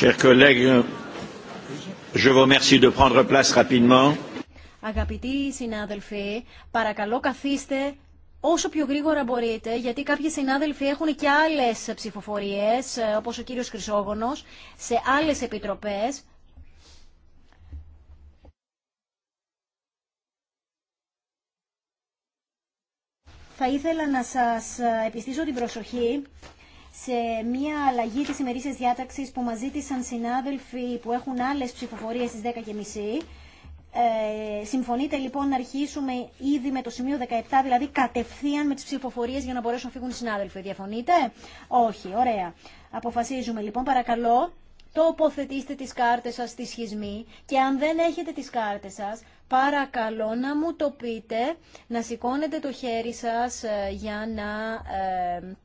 Chers collègues, je vous remercie de prendre place rapidement. Αγαπητοί συνάδελφοι, παρακαλώ καθίστε όσο πιο γρήγορα μπορείτε, γιατί κάποιοι συνάδελφοι έχουν και άλλες ψηφοφορίες, όπως ο κύριος Χρυσόγονος, σε άλλες επιτροπές. Θα ήθελα να σας επιστήσω την προσοχή σε μια αλλαγή της ημερήσιας διάταξης που μας ζήτησαν συνάδελφοι που έχουν άλλες ψηφοφορίες στις 10.30. Ε, συμφωνείτε λοιπόν να αρχίσουμε ήδη με το σημείο 17, δηλαδή κατευθείαν με τις ψηφοφορίες για να μπορέσουν να φύγουν οι συνάδελφοι. Διαφωνείτε? Όχι, ωραία. Αποφασίζουμε λοιπόν, παρακαλώ, τοποθετήστε τις κάρτες σας στη σχισμή και αν δεν έχετε τις κάρτες σας, παρακαλώ να μου το πείτε, να σηκώνετε το χέρι σας ε, για να... Ε,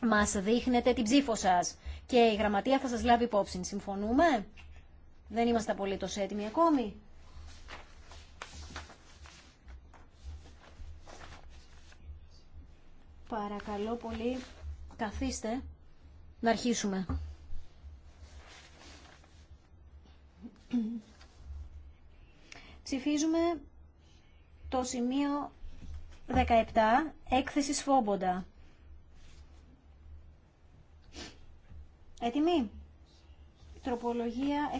μας δείχνετε την ψήφο σα. και η γραμματεία θα σας λάβει υπόψη. Συμφωνούμε? Δεν είμαστε απολύτω έτοιμοι ακόμη. Παρακαλώ πολύ, καθίστε να αρχίσουμε. Ψηφίζουμε το σημείο 17, έκθεση Σφόμποντα. Έτοιμοι. Τροπολογία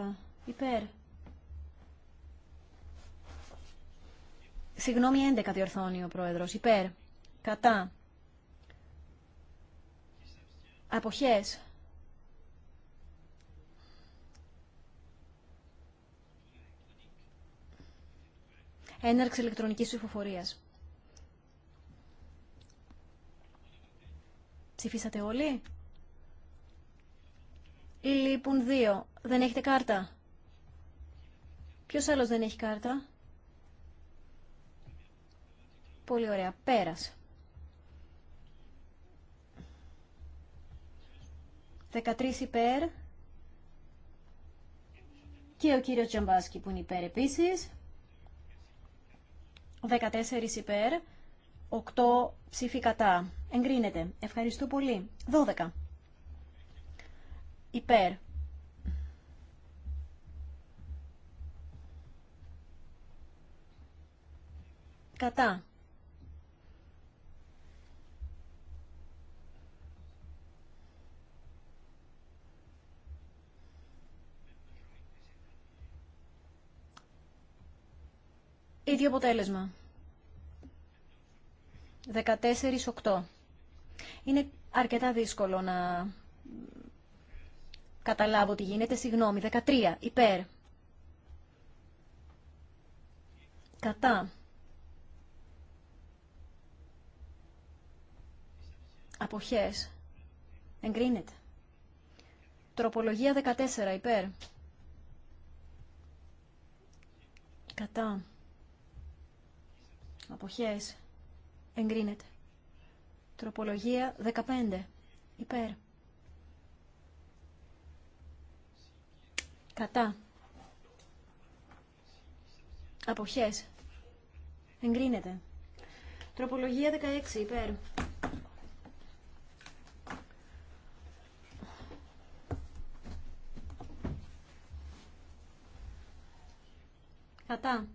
111. Υπέρ. Συγγνώμη, 11 διορθώνει ο πρόεδρος. Υπέρ. Κατά. Αποχές. Έναρξη ηλεκτρονικής ψηφοφορίας. Ψηφίσατε όλοι. Λείπουν δύο. Δεν έχετε κάρτα. Ποιος άλλος δεν έχει κάρτα. Πολύ ωραία. Πέρασε. 13 υπέρ. Και ο κύριος Τζαμπάσκι που είναι υπέρ επίσης. 14 υπέρ. 8 ψήφοι κατά. Εγκρίνεται. Ευχαριστώ πολύ. 12. Υπέρ. Κατά. Ίδιο αποτέλεσμα. 14-8. Είναι αρκετά δύσκολο να καταλάβω ότι γίνεται. Συγγνώμη, 13. Υπέρ. Κατά. Αποχές. Εγκρίνεται. Τροπολογία 14. Υπέρ. Κατά. Αποχές. Εγκρίνεται. Τροπολογία 15. Υπέρ. Κατά. Αποχές. Εγκρίνεται. Τροπολογία 16 υπέρ. Κατά.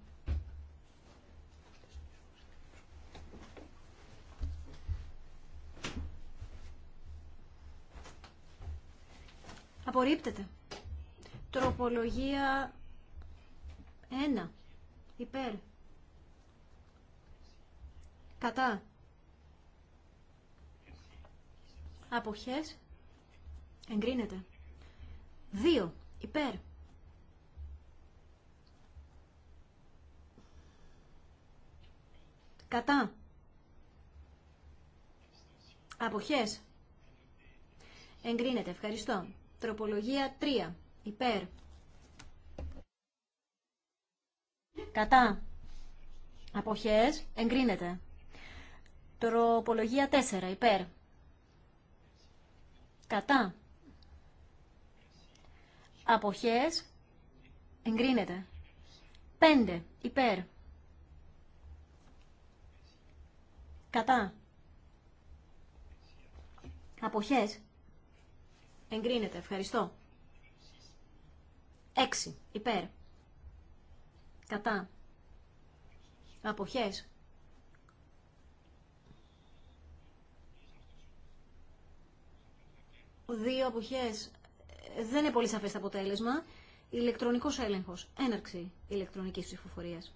Απορρίπτεται. Τροπολογία 1. Υπέρ. Κατά. Αποχές. Εγκρίνεται. 2. Υπέρ. Κατά. Αποχές. Εγκρίνεται. Ευχαριστώ. Τροπολογία 3. Υπέρ. Κατά. Αποχές. Εγκρίνεται. Τροπολογία 4. Υπέρ. Κατά. Αποχές. Εγκρίνεται. 5. Υπέρ. Κατά. Αποχές. Εγκρίνεται. Ευχαριστώ. 6. Υπέρ. Κατά. Αποχές. Δύο αποχές. Ε, δεν είναι πολύ σαφές το αποτέλεσμα. Ηλεκτρονικός έλεγχος. Έναρξη ηλεκτρονικής ψηφοφορίας.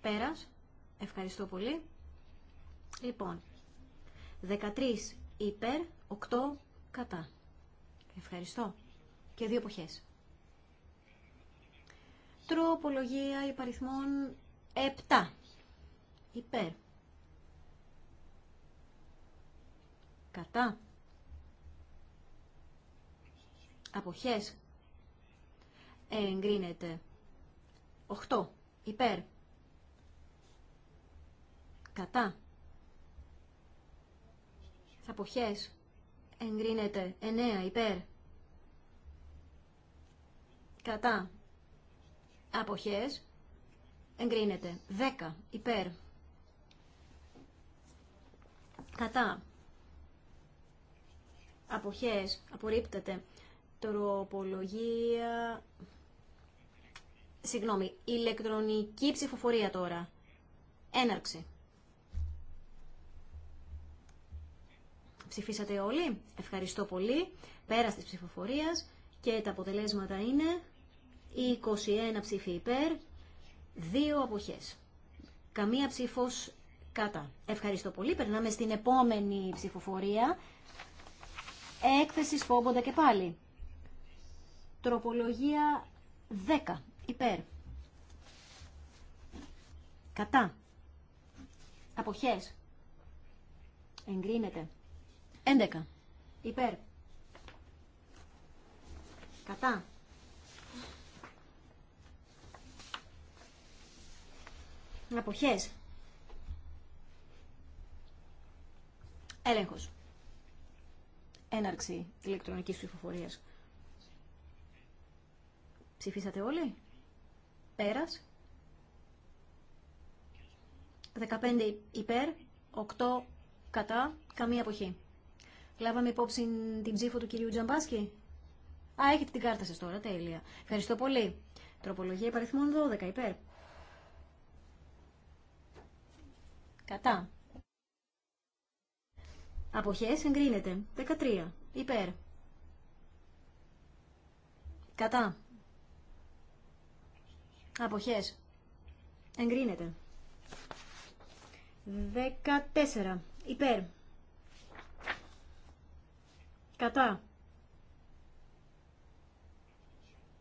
Πέρας. Ευχαριστώ πολύ. Λοιπόν, 13 υπέρ, 8 Κατά. Ευχαριστώ. Και δύο εποχές. Τροπολογία υπαριθμών 7. Υπέρ. Κατά. Αποχές. Εγκρίνεται. 8. Υπέρ. Κατά. Αποχές εγκρίνεται. 9 υπέρ. Κατά. Αποχές. Εγκρίνεται. 10 υπέρ. Κατά. Αποχές. Απορρίπτεται. Τροπολογία... Συγγνώμη. Ηλεκτρονική ψηφοφορία τώρα. Έναρξη. Ψηφίσατε όλοι. Ευχαριστώ πολύ. Πέρα της ψηφοφορία και τα αποτελέσματα είναι 21 ψήφοι υπέρ, 2 αποχές. Καμία ψήφο κατά. Ευχαριστώ πολύ. Περνάμε στην επόμενη ψηφοφορία. Έκθεση Σπόμποντα και πάλι. Τροπολογία 10. Υπέρ. Κατά. Αποχές. Εγκρίνεται. 11. Υπέρ. Κατά. Αποχές. Έλεγχος. Έναρξη ηλεκτρονικής ψηφοφορίας. Ψηφίσατε όλοι. Πέρας. 15 υπέρ, 8 κατά, καμία αποχή. Λάβαμε υπόψη την ψήφο του κυρίου Τζαμπάσκη. Α, έχετε την κάρτα σα τώρα, τέλεια. Ευχαριστώ πολύ. Τροπολογία υπαριθμών 12, υπέρ. Κατά. Αποχές εγκρίνεται. 13. Υπέρ. Κατά. Αποχές. Εγκρίνεται. 14. Υπέρ. Κατά.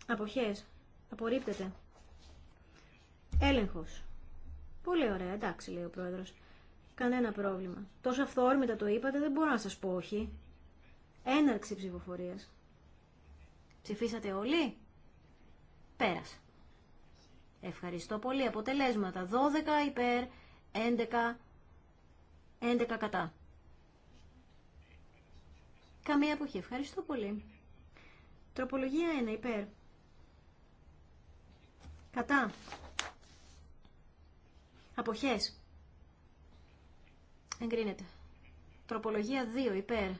Αποχές. Απορρίπτεται. Έλεγχος. Πολύ ωραία, εντάξει, λέει ο πρόεδρος. Κανένα πρόβλημα. Τόσο αυθόρμητα το είπατε, δεν μπορώ να σας πω όχι. Έναρξη ψηφοφορίας. Ψηφίσατε όλοι. Πέρασε. Ευχαριστώ πολύ. Αποτελέσματα 12 υπέρ, 11, 11 κατά. Καμία αποχή. Ευχαριστώ πολύ. Τροπολογία 1. Υπέρ. Κατά. Αποχές. Εγκρίνεται. Τροπολογία 2. Υπέρ.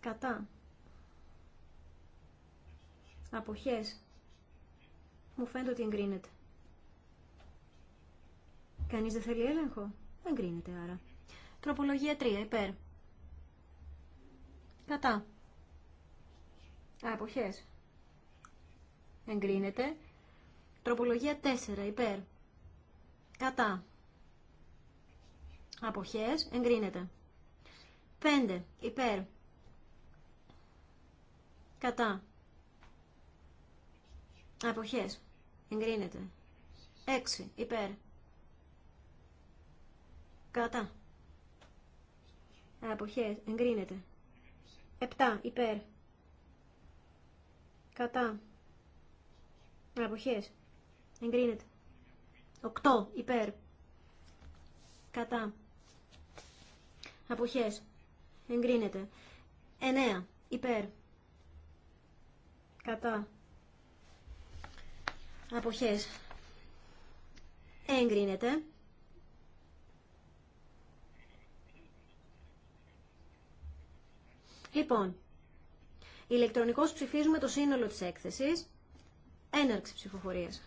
Κατά. Αποχές. Μου φαίνεται ότι εγκρίνεται. Κανείς δεν θέλει έλεγχο. Εγκρίνεται άρα. Τροπολογία 3. Υπέρ. Κατά. Α, Εγκρίνεται. Τροπολογία 4. Υπέρ. Κατά. Αποχές. Εγκρίνεται. 5. Υπέρ. Κατά. Αποχές. Εγκρίνεται. 6. Υπέρ. Κατά. Αποχές. Εγκρίνεται. 7 υπέρ. Κατά. Αποχές. Εγκρίνεται. 8 υπέρ. Κατά. Αποχές. Εγκρίνεται. 9 υπέρ. Κατά. Αποχές. Εγκρίνεται. Λοιπόν, ηλεκτρονικώς ψηφίζουμε το σύνολο της έκθεσης. Έναρξη ψηφοφορίας.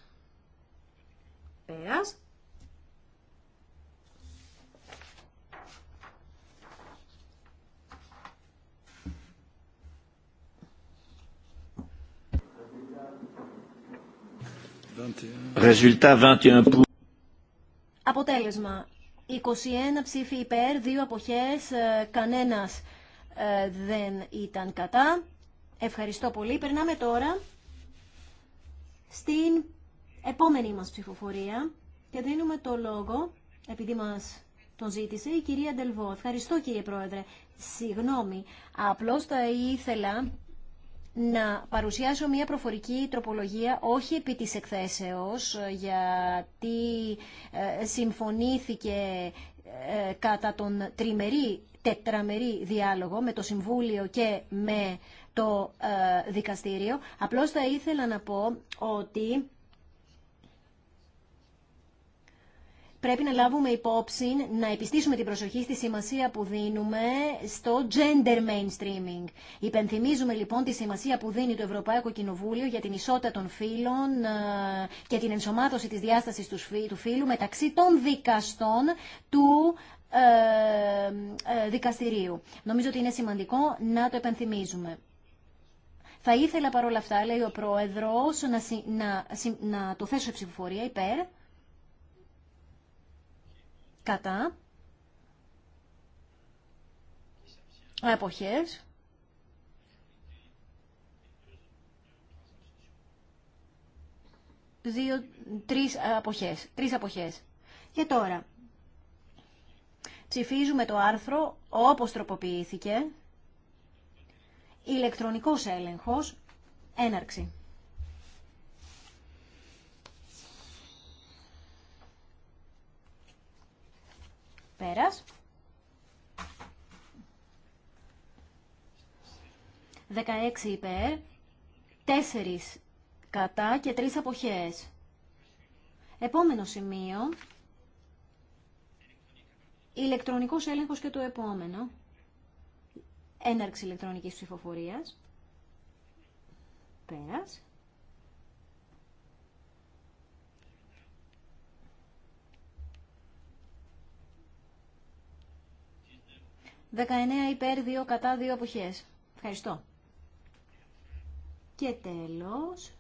Πέρας. Αποτέλεσμα. 21 ψήφοι υπέρ, 2 αποχές, ε, κανένας ε, δεν ήταν κατά. Ευχαριστώ πολύ. Περνάμε τώρα στην επόμενη μας ψηφοφορία και δίνουμε το λόγο, επειδή μας τον ζήτησε, η κυρία Ντελβό. Ευχαριστώ κύριε Πρόεδρε. Συγγνώμη, απλώς θα ήθελα να παρουσιάσω μια προφορική τροπολογία όχι επί της εκθέσεως γιατί ε, συμφωνήθηκε ε, κατά τον τριμερή τετραμερή διάλογο με το Συμβούλιο και με το ε, δικαστήριο. Απλώς θα ήθελα να πω ότι πρέπει να λάβουμε υπόψη να επιστήσουμε την προσοχή στη σημασία που δίνουμε στο gender mainstreaming. Υπενθυμίζουμε λοιπόν τη σημασία που δίνει το Ευρωπαϊκό Κοινοβούλιο για την ισότητα των φύλων ε, και την ενσωμάτωση της διάστασης του φύλου μεταξύ των δικαστών του ε, ε, δικαστηρίου. Νομίζω ότι είναι σημαντικό να το επενθυμίζουμε. Θα ήθελα παρόλα αυτά, λέει ο Πρόεδρος, να, να, να το θέσω σε ψηφοφορία υπέρ, κατά, Αποχές; δύο, τρεις αποχές, τρεις αποχές. Και τώρα, Ψηφίζουμε το άρθρο όπως τροποποιήθηκε. Ηλεκτρονικός έλεγχος. Έναρξη. Πέρας. 16 υπέρ, 4 κατά και 3 αποχές. Επόμενο σημείο Ηλεκτρονικός έλεγχος και το επόμενο. Έναρξη ηλεκτρονικής ψηφοφορίας. Πέρας. 19 υπέρ, δύο κατά, δύο αποχές. Ευχαριστώ. Και τέλος...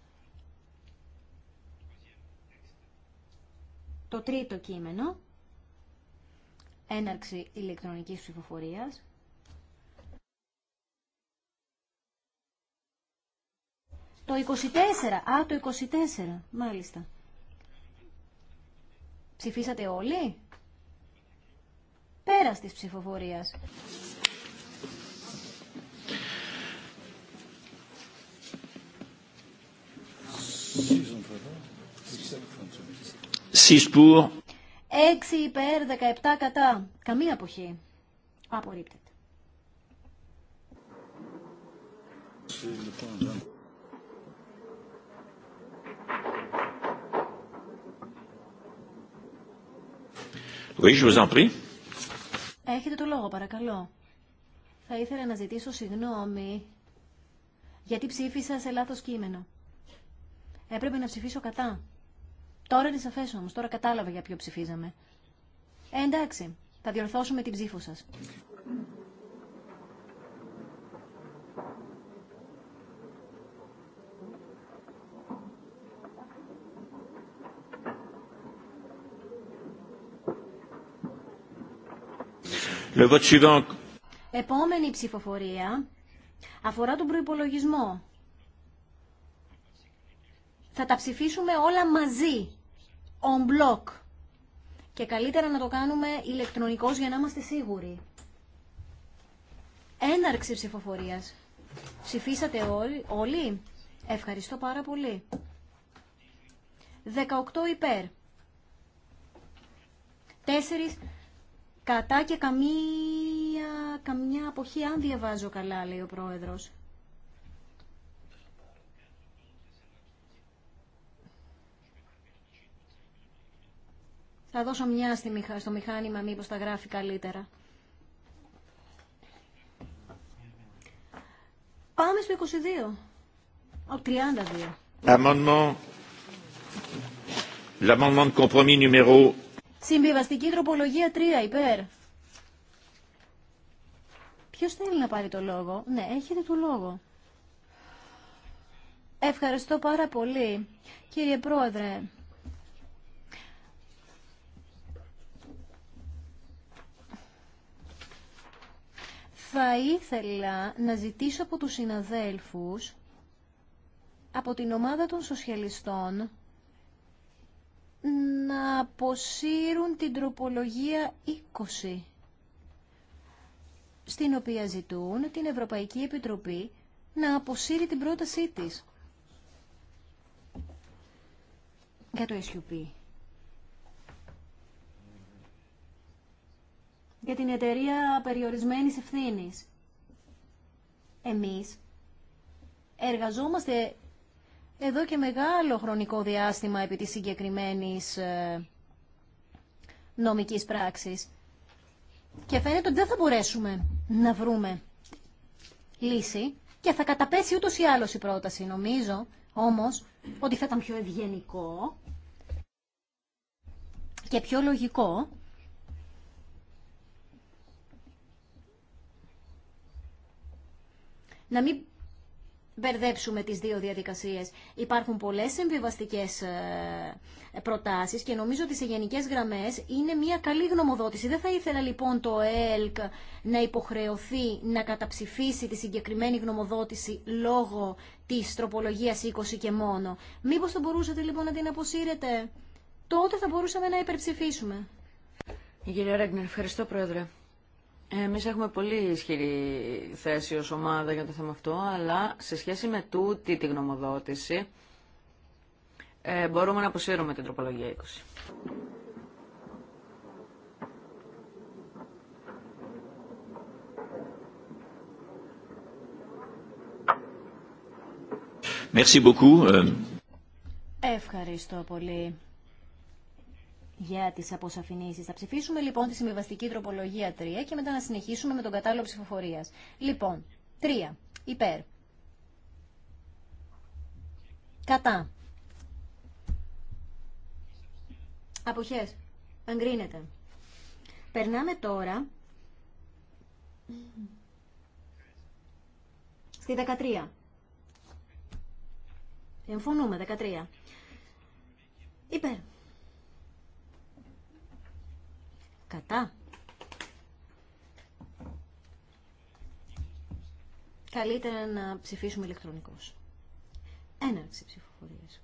Το τρίτο κείμενο έναρξη ηλεκτρονικής ψηφοφορίας. Το 24, α, το 24, μάλιστα. Ψηφίσατε όλοι? Πέρας της ψηφοφορίας. Six 6 υπέρ, 17 κατά. Καμία αποχή. Απορρίπτεται. Oui, vous en prie. Έχετε το λόγο, παρακαλώ. Θα ήθελα να ζητήσω συγγνώμη γιατί ψήφισα σε λάθος κείμενο. Έπρεπε να ψηφίσω κατά. Τώρα είναι σαφέ. όμω. τώρα κατάλαβα για ποιο ψηφίζαμε. Ε, εντάξει, θα διορθώσουμε την ψήφο σα. Επόμενη ψηφοφορία αφορά τον προϋπολογισμό. Θα τα ψηφίσουμε όλα μαζί on block. Και καλύτερα να το κάνουμε ηλεκτρονικός για να είμαστε σίγουροι. Έναρξη ψηφοφορίας. Ψηφίσατε όλοι. όλοι. Ευχαριστώ πάρα πολύ. 18 υπέρ. 4 κατά και καμία, καμιά αποχή, αν διαβάζω καλά, λέει ο πρόεδρος. Θα δώσω μια στο μηχάνημα μήπως τα γράφει καλύτερα. Πάμε στο 22. Από 32. Amendment. L'amendement numéro. Συμβιβαστική τροπολογία 3 υπέρ. Ποιος θέλει να πάρει το λόγο. Ναι, έχετε το λόγο. Ευχαριστώ πάρα πολύ. Κύριε Πρόεδρε, θα ήθελα να ζητήσω από τους συναδέλφους από την ομάδα των σοσιαλιστών να αποσύρουν την τροπολογία 20 στην οποία ζητούν την Ευρωπαϊκή Επιτροπή να αποσύρει την πρότασή της για το SUP. για την εταιρεία περιορισμένης ευθύνης. Εμείς εργαζόμαστε εδώ και μεγάλο χρονικό διάστημα επί της συγκεκριμένης ε, νομικής πράξης. Και φαίνεται ότι δεν θα μπορέσουμε να βρούμε λύση και θα καταπέσει ούτως ή άλλως η πρόταση. Νομίζω όμως ότι θα ήταν πιο ευγενικό και πιο λογικό να μην μπερδέψουμε τις δύο διαδικασίες. Υπάρχουν πολλές συμβιβαστικέ ε, προτάσεις και νομίζω ότι σε γενικές γραμμές είναι μια καλή γνωμοδότηση. Δεν θα ήθελα λοιπόν το ΕΛΚ να υποχρεωθεί να καταψηφίσει τη συγκεκριμένη γνωμοδότηση λόγω της τροπολογίας 20 και μόνο. Μήπως θα μπορούσατε λοιπόν να την αποσύρετε. Τότε θα μπορούσαμε να υπερψηφίσουμε. Κύριε Ρέγνερ, ευχαριστώ Πρόεδρε. Εμείς έχουμε πολύ ισχυρή θέση ως ομάδα για το θέμα αυτό, αλλά σε σχέση με τούτη τη γνωμοδότηση ε, μπορούμε να αποσύρουμε την τροπολογία 20. Merci beaucoup. Ε. Ευχαριστώ πολύ για τι αποσαφηνήσεις. Θα ψηφίσουμε λοιπόν τη συμβιβαστική τροπολογία 3 και μετά να συνεχίσουμε με τον κατάλογο ψηφοφορία. Λοιπόν, 3. Υπέρ. Κατά. Αποχέ. Εγκρίνεται. Περνάμε τώρα στη 13. Εμφωνούμε 13. Υπέρ. Κατά. Καλύτερα να ψηφίσουμε ηλεκτρονικώς. Έναρξη ψηφοφορίας.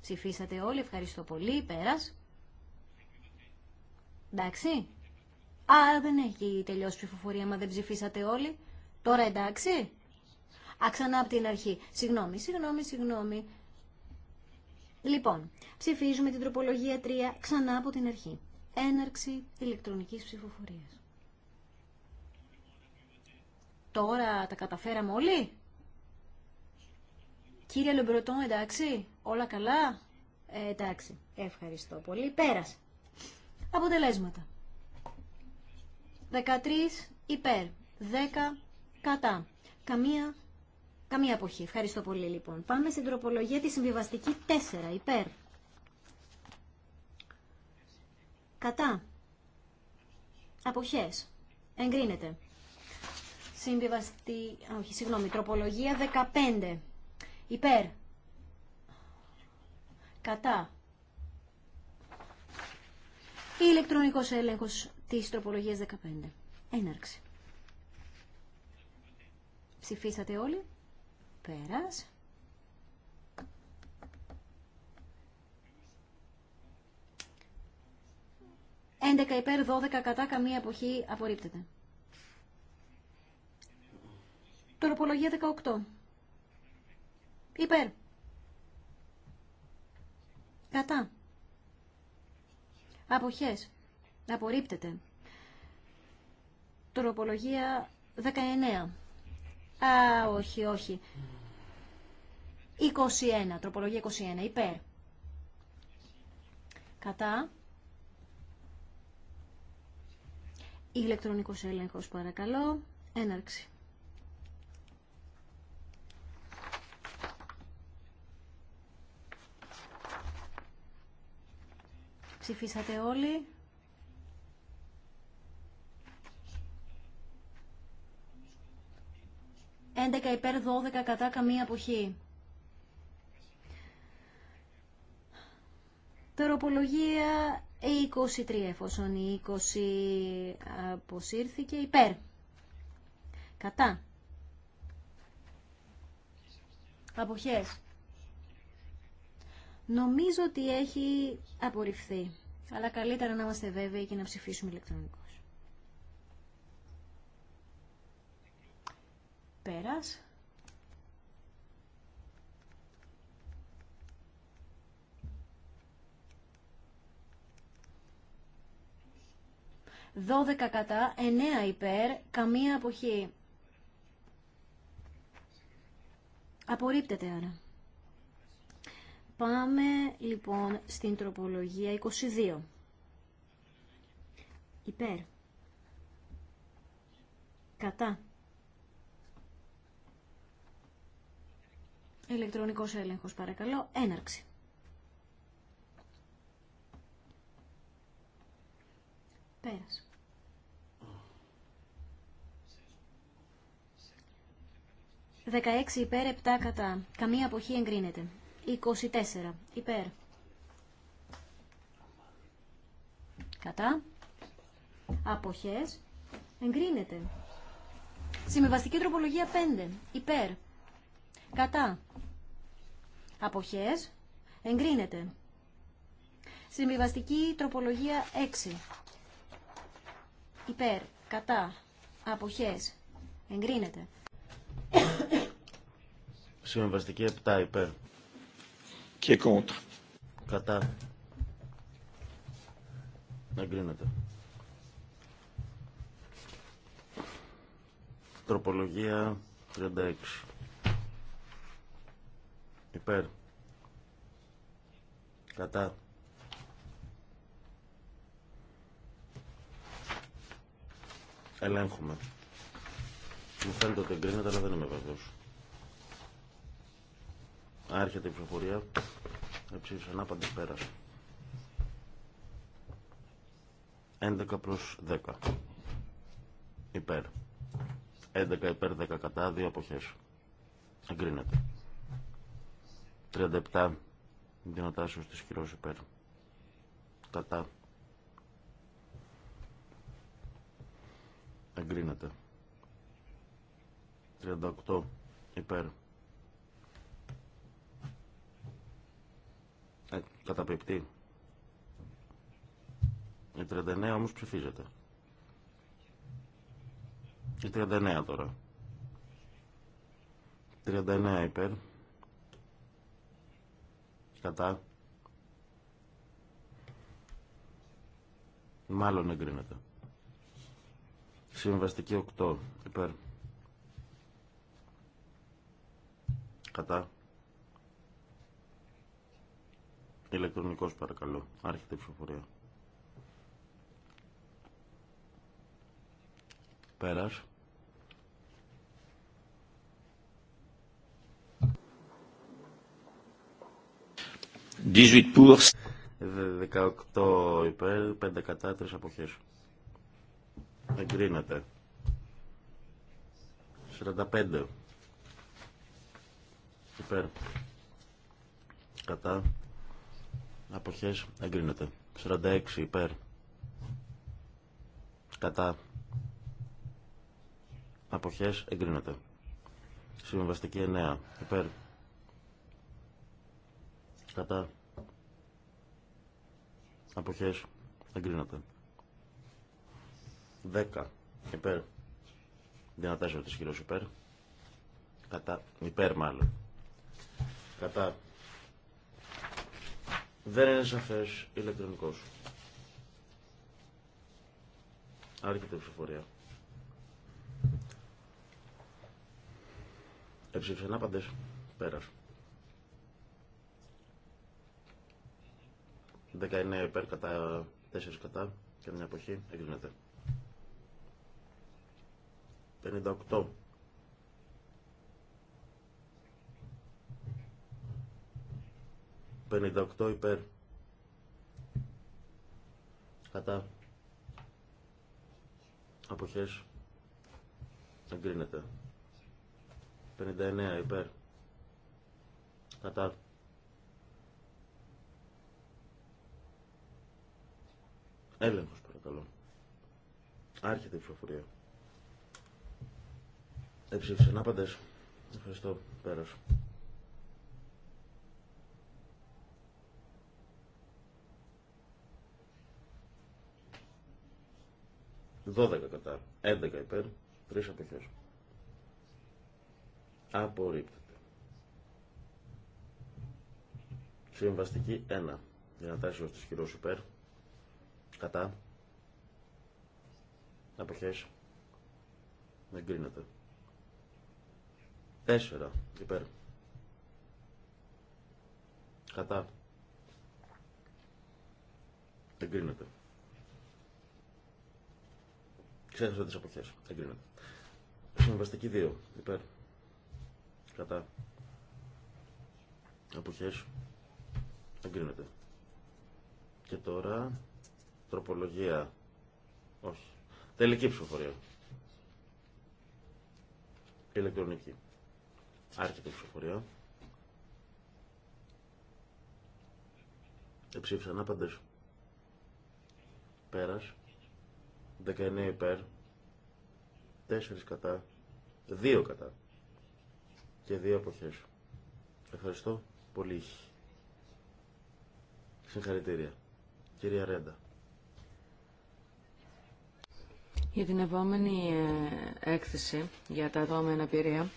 Ψηφίσατε όλοι, ευχαριστώ πολύ, πέρας. Εντάξει. Α, δεν έχει τελειώσει ψηφοφορία, μα δεν ψηφίσατε όλοι. Τώρα εντάξει. Α, ξανά από την αρχή. Συγγνώμη, συγγνώμη, συγγνώμη. Λοιπόν, ψηφίζουμε την τροπολογία 3 ξανά από την αρχή έναρξη ηλεκτρονικής ψηφοφορίας. Τώρα τα καταφέραμε όλοι. Κύριε Λεμπρωτό, εντάξει, όλα καλά. Ε, εντάξει, ευχαριστώ πολύ. Πέρασε. Αποτελέσματα. 13 υπέρ, 10 κατά. Καμία, καμία αποχή. Ευχαριστώ πολύ λοιπόν. Πάμε στην τροπολογία τη συμβιβαστική 4 υπέρ. Κατά. Αποχές. Εγκρίνεται. Συμβιβαστή... Όχι, συγγνώμη. Τροπολογία 15. Υπέρ. Κατά. Ηλεκτρονικός έλεγχος της τροπολογίας 15. Έναρξη. Ψηφίσατε όλοι. Πέρας. 11 υπέρ 12 κατά καμία εποχή απορρίπτεται. Τροπολογία 18. Υπέρ. Κατά. Αποχές. Απορρίπτεται. Τροπολογία 19. Α, όχι, όχι. 21. Τροπολογία 21. Υπέρ. Κατά. Ηλεκτρονικός έλεγχος παρακαλώ. Έναρξη. Ψηφίσατε όλοι. Έντεκα υπέρ, 12 κατά, καμία αποχή. Τεροπολογία 23 ε, εφόσον η 20 αποσύρθηκε υπέρ. Κατά. Αποχές. Νομίζω ότι έχει απορριφθεί. Αλλά καλύτερα να είμαστε βέβαιοι και να ψηφίσουμε ηλεκτρονικώς. Πέρας. 12 κατά, 9 υπέρ, καμία αποχή. Απορρίπτεται άρα. Πάμε λοιπόν στην τροπολογία 22. Υπέρ. Κατά. Ηλεκτρονικός έλεγχος παρακαλώ. Έναρξη. Πέρασε. 16 υπέρ, 7 κατά. Καμία αποχή εγκρίνεται. 24 υπέρ. Κατά. Αποχές. Εγκρίνεται. συμβαστική τροπολογία 5. Υπέρ. Κατά. Αποχές. Εγκρίνεται. Συμβιβαστική τροπολογία 6. Υπέρ. Κατά. Αποχές. Εγκρίνεται. Συμβαστική 7 υπέρ. Και κόντρα. Κατά. Εγκρίνεται. Τροπολογία 36. Υπέρ. Κατά. Ελέγχουμε. Μου φαίνεται ότι εγκρίνεται, αλλά δεν είμαι βέβαιος. Άρχεται η ψηφοφορία. Εψήφισε πάντα πέρας. 11 προς 10. Υπέρ. 11 υπέρ 10 κατά, Δύο αποχές. Εγκρίνεται. 37 Δυνατάσεις της χειρός υπέρ. Κατά. Εγκρίνεται. 38 υπέρ. Ε, καταπληκτή. Η 39 όμως ψηφίζεται. Η 39 τώρα. 39 υπέρ. Κατά. Μάλλον εγκρίνεται. Συμβαστική 8 υπέρ. Κατά. Ηλεκτρονικός παρακαλώ. άρχιτε η ψηφοφορία. Πέρας. 18 υπέρ, 5 κατά, 3 αποχές. Εγκρίνεται. 45 υπέρ, κατά, Αποχές εγκρίνεται. 46 υπέρ. Κατά. Αποχές εγκρίνεται. Συμβαστική 9 υπέρ. Κατά. Αποχές εγκρίνεται. 10 υπέρ. Δυνατά σε της χειρός υπέρ. Κατά. Υπέρ μάλλον. Κατά δεν είναι σαφέ ηλεκτρονικός. Άρχεται η ψηφοφορία. Εψήφισαν άπαντες. Πέρας. 19 υπέρ κατά 4 κατά και μια εποχή εγκρίνεται. 58 58 υπέρ. Κατά. Αποχές. Εγκρίνεται. 59 υπέρ. Κατά. Έλεγχος παρακαλώ. Άρχεται η ψηφοφορία. Να απαντήσω. Ευχαριστώ. Πέρασε. 12 κατά, 11 υπέρ, 3 αποχές. Απορρίπτεται. Συμβαστική 1. ως τις χειρός υπέρ, κατά, αποχές, κρίνεται 4 υπέρ, κατά, δεν κρίνεται Ξέχασα τι αποχές. Εγκρίνεται. Συμβαστική 2. Υπέρ. Κατά. Αποχές. Εγκρίνεται. Και τώρα τροπολογία. Όχι. Τελική ψηφοφορία. Ηλεκτρονική. Άρχεται η ψηφοφορία. Εψήφισαν άπαντες. Πέρας. 19 υπέρ, 4 κατά, 2 κατά και 2 αποχές. Ευχαριστώ πολύ. Συγχαρητήρια. Κυρία Ρέντα. Για την επόμενη ε, έκθεση για τα δόμενα πυρία.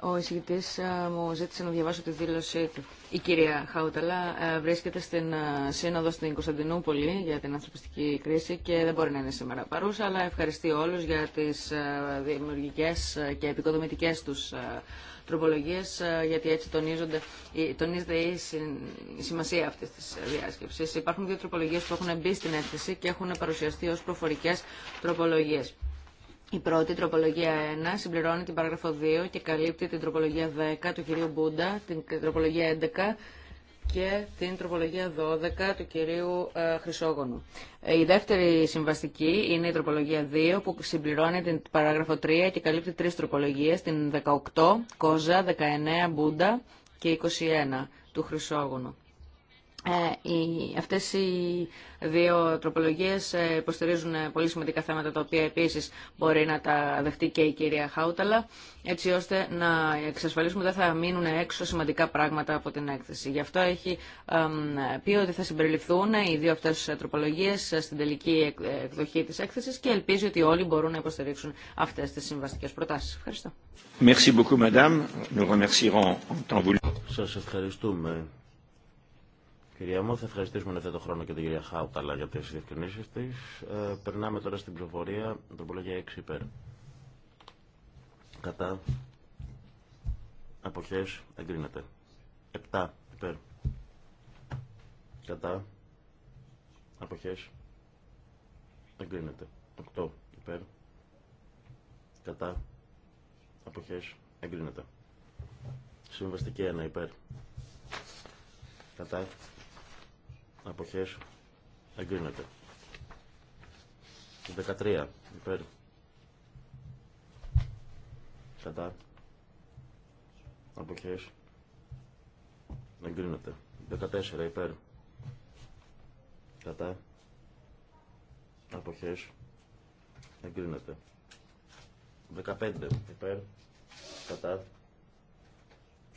Ο εισηγητή ε, μου ζήτησε να διαβάσω τη δήλωσή του. Η κυρία Χαουταλά ε, βρίσκεται στην ε, Σύνοδο στην Κωνσταντινούπολη για την ανθρωπιστική κρίση και δεν μπορεί να είναι σήμερα παρούσα, αλλά ευχαριστεί όλου για τι δημιουργικέ και επικοδομητικέ του τροπολογίε, γιατί έτσι τονίζονται, τονίζεται η σημασία αυτή τη διάσκεψη. Υπάρχουν δύο τροπολογίε που έχουν μπει στην έκθεση και έχουν παρουσιαστεί ω προφορικέ τροπολογίε. Η πρώτη, τροπολογία 1, συμπληρώνει την παράγραφο 2 και καλύπτει την τροπολογία 10 του κυρίου Μπούντα, την τροπολογία 11 και την τροπολογία 12 του κυρίου ε, Χρυσόγονου. Ε, η δεύτερη συμβαστική είναι η τροπολογία 2 που συμπληρώνει την παράγραφο 3 και καλύπτει τρεις τροπολογίες, την 18, Κόζα, 19, Μπούντα και 21 του Χρυσόγονου. Ε, αυτές οι δύο τροπολογίες ε, υποστηρίζουν ε, πολύ σημαντικά θέματα τα οποία επίσης μπορεί να τα δεχτεί και η κυρία Χάουταλα έτσι ώστε να εξασφαλίσουμε ότι δεν θα μείνουν έξω σημαντικά πράγματα από την έκθεση. Γι' αυτό έχει πει ότι θα συμπεριληφθούν οι δύο αυτές τροπολογίες στην τελική εκδοχή της έκθεσης και ελπίζει ότι όλοι μπορούν να υποστηρίξουν αυτές τις συμβαστικές προτάσεις. Ευχαριστώ. Merci beaucoup, madame. Nous Σας ευχαριστούμε Κυρία μου, θα ευχαριστήσουμε αυτό το χρόνο και την κυρία Χάουταλα για τι διευκρινήσει τη. Ε, περνάμε τώρα στην ψηφοφορία. Τροπολογία 6 υπέρ. Κατά. Αποχέ. Εγκρίνεται. 7 υπέρ. Κατά. Αποχέ. Εγκρίνεται. 8 υπέρ. Κατά. Αποχέ. Εγκρίνεται. Συμβαστική 1 υπέρ. Κατά αποχές εγκρίνεται 13 υπέρ κατά αποχές εγκρίνεται 14 υπέρ κατά αποχές εγκρίνεται 15 υπέρ κατά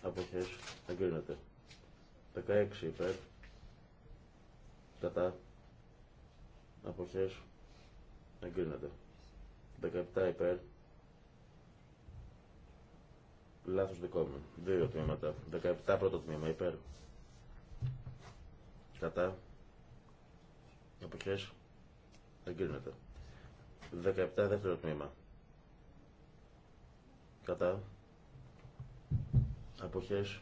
αποχές εγκρίνεται 16 υπέρ κατά αποχές εγκρίνεται 17 υπέρ λάθος δικό μου δύο τμήματα 17 πρώτο τμήμα υπέρ κατά αποχές εγκρίνεται 17 δεύτερο τμήμα κατά αποχές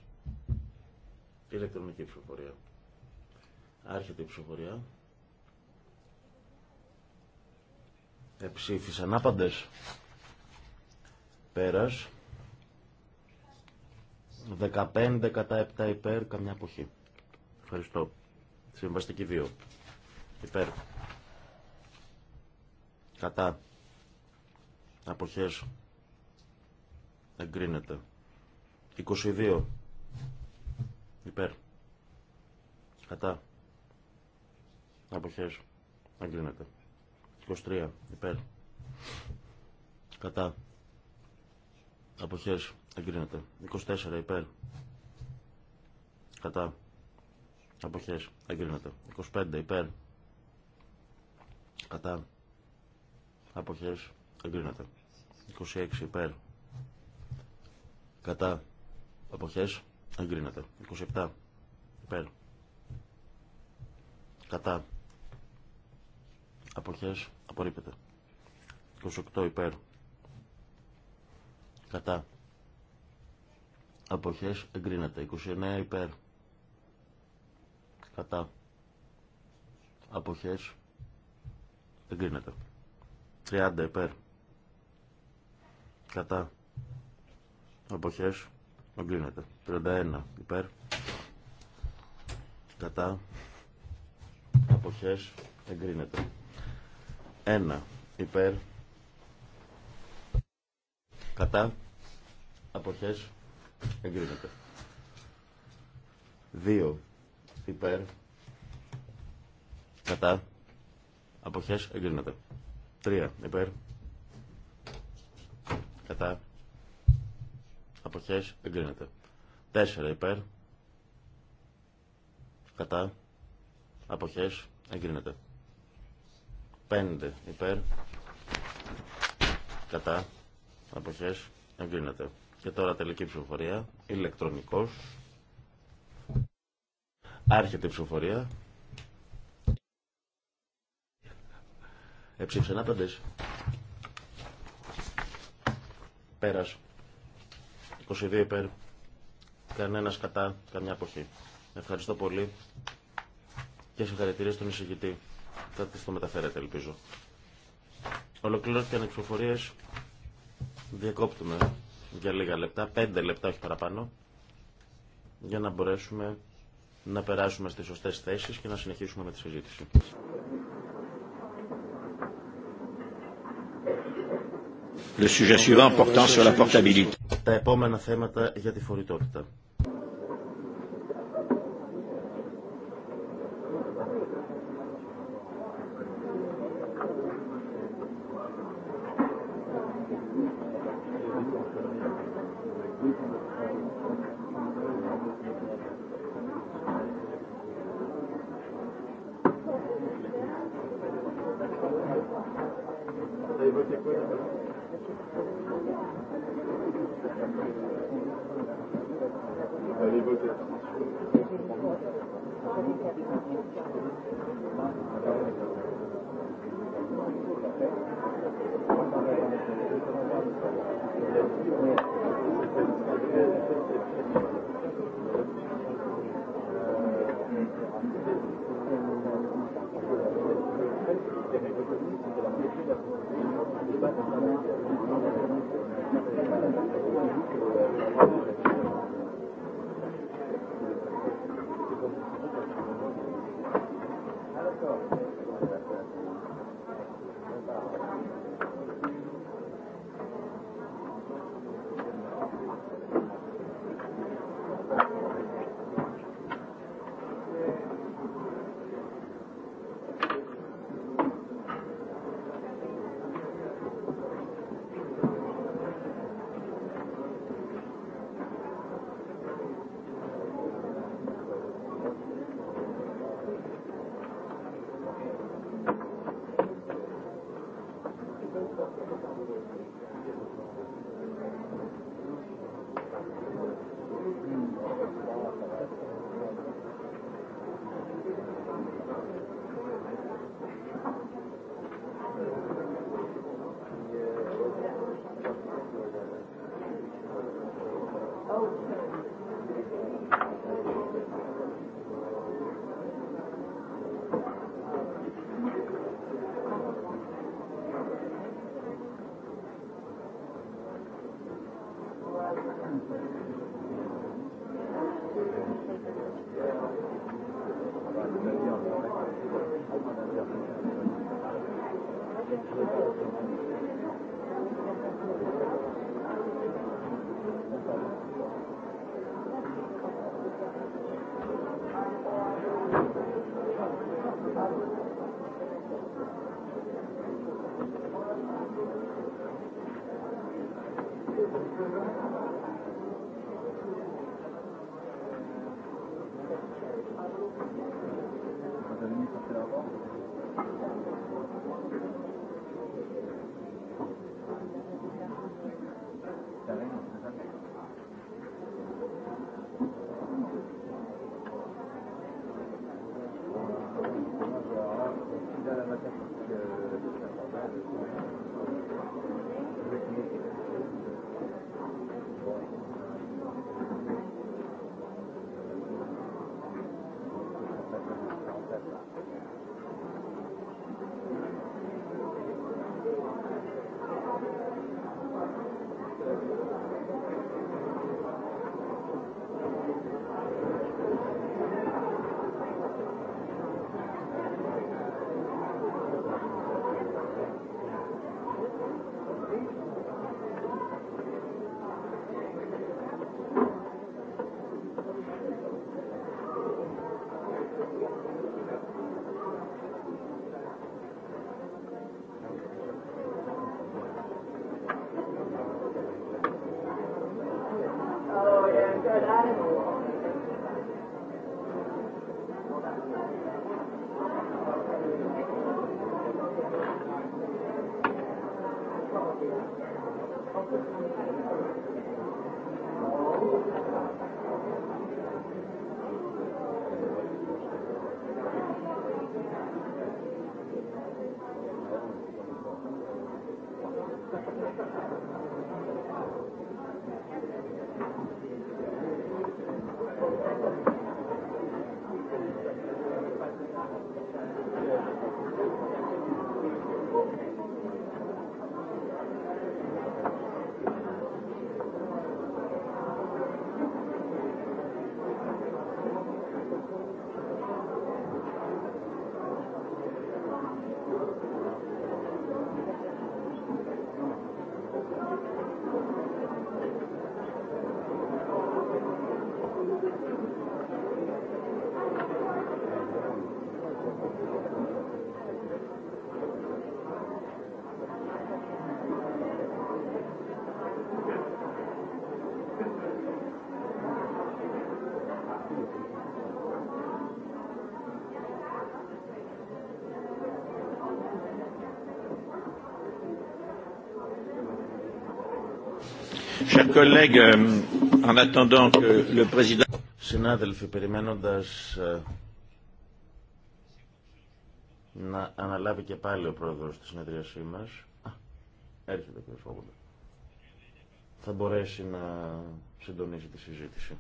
ηλεκτρονική ψηφοφορία Άρχεται η ψηφοφορία. Εψήφισαν άπαντες. Πέρας. 15 κατά 7 υπέρ, καμιά αποχή. Ευχαριστώ. Συμβαστική 2. Υπέρ. Κατά. Αποχές. Εγκρίνεται. 22. Υπέρ. Κατά. Αποχές. Εγκρίνεται. 23. Υπέρ. Κατά. Αποχές. Εγκρίνεται. 24. Υπέρ. Κατά. Αποχές. Εγκρίνεται. 25. Υπέρ. Κατά. Αποχές. Εγκρίνεται. 26. Υπέρ. Κατά. Αποχές. Εγκρίνεται. 27. Υπέρ. Κατά. Αποχές απορρίπτεται. 28 υπέρ. Κατά. Αποχές εγκρίνεται. 29 υπέρ. Κατά. Αποχές εγκρίνεται. 30 υπέρ. Κατά. Αποχές εγκρίνεται. 31 υπέρ. Κατά. Αποχές εγκρίνεται. 1 υπέρ κατά αποχές εγκρίνεται 2 υπέρ κατά αποχές εγκρίνεται 3 υπέρ κατά αποχές εγκρίνεται 4 υπέρ κατά αποχές εγκρίνεται 5 υπέρ κατά αποχές εγκρίνεται. Και τώρα τελική ψηφοφορία ηλεκτρονικός. Άρχεται η ψηφοφορία. Εψήφισε να πέντες. Πέρας. 22 υπέρ. Κανένας κατά, καμιά αποχή. Ευχαριστώ πολύ και συγχαρητήρια στον εισηγητή. Θα τις το μεταφέρετε, ελπίζω. Ολοκληρώθηκαν οι ψηφοφορίες. Διακόπτουμε για λίγα λεπτά, πέντε λεπτά όχι παραπάνω, για να μπορέσουμε να περάσουμε στις σωστές θέσεις και να συνεχίσουμε με τη συζήτηση. Le sujet suivant portant sur la portabilité. Τα επόμενα θέματα για τη φορητότητα. Thank you. Συνάδελφοι, περιμένοντα ε, να αναλάβει και πάλι ο πρόεδρο τη συνεδρίασή μας, Έρχεται και ο θα μπορέσει να συντονίσει τη συζήτηση.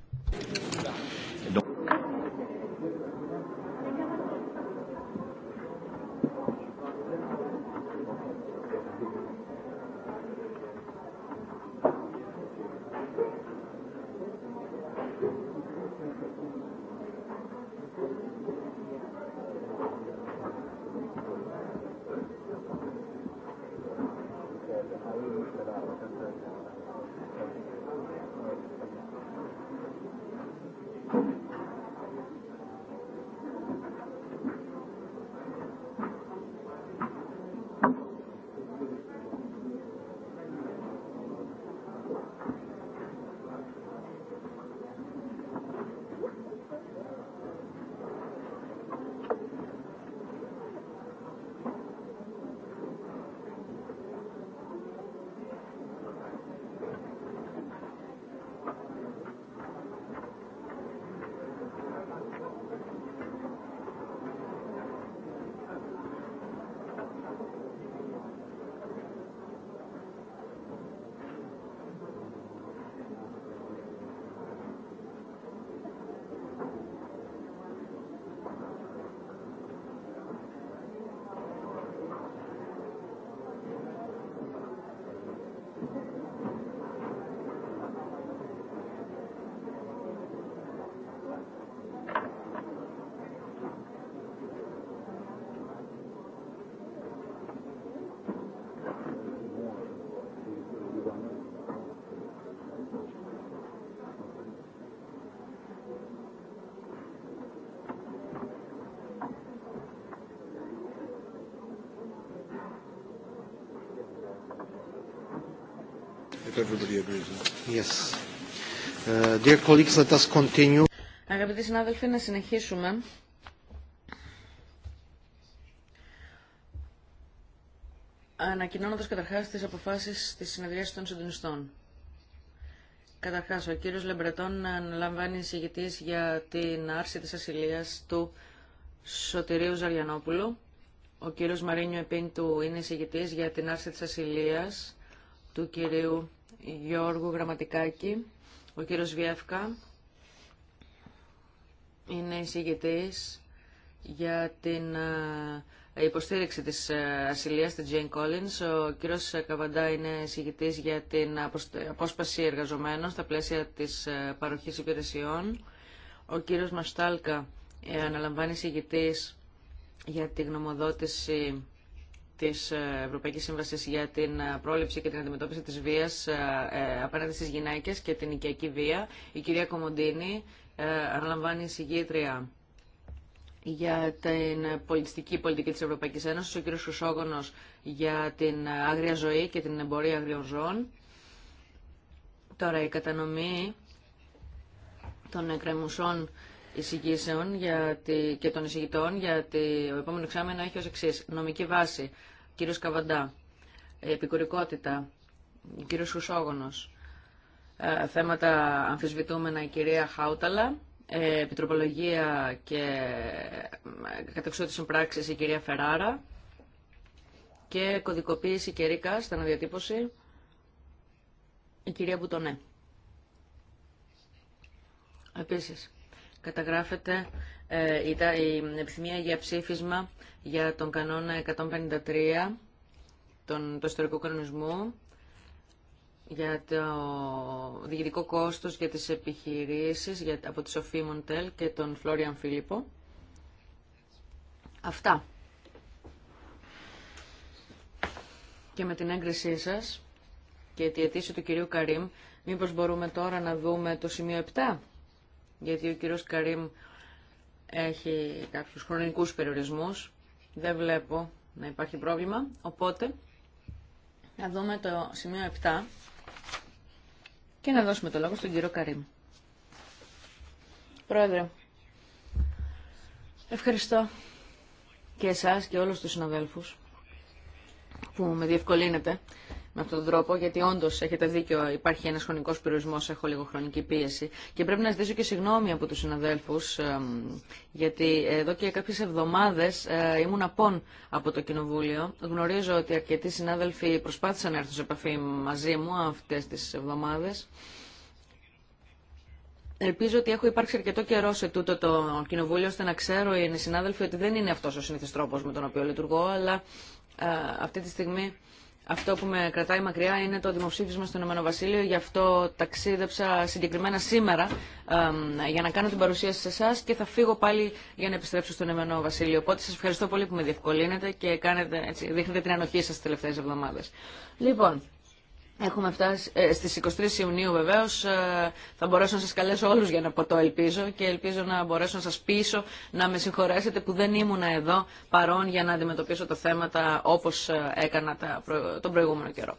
everybody agrees. Yes. Uh, dear colleagues, let us continue. Αγαπητοί συνάδελφοι, να συνεχίσουμε. Ανακοινώνοντας καταρχάς τις αποφάσεις της συνεδρίας των συντονιστών. Καταρχάς, ο κύριος Λεμπρετών αναλαμβάνει εισηγητής για την άρση της ασυλίας του Σωτηρίου Ζαριανόπουλου. Ο κύριος Μαρίνιο Επίντου είναι εισηγητής για την άρση της ασυλίας του κυρίου Γιώργου Γραμματικάκη, ο κύριος Βιέφκα είναι εισηγητής για την ε, υποστήριξη της ε, ασυλίας της Jane Collins. Ο κύριος Καβαντά είναι εισηγητής για την απόσπαση εργαζομένων στα πλαίσια της ε, παροχής υπηρεσιών. Ο κύριος Μαστάλκα αναλαμβάνει εισηγητής για τη γνωμοδότηση της Ευρωπαϊκής Σύμβασης για την πρόληψη και την αντιμετώπιση της βίας ε, ε, απέναντι στις γυναίκες και την οικιακή βία. Η κυρία Κομοντίνη ε, αναλαμβάνει συγκήτρια για την πολιτιστική πολιτική της Ευρωπαϊκής Ένωσης, ο κύριος Χρυσόγονος για την άγρια ζωή και την εμπορία αγριών ζώων. Τώρα η κατανομή των εκκρεμουσών εισηγήσεων και των εισηγητών για το επόμενο εξάμενο έχει ως εξής. Νομική βάση κύριος Καβαντά, επικουρικότητα, κύριος Χρυσόγονος, ε, θέματα αμφισβητούμενα η κυρία Χάουταλα, ε, επιτροπολογία και ε, κατεξότηση πράξη η κυρία Φεράρα και κωδικοποίηση και ρίκα στην αναδιατύπωση η κυρία Μπουτονέ. Επίσης, καταγράφεται ε, η επιθυμία για ψήφισμα για τον κανόνα 153 τον, του ιστορικού κανονισμού για το διηγητικό κόστος για τις επιχειρήσεις για, από τη Σοφή Μοντέλ και τον Φλόριαν Φίλιππο. Αυτά. Και με την έγκρισή σας και τη αιτήση του κυρίου Καρίμ, μήπως μπορούμε τώρα να δούμε το σημείο 7, γιατί ο κύριος Καρίμ έχει κάποιους χρονικούς περιορισμούς. Δεν βλέπω να υπάρχει πρόβλημα. Οπότε, να δούμε το σημείο 7 και να δώσουμε το λόγο στον κύριο Καρύμ. Πρόεδρε, ευχαριστώ και εσάς και όλους τους συναδέλφους που με διευκολύνετε με αυτόν τον τρόπο, γιατί όντω έχετε δίκιο, υπάρχει ένα χρονικό περιορισμό, έχω λίγο χρονική πίεση. Και πρέπει να ζητήσω και συγγνώμη από του συναδέλφου, γιατί εδώ και κάποιε εβδομάδε ε, ήμουν απόν από το Κοινοβούλιο. Γνωρίζω ότι αρκετοί συνάδελφοι προσπάθησαν να έρθουν σε επαφή μαζί μου αυτέ τι εβδομάδε. Ελπίζω ότι έχω υπάρξει αρκετό καιρό σε τούτο το κοινοβούλιο ώστε να ξέρω οι συνάδελφοι ότι δεν είναι αυτό ο συνήθι τρόπο με τον οποίο λειτουργώ, αλλά ε, αυτή τη στιγμή αυτό που με κρατάει μακριά είναι το δημοψήφισμα στον Ηνωμένο Βασίλειο. Γι' αυτό ταξίδεψα συγκεκριμένα σήμερα για να κάνω την παρουσίαση σε εσά και θα φύγω πάλι για να επιστρέψω στον Ηνωμένο Βασίλειο. Οπότε σα ευχαριστώ πολύ που με διευκολύνετε και κάνετε, έτσι, δείχνετε την ανοχή σα τι τελευταίε εβδομάδε. Λοιπόν, Έχουμε φτάσει ε, στις 23 Ιουνίου βεβαίως, ε, θα μπορέσω να σας καλέσω όλους για να πω το ελπίζω και ελπίζω να μπορέσω να σας πείσω να με συγχωρέσετε που δεν ήμουν εδώ παρόν για να αντιμετωπίσω τα θέματα όπως ε, έκανα τον προηγούμενο καιρό.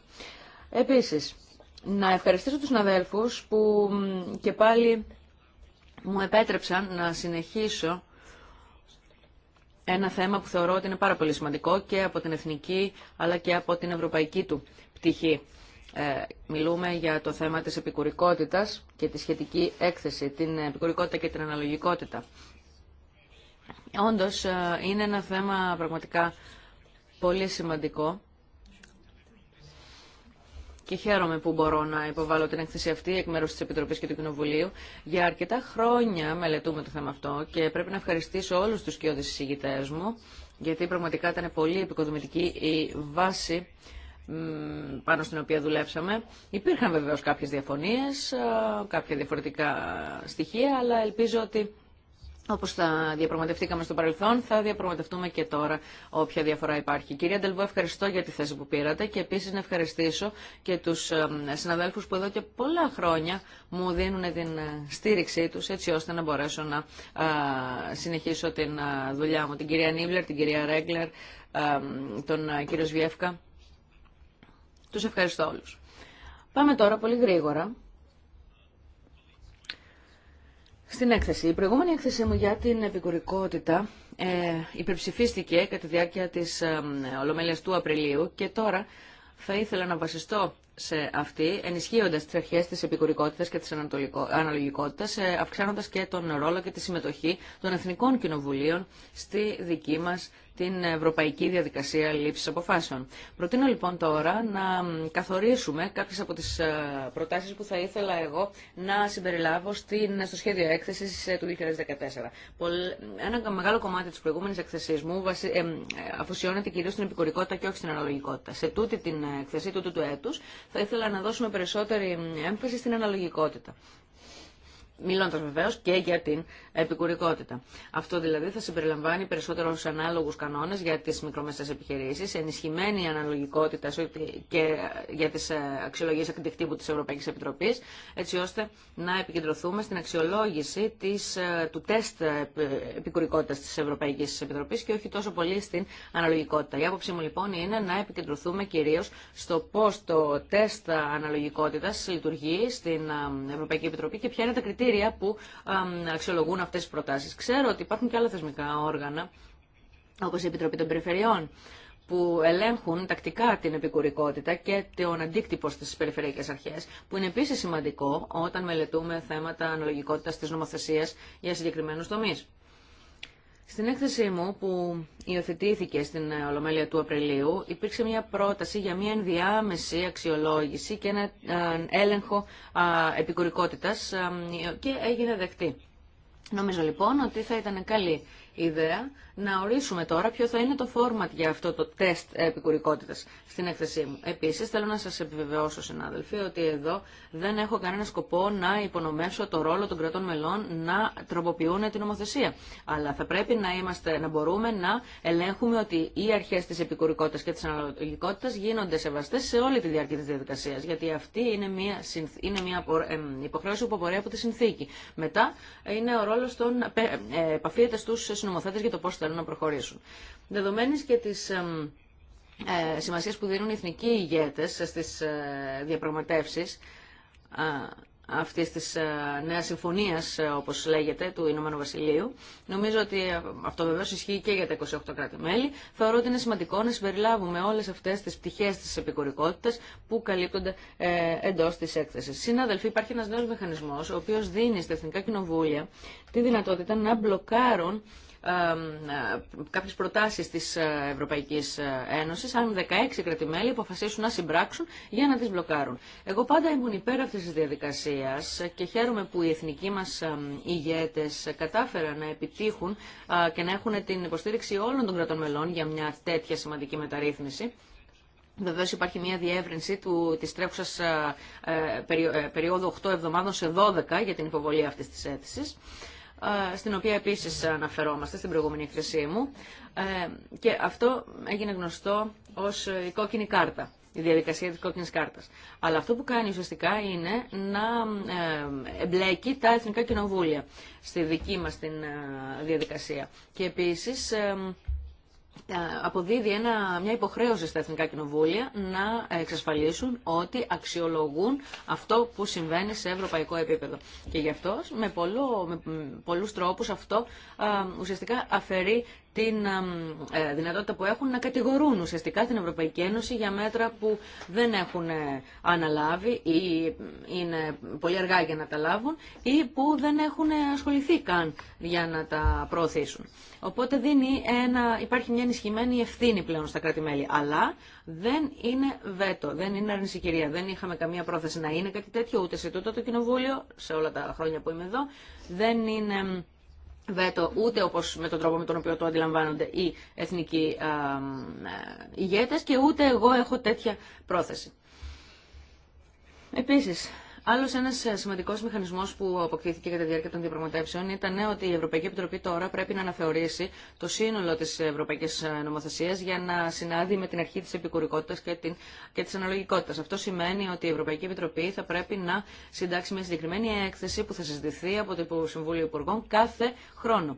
Επίσης, να ευχαριστήσω τους αδέλφους που και πάλι μου επέτρεψαν να συνεχίσω ένα θέμα που θεωρώ ότι είναι πάρα πολύ σημαντικό και από την εθνική αλλά και από την ευρωπαϊκή του πτυχή. Ε, μιλούμε για το θέμα της επικουρικότητας και τη σχετική έκθεση, την επικουρικότητα και την αναλογικότητα. Όντως, ε, είναι ένα θέμα πραγματικά πολύ σημαντικό και χαίρομαι που μπορώ να υποβάλω την έκθεση αυτή εκ μέρους της Επιτροπής και του Κοινοβουλίου. Για αρκετά χρόνια μελετούμε το θέμα αυτό και πρέπει να ευχαριστήσω όλους τους κοιόδες συζητητές μου, γιατί πραγματικά ήταν πολύ επικοδομητική η βάση πάνω στην οποία δουλέψαμε. Υπήρχαν βεβαίω κάποιε διαφωνίε, ε, κάποια διαφορετικά στοιχεία, αλλά ελπίζω ότι όπω θα διαπραγματευτήκαμε στο παρελθόν, θα διαπραγματευτούμε και τώρα όποια διαφορά υπάρχει. Κυρία Ντελβό, ευχαριστώ για τη θέση που πήρατε και επίση να ευχαριστήσω και του ε, συναδέλφου που εδώ και πολλά χρόνια μου δίνουν την στήριξή του έτσι ώστε να μπορέσω να ε, συνεχίσω την δουλειά μου. Την κυρία Νίβλερ, την κυρία Ρέγκλερ, τον κύριο Σβιεύκα τους ευχαριστώ όλους. Πάμε τώρα πολύ γρήγορα στην έκθεση. Η προηγούμενη έκθεση μου για την επικουρικότητα ε, υπερψηφίστηκε κατά τη διάρκεια της ε, Ολομέλειας του Απριλίου και τώρα θα ήθελα να βασιστώ σε αυτή, ενισχύοντας τις αρχέ της επικουρικότητας και τη αναλογικότητα, ε, αυξάνοντας και τον ρόλο και τη συμμετοχή των εθνικών κοινοβουλίων στη δική μα την ευρωπαϊκή διαδικασία Λήψη αποφάσεων. Προτείνω λοιπόν τώρα να καθορίσουμε κάποιε από τι ε, προτάσει που θα ήθελα εγώ να συμπεριλάβω στην, στο σχέδιο έκθεση ε, του 2014. Ένα μεγάλο κομμάτι τη προηγούμενη εκθεσή μου ε, αφοσιώνεται κυρίω στην επικουρικότητα και όχι στην αναλογικότητα. Σε τούτη την έκθεση τούτου του έτου θα ήθελα να δώσουμε περισσότερη έμφαση στην αναλογικότητα μιλώντα βεβαίω και για την επικουρικότητα. Αυτό δηλαδή θα συμπεριλαμβάνει περισσότερου ανάλογου κανόνε για τι μικρομεσαίε επιχειρήσει, ενισχυμένη αναλογικότητα και για τι ε, αξιολογίε εκτεκτήπου τη Ευρωπαϊκή Επιτροπή, έτσι ώστε να επικεντρωθούμε στην αξιολόγηση της, ε, του τεστ ε, επικουρικότητα τη Ευρωπαϊκή Επιτροπή και όχι τόσο πολύ στην αναλογικότητα. Η άποψή μου λοιπόν είναι να επικεντρωθούμε κυρίω στο πώ το τεστ αναλογικότητα λειτουργεί στην Ευρωπαϊκή Επιτροπή και ποια είναι τα κριτήρια που αξιολογούν αυτές τις προτάσεις. Ξέρω ότι υπάρχουν και άλλα θεσμικά όργανα, όπως η Επιτροπή των Περιφερειών, που ελέγχουν τακτικά την επικουρικότητα και τον αντίκτυπο στι περιφερειακέ αρχέ, που είναι επίση σημαντικό όταν μελετούμε θέματα αναλογικότητα τη νομοθεσία για συγκεκριμένου τομεί. Στην έκθεσή μου που υιοθετήθηκε στην ε, Ολομέλεια του Απριλίου υπήρξε μια πρόταση για μια ενδιάμεση αξιολόγηση και ένα ε, έλεγχο επικουρικότητας ε, και έγινε δεκτή. Νομίζω λοιπόν ότι θα ήταν καλή ιδέα να ορίσουμε τώρα ποιο θα είναι το format για αυτό το τεστ επικουρικότητας στην έκθεσή μου. Επίση, θέλω να σα επιβεβαιώσω, συνάδελφοι, ότι εδώ δεν έχω κανένα σκοπό να υπονομεύσω το ρόλο των κρατών μελών να τροποποιούν την νομοθεσία. Αλλά θα πρέπει να, είμαστε, να μπορούμε να ελέγχουμε ότι οι αρχέ τη επικουρικότητα και τη αναλογικότητας γίνονται σεβαστέ σε όλη τη διάρκεια τη διαδικασία, Γιατί αυτή είναι μια, είναι μια υποχρέωση που απορρέει από τη συνθήκη. Μετά είναι ο ρόλο των... Ε, επαφίεται στους συνομοθέτε για το πώ να προχωρήσουν. Δεδομένης και τη ε, που δίνουν οι εθνικοί ηγέτες στις ε, διαπραγματεύσεις αυτής της ε, νέα συμφωνίας, ε, όπω λέγεται, του Ηνωμένου Βασιλείου. Νομίζω ότι αυτό βεβαίω ισχύει και για τα 28 κράτη-μέλη. Θεωρώ ότι είναι σημαντικό να συμπεριλάβουμε όλε αυτέ τι πτυχέ τη επικουρικότητα που καλύπτονται εντό τη έκθεσης. Συναδελφοί, υπάρχει ένα νέο μηχανισμό, ο οποίο δίνει στα Εθνικά Κοινοβούλια τη δυνατότητα να μπλοκάρουν ε, κάποιες προτάσεις της ε, Ευρωπαϊκής ε, Ένωσης, αν 16 κρατημέλη αποφασίσουν να συμπράξουν για να τις μπλοκάρουν. Εγώ πάντα ήμουν υπέρ αυτής της διαδικασίας και χαίρομαι που οι εθνικοί μας ηγέτες κατάφεραν να επιτύχουν και να έχουν την υποστήριξη όλων των κρατών μελών για μια τέτοια σημαντική μεταρρύθμιση. Βεβαίω υπάρχει μια διεύρυνση του, της τρέχουσας ε, περίοδου 8 εβδομάδων σε 12 για την υποβολή αυτής της αίτησης στην οποία επίσης αναφερόμαστε στην προηγούμενη εκθεσή μου ε, και αυτό έγινε γνωστό ως ε, η κόκκινη κάρτα η διαδικασία της κόκκινης κάρτας. Αλλά αυτό που κάνει ουσιαστικά είναι να ε, εμπλέκει τα εθνικά κοινοβούλια στη δική μας την διαδικασία. Και επίσης ε, αποδίδει ένα, μια υποχρέωση στα εθνικά κοινοβούλια να εξασφαλίσουν ότι αξιολογούν αυτό που συμβαίνει σε ευρωπαϊκό επίπεδο. Και γι' αυτό με, πολλού, πολλούς τρόπους αυτό ε, ουσιαστικά αφαιρεί την ε, δυνατότητα που έχουν να κατηγορούν ουσιαστικά την Ευρωπαϊκή Ένωση για μέτρα που δεν έχουν ε, αναλάβει ή ε, είναι πολύ αργά για να τα λάβουν ή που δεν έχουν ασχοληθεί καν για να τα προωθήσουν. Οπότε δίνει ένα, υπάρχει μια ενισχυμένη ευθύνη πλέον στα κράτη-μέλη. Αλλά δεν είναι βέτο, δεν είναι αρνησικηρία. Δεν είχαμε καμία πρόθεση να είναι κάτι τέτοιο, ούτε σε τούτο το κοινοβούλιο, σε όλα τα χρόνια που είμαι εδώ. Δεν είναι βέτο ούτε όπως με τον τρόπο με τον οποίο το αντιλαμβάνονται οι εθνικοί ε, ηγέτες και ούτε εγώ έχω τέτοια πρόθεση. Επίσης, Άλλο ένα ε, σημαντικό μηχανισμό που αποκτήθηκε κατά τη διάρκεια των διαπραγματεύσεων ήταν ότι η Ευρωπαϊκή Επιτροπή τώρα πρέπει να αναθεωρήσει το σύνολο τη Ευρωπαϊκή ε, Νομοθεσία για να συνάδει με την αρχή τη επικουρικότητα και, την... και τη αναλογικότητα. Αυτό σημαίνει ότι η Ευρωπαϊκή Επιτροπή θα πρέπει να συντάξει μια συγκεκριμένη έκθεση που θα συζητηθεί από το Συμβούλιο Υπουργών κάθε χρόνο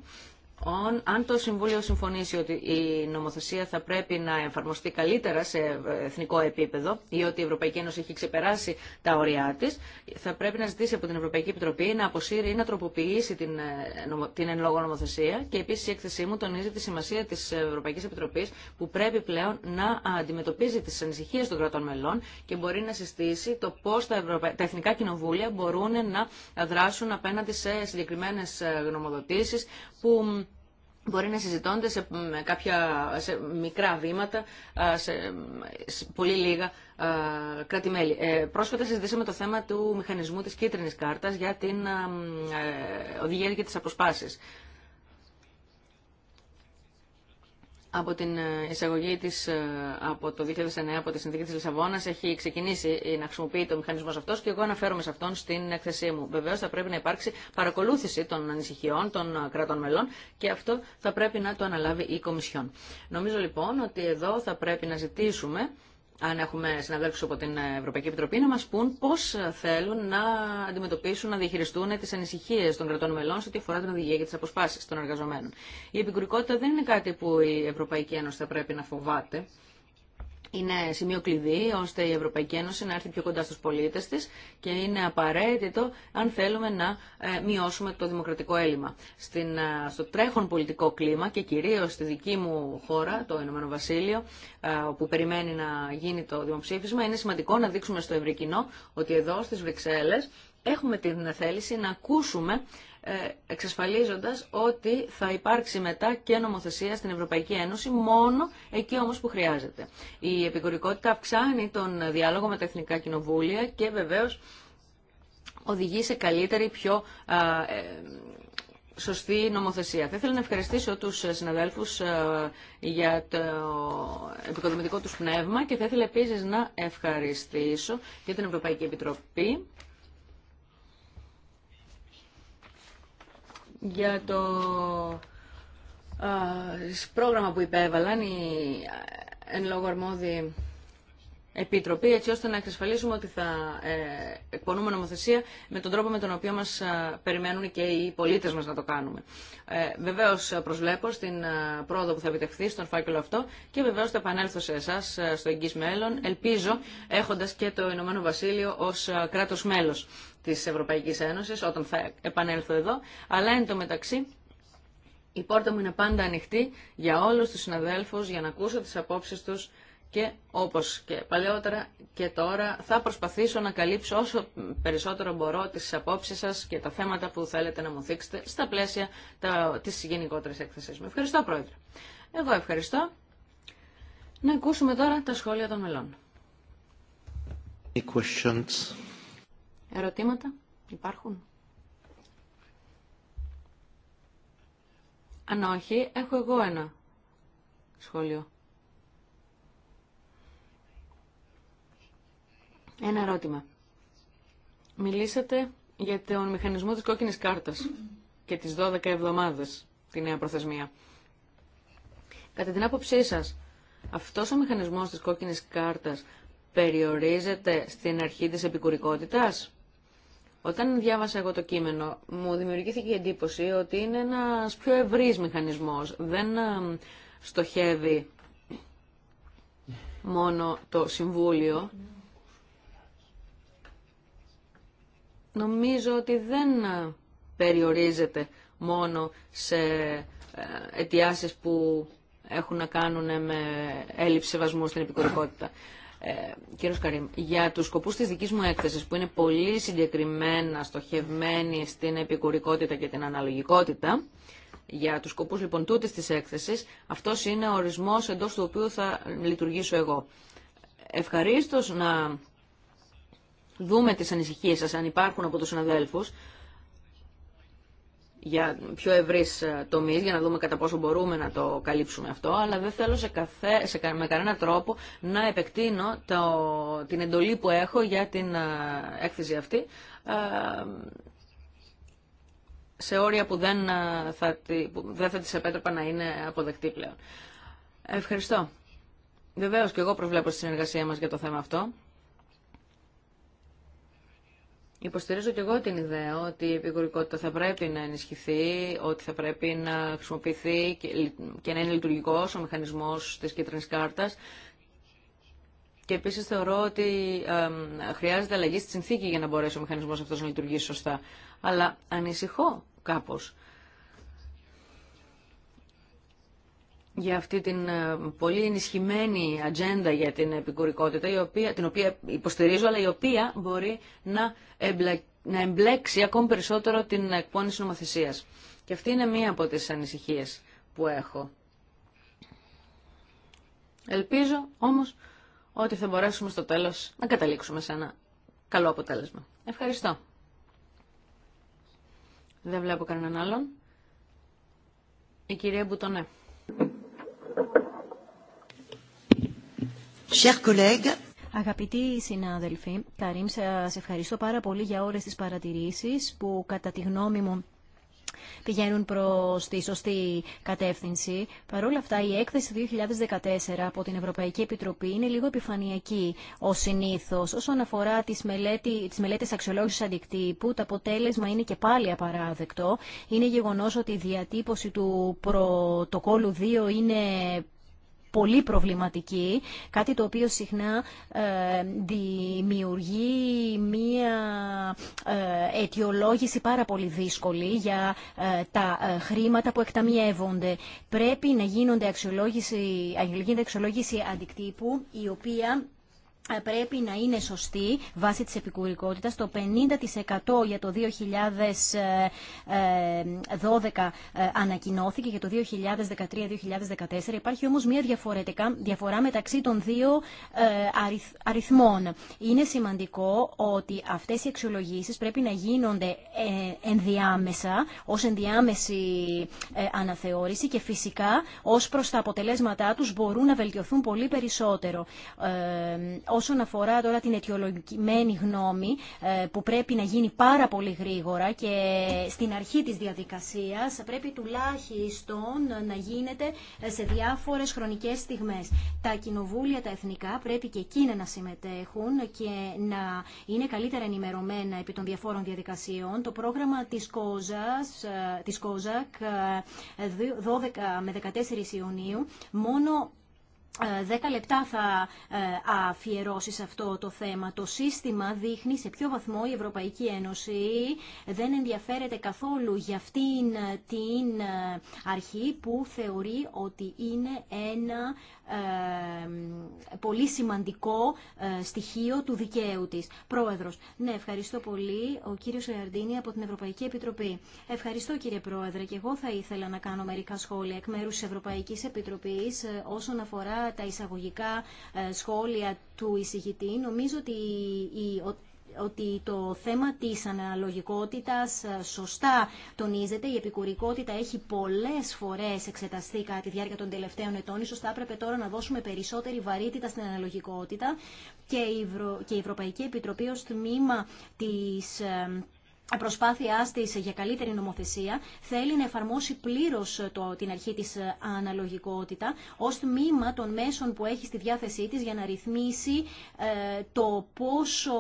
αν το Συμβούλιο συμφωνήσει ότι η νομοθεσία θα πρέπει να εφαρμοστεί καλύτερα σε εθνικό επίπεδο ή ότι η Ευρωπαϊκή Ένωση έχει ξεπεράσει τα ωριά τη, θα πρέπει να ζητήσει από την Ευρωπαϊκή Επιτροπή να αποσύρει ή να τροποποιήσει την, ε, την εν λόγω νομοθεσία και επίση η έκθεσή μου τονίζει τη σημασία τη Ευρωπαϊκή Επιτροπή που πρέπει πλέον να αντιμετωπίζει τι ανησυχίε των κρατών μελών και μπορεί να συστήσει το πώ τα, Ευρωπα... τα εθνικά κοινοβούλια μπορούν να δράσουν απέναντι σε συγκεκριμένε γνωμοδοτήσει που μπορεί να συζητώνται σε, κάποια, μικρά βήματα, σε, πολύ λίγα κράτη-μέλη. Ε, πρόσφατα συζητήσαμε το θέμα του μηχανισμού της κίτρινης κάρτας για την ε, οδηγία και τις αποσπάσεις. από την ε, εισαγωγή της ε, από το 2009 από τη Συνθήκη της Λισαβόνας έχει ξεκινήσει ε, να χρησιμοποιείται ο μηχανισμός αυτός και εγώ αναφέρομαι σε αυτόν στην έκθεσή μου. Βεβαίως θα πρέπει να υπάρξει παρακολούθηση των ανησυχιών των κρατών μελών και αυτό θα πρέπει να το αναλάβει η Κομισιόν. Νομίζω λοιπόν ότι εδώ θα πρέπει να ζητήσουμε αν έχουμε συναδέλφους από την Ευρωπαϊκή Επιτροπή, να μας πούν πώς θέλουν να αντιμετωπίσουν, να διαχειριστούν τις ανησυχίες των κρατών μελών σε ό,τι αφορά την οδηγία για τις αποσπάσεις των εργαζομένων. Η επικουρικότητα δεν είναι κάτι που η Ευρωπαϊκή Ένωση θα πρέπει να φοβάται είναι σημείο κλειδί ώστε η Ευρωπαϊκή Ένωση να έρθει πιο κοντά στους πολίτες της και είναι απαραίτητο αν θέλουμε να ε, μειώσουμε το δημοκρατικό έλλειμμα. Στην, ε, στο τρέχον πολιτικό κλίμα και κυρίως στη δική μου χώρα, το Ηνωμένο Βασίλειο, ε, που περιμένει να γίνει το δημοψήφισμα, είναι σημαντικό να δείξουμε στο ευρύ ότι εδώ στις Βρυξέλλες έχουμε την θέληση να ακούσουμε ε, εξασφαλίζοντας ότι θα υπάρξει μετά και νομοθεσία στην Ευρωπαϊκή Ένωση μόνο εκεί όμως που χρειάζεται. Η επικουρικότητα αυξάνει τον διάλογο με τα εθνικά κοινοβούλια και βεβαίως οδηγεί σε καλύτερη, πιο ε, σωστή νομοθεσία. Θα ήθελα να ευχαριστήσω τους συναδέλφους για το επικοδομητικό τους πνεύμα και θα ήθελα επίσης να ευχαριστήσω και την Ευρωπαϊκή Επιτροπή για το πρόγραμμα που υπέβαλαν οι εν λόγω αρμόδιοι Επιτροπή, έτσι ώστε να εξασφαλίσουμε ότι θα ε, εκπονούμε νομοθεσία με τον τρόπο με τον οποίο μας περιμένουν και οι πολίτες μας να το κάνουμε. Βεβαίω βεβαίως προσβλέπω στην πρόοδο που θα επιτευχθεί στον φάκελο αυτό και βεβαίως θα επανέλθω σε εσά στο εγγύς μέλλον, ελπίζω έχοντας και το Ηνωμένο Βασίλειο ως κράτος μέλος. Τη Ευρωπαϊκή Ένωση, όταν θα επανέλθω εδώ, αλλά εν τω μεταξύ η πόρτα μου είναι πάντα ανοιχτή για όλους τους συναδέλφους, για να ακούσω τις απόψει τους και όπως και παλαιότερα και τώρα θα προσπαθήσω να καλύψω όσο περισσότερο μπορώ τις απόψει σας και τα θέματα που θέλετε να μου θίξετε στα πλαίσια τη γενικότερη έκθεση μου. Ευχαριστώ Πρόεδρε. Εγώ ευχαριστώ. Να ακούσουμε τώρα τα σχόλια των μελών. questions? Ερωτήματα υπάρχουν. Αν όχι, έχω εγώ ένα σχόλιο. Ένα ερώτημα. Μιλήσατε για τον μηχανισμό της κόκκινης κάρτας και τις 12 εβδομάδες, τη νέα προθεσμία. Κατά την άποψή σας, αυτός ο μηχανισμός της κόκκινης κάρτας περιορίζεται στην αρχή της επικουρικότητας όταν διάβασα εγώ το κείμενο, μου δημιουργήθηκε η εντύπωση ότι είναι ένας πιο ευρύς μηχανισμός. Δεν ε, στοχεύει μόνο το Συμβούλιο. Νομίζω ότι δεν ε, περιορίζεται μόνο σε ε, αιτιάσεις που έχουν να κάνουν με έλλειψη σεβασμού στην επικουρικότητα. Ε, κύριος Καρύμ, για τους σκοπούς της δικής μου έκθεσης που είναι πολύ συγκεκριμένα στοχευμένη στην επικουρικότητα και την αναλογικότητα, για τους σκοπούς λοιπόν τούτης της έκθεσης, αυτό είναι ο ορισμός εντός του οποίου θα λειτουργήσω εγώ. Ευχαρίστως να δούμε τις ανησυχίες σας αν υπάρχουν από τους συναδέλφους, για πιο ευρύ ε, τομεί, για να δούμε κατά πόσο μπορούμε να το καλύψουμε αυτό, αλλά δεν θέλω σε καθέ, σε, με κανένα τρόπο να επεκτείνω το, την εντολή που έχω για την ε, έκθεση αυτή ε, σε όρια που δεν θα, που τις επέτρεπα να είναι αποδεκτή πλέον. Ευχαριστώ. Βεβαίω και εγώ προβλέπω στη συνεργασία μας για το θέμα αυτό. Υποστηρίζω και εγώ την ιδέα ότι η επικουρικότητα θα πρέπει να ενισχυθεί, ότι θα πρέπει να χρησιμοποιηθεί και να είναι λειτουργικό ο μηχανισμό τη κίτρινη κάρτα. Και επίση θεωρώ ότι χρειάζεται αλλαγή στη συνθήκη για να μπορέσει ο μηχανισμό αυτό να λειτουργήσει σωστά. Αλλά ανησυχώ κάπω για αυτή την ε, πολύ ενισχυμένη ατζέντα για την επικουρικότητα, η οποία, την οποία υποστηρίζω, αλλά η οποία μπορεί να, να εμπλέξει ακόμη περισσότερο την εκπόνηση νομοθεσίας. Και αυτή είναι μία από τις ανησυχίες που έχω. Ελπίζω όμως ότι θα μπορέσουμε στο τέλος να καταλήξουμε σε ένα καλό αποτέλεσμα. Ευχαριστώ. Δεν βλέπω κανέναν άλλον. Η κυρία Μπουτονέ. Αγαπητοί συνάδελφοι, Καρύμ, σε ευχαριστώ πάρα πολύ για όλες τις παρατηρήσεις που κατά τη γνώμη μου πηγαίνουν προ τη σωστή κατεύθυνση. Παρ' όλα αυτά, η έκθεση 2014 από την Ευρωπαϊκή Επιτροπή είναι λίγο επιφανειακή ω συνήθω. Όσον αφορά τι μελέτη, μελέτες αξιολόγηση αντικτύπου, το αποτέλεσμα είναι και πάλι απαράδεκτο. Είναι γεγονό ότι η διατύπωση του πρωτοκόλου 2 είναι πολύ προβληματική, κάτι το οποίο συχνά ε, δημιουργεί μία ε, αιτιολόγηση πάρα πολύ δύσκολη για ε, τα χρήματα που εκταμιεύονται. Πρέπει να γίνονται αξιολόγηση, γίνεται αξιολόγηση αντικτύπου, η οποία ε, πρέπει να είναι σωστή βάσει της επικουρικότητας. Το 50% για το 2012 ε, ε, ανακοινώθηκε για το 2013-2014. Υπάρχει όμως μια διαφορετικά, διαφορά μεταξύ των δύο αριθμών. Είναι σημαντικό ότι αυτές οι αξιολογήσεις πρέπει να γίνονται ενδιάμεσα, ως ενδιάμεση αναθεώρηση και φυσικά ως προς τα αποτελέσματά τους μπορούν να βελτιωθούν πολύ περισσότερο Όσον αφορά τώρα την αιτιολογημένη γνώμη ε, που πρέπει να γίνει πάρα πολύ γρήγορα και στην αρχή της διαδικασίας πρέπει τουλάχιστον να γίνεται ε, σε διάφορες χρονικές στιγμές. Τα κοινοβούλια τα εθνικά πρέπει και εκείνα να συμμετέχουν και να είναι καλύτερα ενημερωμένα επί των διαφόρων διαδικασιών. Το πρόγραμμα της, Κόζας, ε, της ΚΟΖΑΚ 12 με 14 Ιουνίου μόνο ε, δέκα λεπτά θα ε, αφιερώσει σε αυτό το θέμα. Το σύστημα δείχνει σε ποιο βαθμό η Ευρωπαϊκή Ένωση δεν ενδιαφέρεται καθόλου για αυτήν την ε, αρχή που θεωρεί ότι είναι ένα πολύ σημαντικό ε, στοιχείο του δικαίου της. Πρόεδρος, ναι, ευχαριστώ πολύ. Ο κύριος Ιαρντίνη από την Ευρωπαϊκή Επιτροπή. Ευχαριστώ κύριε Πρόεδρε και εγώ θα ήθελα να κάνω μερικά σχόλια εκ μέρους της Ευρωπαϊκής Επιτροπής ε, όσον αφορά τα εισαγωγικά ε, σχόλια του εισηγητή. Νομίζω ότι ότι το θέμα της αναλογικότητας ε, σωστά τονίζεται. Η επικουρικότητα έχει πολλές φορές εξεταστεί κατά τη διάρκεια των τελευταίων ετών. Ίσως θα έπρεπε τώρα να δώσουμε περισσότερη βαρύτητα στην αναλογικότητα και η Ευρωπαϊκή Επιτροπή ως τμήμα της ε, προσπάθειά τη για καλύτερη νομοθεσία θέλει να εφαρμόσει πλήρω ε, την αρχή τη ε, αναλογικότητα ω τμήμα των μέσων που έχει στη διάθεσή τη για να ρυθμίσει ε, το πόσο.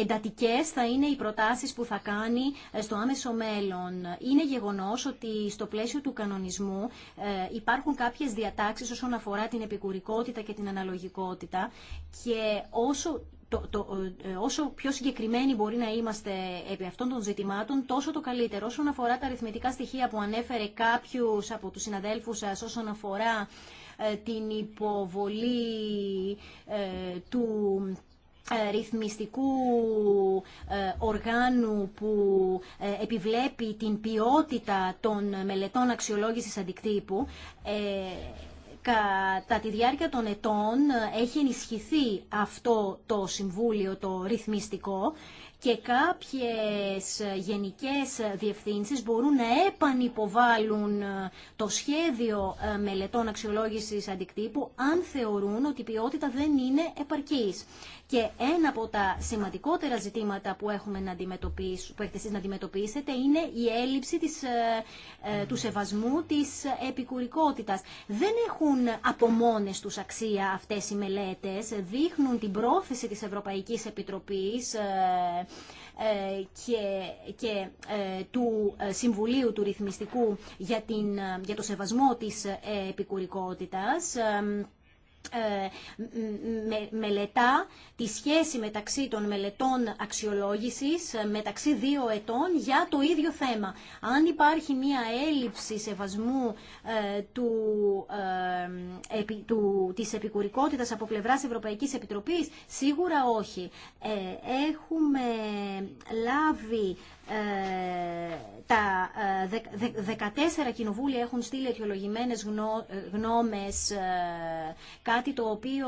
Εντατικέ θα είναι οι προτάσεις που θα κάνει ε, στο άμεσο μέλλον. Είναι γεγονός ότι στο πλαίσιο του κανονισμού ε, υπάρχουν κάποιες διατάξεις όσον αφορά την επικουρικότητα και την αναλογικότητα και όσο το, ε, όσο πιο συγκεκριμένοι μπορεί να είμαστε επί αυτών των ζητημάτων, τόσο το καλύτερο. Όσον αφορά τα αριθμητικά στοιχεία που ανέφερε κάποιου από του συναδέλφου σα, όσον αφορά την υποβολή του ε, ρυθμιστικού ε, οργάνου που ε, επιβλέπει την ποιότητα των μελετών αξιολόγησης αντικτύπου κατά τη διάρκεια των ετών έχει ενισχυθεί αυτό το συμβούλιο το ρυθμιστικό και κάποιες γενικές διευθύνσεις μπορούν να επανυποβάλουν το σχέδιο μελετών αξιολόγησης αντικτύπου αν θεωρούν ότι η ποιότητα δεν είναι επαρκής. Και ένα από τα σημαντικότερα ζητήματα που, έχουμε να αντιμετωπίσουμε, που έχετε να αντιμετωπίσετε είναι η έλλειψη της, ε, ε, του σεβασμού της επικουρικότητας. Δεν έχουν από μόνες τους αξία αυτές οι μελέτες, δείχνουν την πρόθεση της Ευρωπαϊκής Επιτροπής ε, και, και του Συμβουλίου του Ρυθμιστικού για, την, για το σεβασμό της επικουρικότητας. Ε, μελετά τη σχέση μεταξύ των μελετών αξιολόγησης ε, μεταξύ δύο ετών για το ίδιο θέμα. Αν υπάρχει μία έλλειψη σεβασμού ε, του, του, της επικουρικότητας από πλευράς Ευρωπαϊκής Επιτροπής, σίγουρα όχι. έχουμε λάβει ε, τα 14 ε, κοινοβούλια έχουν στείλει αιτιολογημένες ε, γνώμες, κάτι το οποίο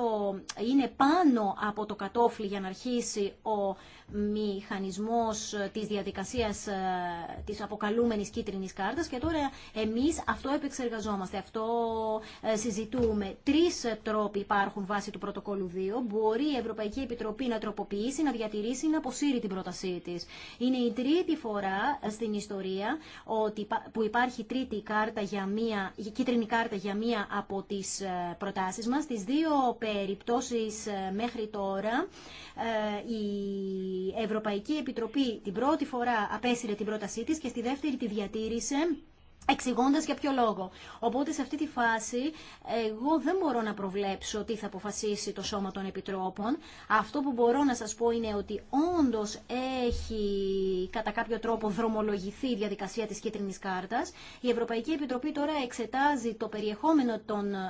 είναι πάνω από το κατόφλι για να αρχίσει ο μηχανισμός ε, της διαδικασίας ε, της αποκαλούμενης κίτρινης κάρτας και τώρα εμείς αυτό επεξεργαζόμαστε, αυτό ε, συζητούμε. Τρεις τρόποι υπάρχουν βάσει του πρωτοκόλου 2. Μπορεί η Ευρωπαϊκή Επιτροπή να τροποποιήσει, να διατηρήσει ή να αποσύρει την πρότασή της. Είναι τρίτη φορά στην ιστορία ότι, που υπάρχει τρίτη κάρτα για μία, κίτρινη κάρτα για μία από τις προτάσεις μας. Στις δύο περιπτώσεις μέχρι τώρα η η Ευρωπαϊκή Επιτροπή την πρώτη φορά απέσυρε την πρότασή της και στη δεύτερη τη διατήρησε Εξηγώντα για ποιο λόγο. Οπότε σε αυτή τη φάση εγώ δεν μπορώ να προβλέψω τι θα αποφασίσει το Σώμα των Επιτρόπων. Αυτό που μπορώ να σας πω είναι ότι όντως έχει κατά κάποιο τρόπο δρομολογηθεί η διαδικασία της κίτρινης κάρτας. Η Ευρωπαϊκή Επιτροπή τώρα εξετάζει το περιεχόμενο των ε,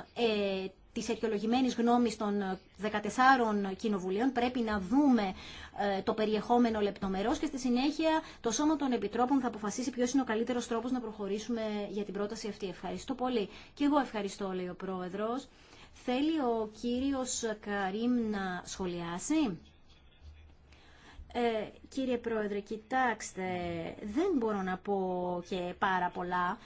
Τη αιτιολογημένη γνώμη των 14 ε, κοινοβουλίων. Πρέπει να δούμε ε, το περιεχόμενο λεπτομερώς και στη συνέχεια το Σώμα των Επιτρόπων θα αποφασίσει ποιο είναι ο καλύτερος τρόπος να προχωρήσουμε για την πρόταση αυτή. Ευχαριστώ πολύ. Και εγώ ευχαριστώ, λέει ο πρόεδρο. Θέλει ο κύριος Καρίμ να σχολιάσει. Ε, κύριε Πρόεδρε, κοιτάξτε, δεν μπορώ να πω και πάρα πολλά.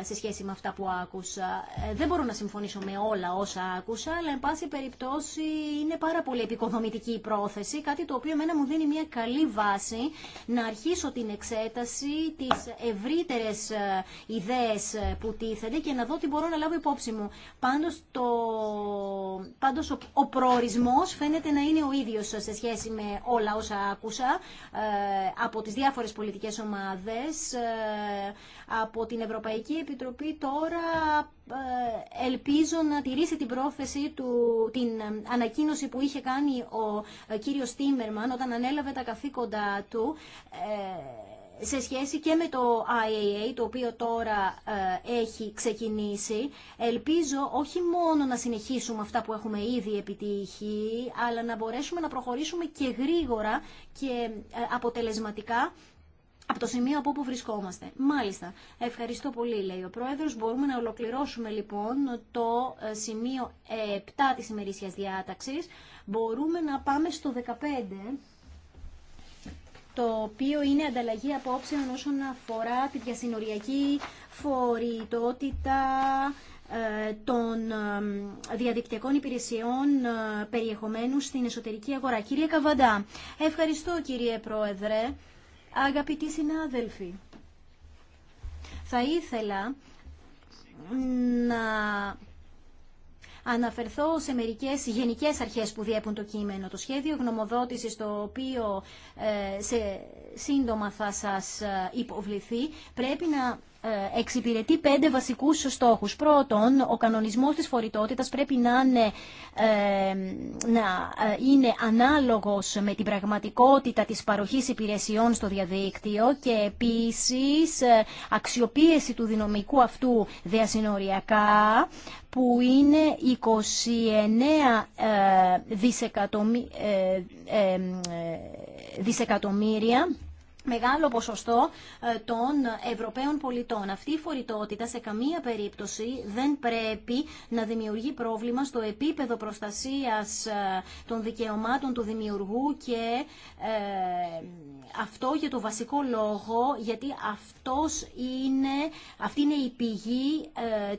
Ε, σε σχέση με αυτά που άκουσα. Ε, δεν μπορώ να συμφωνήσω με όλα όσα άκουσα, αλλά εν πάση περιπτώσει είναι πάρα πολύ επικοδομητική η πρόθεση, κάτι το οποίο εμένα μου δίνει μια καλή βάση να αρχίσω την εξέταση, τις ευρύτερες ε, ιδέες που τίθενται και να δω τι μπορώ να λάβω υπόψη μου. Πάντως, το... Πάντως ο, ο προορισμός φαίνεται να είναι ο ίδιος σε σχέση με όλα όσα άκουσα από τις διάφορες πολιτικές ομάδες, από την Ευρωπαϊκή Ευρωπαϊκή Επιτροπή τώρα ε, ελπίζω να τηρήσει την πρόθεση του, την ανακοίνωση που είχε κάνει ο ε, κύριος Τίμερμαν όταν ανέλαβε τα καθήκοντα του ε, σε σχέση και με το IAA, το οποίο τώρα έχει ξεκινήσει, ελπίζω όχι μόνο να συνεχίσουμε αυτά που έχουμε ήδη επιτύχει, αλλά να μπορέσουμε να προχωρήσουμε και γρήγορα και αποτελεσματικά από το σημείο από όπου βρισκόμαστε. Μάλιστα. Ευχαριστώ πολύ, λέει ο Πρόεδρο. Μπορούμε να ολοκληρώσουμε λοιπόν το ε, σημείο 7 τη ημερήσια διάταξη. Μπορούμε να πάμε στο 15 το οποίο είναι ανταλλαγή απόψεων όσον αφορά τη διασυνοριακή φορητότητα ε, των ε, διαδικτυακών υπηρεσιών περιεχομένου στην εσωτερική αγορά. Κύριε Καβαντά, ευχαριστώ κύριε Πρόεδρε. Αγαπητοί συνάδελφοι, θα ήθελα να αναφερθώ σε μερικές γενικές αρχές που διέπουν το κείμενο. Το σχέδιο γνωμοδότησης, το οποίο ε, σε σύντομα θα σας ε, υποβληθεί, πρέπει να ε, εξυπηρετεί πέντε βασικούς στόχους. Πρώτον, ο κανονισμός της φορητότητας πρέπει να είναι, ε, να ε, ανάλογος με την πραγματικότητα της παροχής υπηρεσιών στο διαδίκτυο και επίσης αξιοποίηση του δυναμικού αυτού διασυνοριακά που είναι 29 δισεκατομμύρια μεγάλο ποσοστό ε, των Ευρωπαίων πολιτών. Αυτή η φορητότητα σε καμία περίπτωση δεν πρέπει να δημιουργεί πρόβλημα στο επίπεδο προστασίας ε, των δικαιωμάτων του δημιουργού και ε, αυτό για το βασικό λόγο γιατί αυτός είναι, αυτή είναι η πηγή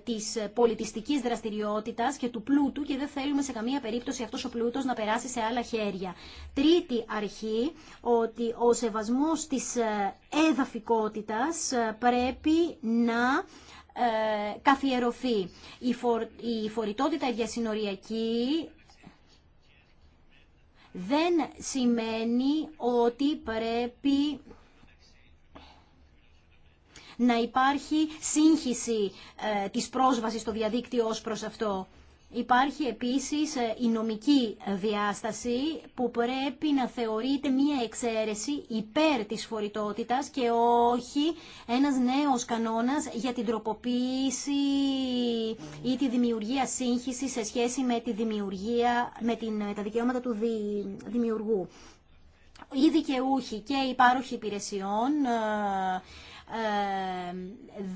της πολιτιστικής δραστηριότητας και του πλούτου και δεν θέλουμε σε καμία περίπτωση αυτός ο πλούτος να περάσει σε άλλα χέρια. Τρίτη αρχή ότι ο σεβασμός της εδαφικότητας ε, πρέπει να ε, καθιερωθεί. Η, φορ, η φορητότητα διασυνοριακή δεν σημαίνει ότι πρέπει να υπάρχει σύγχυση ε, της πρόσβασης στο διαδίκτυο ως προς αυτό. Υπάρχει επίσης ε, η νομική διάσταση που πρέπει να θεωρείται μία εξαίρεση υπέρ της φορητότητας και όχι ένας νέος κανόνας για την τροποποίηση ή τη δημιουργία σύγχυσης σε σχέση με, τη δημιουργία, με την, τα δικαιώματα του δημιουργού. Οι δικαιούχοι και οι πάροχοι υπηρεσιών ε,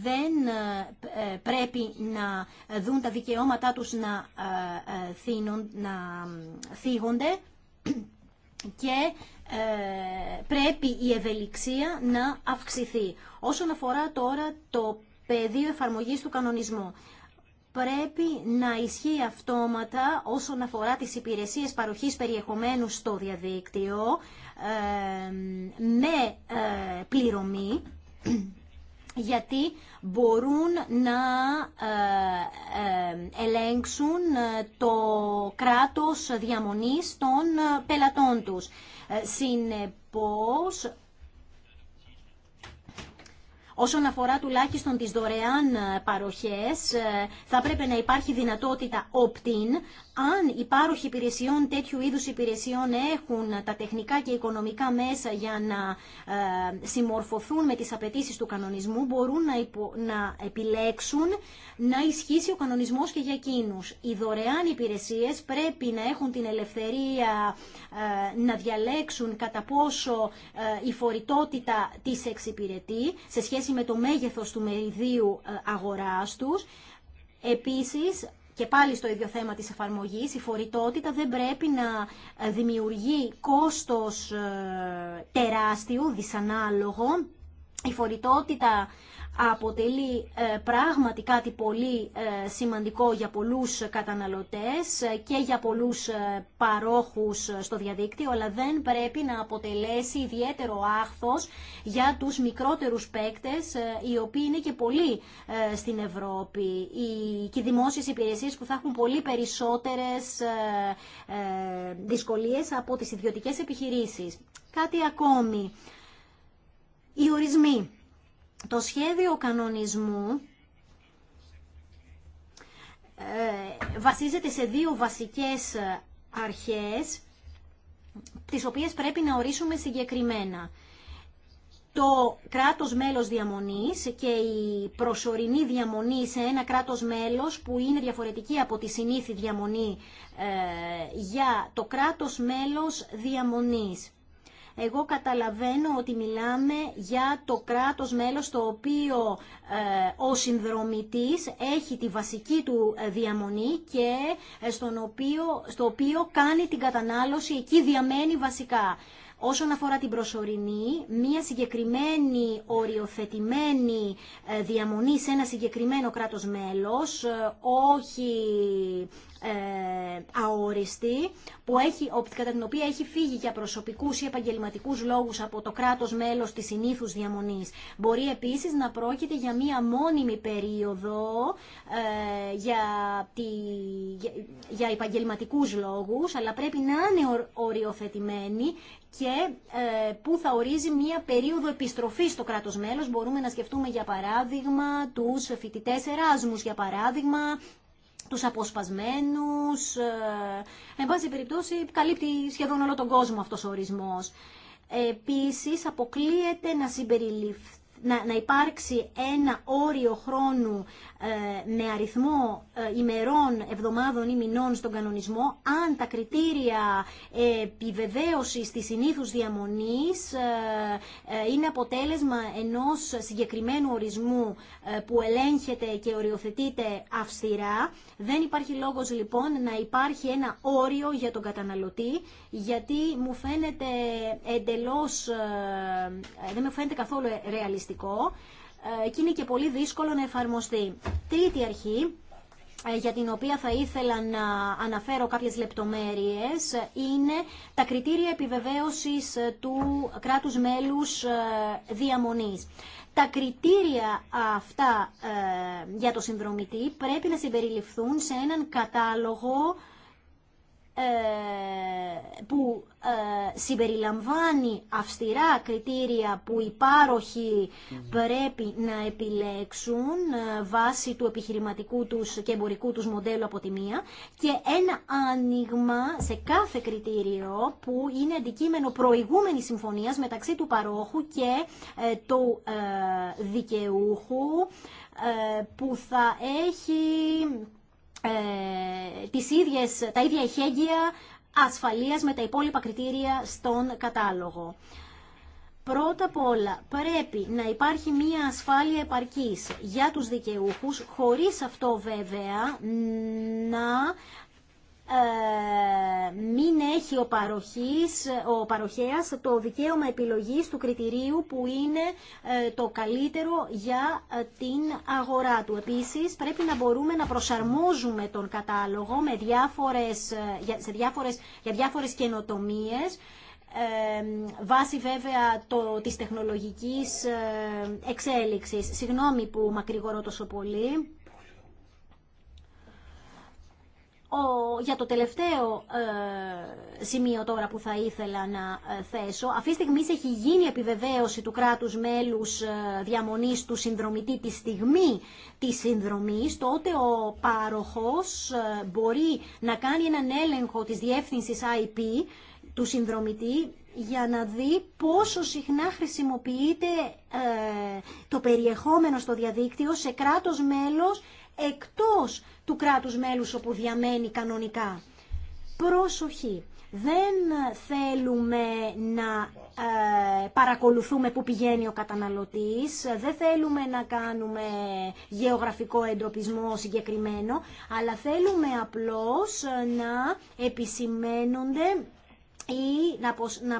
δεν ε, ε, πρέπει να δουν τα δικαιώματά τους να, ε, θύνουν, να θίγονται και πρέπει η ευελιξία να αυξηθεί. Όσον αφορά τώρα το πεδίο εφαρμογής του κανονισμού, πρέπει να ισχύει αυτόματα όσον αφορά τις υπηρεσίες παροχής περιεχομένου στο διαδίκτυο με πληρωμή γιατί μπορούν να ε, ε, ελέγξουν ε, το κράτος διαμονής των πελατών τους. Συνεπώς, Όσον αφορά τουλάχιστον τις δωρεάν παροχές, θα πρέπει να υπάρχει δυνατότητα opt-in, αν οι πάροχοι υπηρεσιών, τέτοιου είδους υπηρεσιών έχουν τα τεχνικά και οικονομικά μέσα για να ε, συμμορφωθούν με τις απαιτήσει του κανονισμού, μπορούν να, να επιλέξουν να ισχύσει ο κανονισμός και για εκείνους. Οι δωρεάν υπηρεσίες πρέπει να έχουν την ελευθερία ε, να διαλέξουν κατά πόσο ε, η φορητότητα της εξυπηρετεί σε σχέση με το μέγεθος του μεριδίου αγοράς τους. Επίσης, και πάλι στο ίδιο θέμα της εφαρμογής, η φορητότητα δεν πρέπει να ε, δημιουργεί κόστος ε, τεράστιου, δυσανάλογο. Η φορητότητα αποτελεί ε, πράγματι κάτι πολύ ε, σημαντικό για πολλούς καταναλωτές ε, και για πολλούς παρόχους στο διαδίκτυο, αλλά δεν πρέπει να αποτελέσει ιδιαίτερο άχθος για τους μικρότερους παίκτες, οι οποίοι είναι και πολλοί στην Ευρώπη και οι δημόσιες υπηρεσίες που θα έχουν πολύ περισσότερες δυσκολίες από τις ιδιωτικές επιχειρήσεις. Κάτι ακόμη. Οι ορισμοί το σχέδιο κανονισμού ε, βασίζεται σε δύο βασικές αρχές, τις οποίες πρέπει να ορίσουμε συγκεκριμένα. Το κράτος μέλος διαμονής και η προσωρινή διαμονή σε ένα κράτος μέλος που είναι διαφορετική από τη συνήθη διαμονή ε, για το κράτος μέλος διαμονής. Εγώ καταλαβαίνω ότι μιλάμε για το κράτος μέλος το οποίο ε, ο συνδρομητής έχει τη βασική του ε, διαμονή και ε, στον οποίο, στο οποίο κάνει την κατανάλωση, εκεί διαμένει βασικά. Όσον αφορά την προσωρινή, μία συγκεκριμένη οριοθετημένη διαμονή σε ένα συγκεκριμένο κράτος μέλος, όχι ε, αόριστη που έχει, κατά την οποία έχει φύγει για προσωπικού ή επαγγελματικούς λόγους από το κράτος μέλος τη συνήθου διαμονής. Μπορεί επίσης να πρόκειται για μία μόνιμη περίοδο ε, για, τη, για, επαγγελματικούς λόγους, αλλά πρέπει να είναι οριοθετημένη και ε, που θα ορίζει μία περίοδο επιστροφής στο κράτο μέλο. Μπορούμε να σκεφτούμε για παράδειγμα του φοιτητέ Εράσμους, για παράδειγμα τους αποσπασμένους. Ε, εν πάση περιπτώσει, καλύπτει σχεδόν όλο τον κόσμο αυτός ο ορισμός. Επίσης, αποκλείεται να να, να υπάρξει ένα όριο χρόνου ε, με αριθμό ε, ημερών, εβδομάδων ή μηνών στον κανονισμό, αν τα κριτήρια ε, επιβεβαίωσης της συνήθους διαμονής είναι αποτέλεσμα ενός συγκεκριμένου ορισμού που ελέγχεται και οριοθετείται αυστηρά. Δεν υπάρχει λόγος λοιπόν να υπάρχει ένα όριο για τον καταναλωτή, γιατί μου φαίνεται εντελώς, δεν μου φαίνεται καθόλου ρεαλιστικό ε, και είναι και πολύ δύσκολο να εφαρμοστεί. Τρίτη αρχή ε, για την οποία θα ήθελα να αναφέρω κάποιες λεπτομέρειες είναι τα κριτήρια επιβεβαίωσης ε, του κράτους μέλους διαμονής. Τα κριτήρια αυτά για το συνδρομητή πρέπει να συμπεριληφθούν σε έναν κατάλογο ε, που ε, συμπεριλαμβάνει αυστηρά κριτήρια που οι πάροχοι πρέπει να επιλέξουν ε, βάσει του επιχειρηματικού τους και εμπορικού τους μοντέλου από τη μία και ένα άνοιγμα σε κάθε κριτήριο που είναι αντικείμενο προηγούμενης συμφωνίας μεταξύ του παρόχου και του δικαιούχου που θα έχει ε, τις ίδιες, τα ίδια ηχέγγυα ασφαλείας με τα υπόλοιπα κριτήρια στον κατάλογο. Πρώτα απ' όλα πρέπει να υπάρχει μία ασφάλεια επαρκής για τους δικαιούχους, χωρίς αυτό βέβαια να ε, μην έχει ο, παροχής, ο παροχέας το δικαίωμα επιλογής του κριτηρίου που είναι ε, το καλύτερο για ε, την αγορά του. Επίσης πρέπει να μπορούμε να προσαρμόζουμε τον κατάλογο με διάφορες, σε διάφορες, για διάφορες καινοτομίες βάσει βέβαια το, της τεχνολογικής εξέλιξης. Συγγνώμη που μακρηγορώ τόσο πολύ. Ο, για το τελευταίο ε, σημείο τώρα που θα ήθελα να ε, θέσω, αυτή τη στιγμή έχει γίνει επιβεβαίωση του κράτους μέλους ε, διαμονής του συνδρομητή τη στιγμή της συνδρομής, τότε ο πάροχος μπορεί να κάνει έναν έλεγχο της διεύθυνσης IP του συνδρομητή για να δει πόσο συχνά χρησιμοποιείται το περιεχόμενο στο διαδίκτυο σε κράτος μέλος εκτός του κράτους μέλους όπου διαμένει κανονικά. Πρόσοχη. Δεν θέλουμε να ε, παρακολουθούμε που πηγαίνει ο καταναλωτής, δεν θέλουμε να κάνουμε γεωγραφικό εντοπισμό συγκεκριμένο, αλλά θέλουμε απλώς να επισημένονται ή να, να,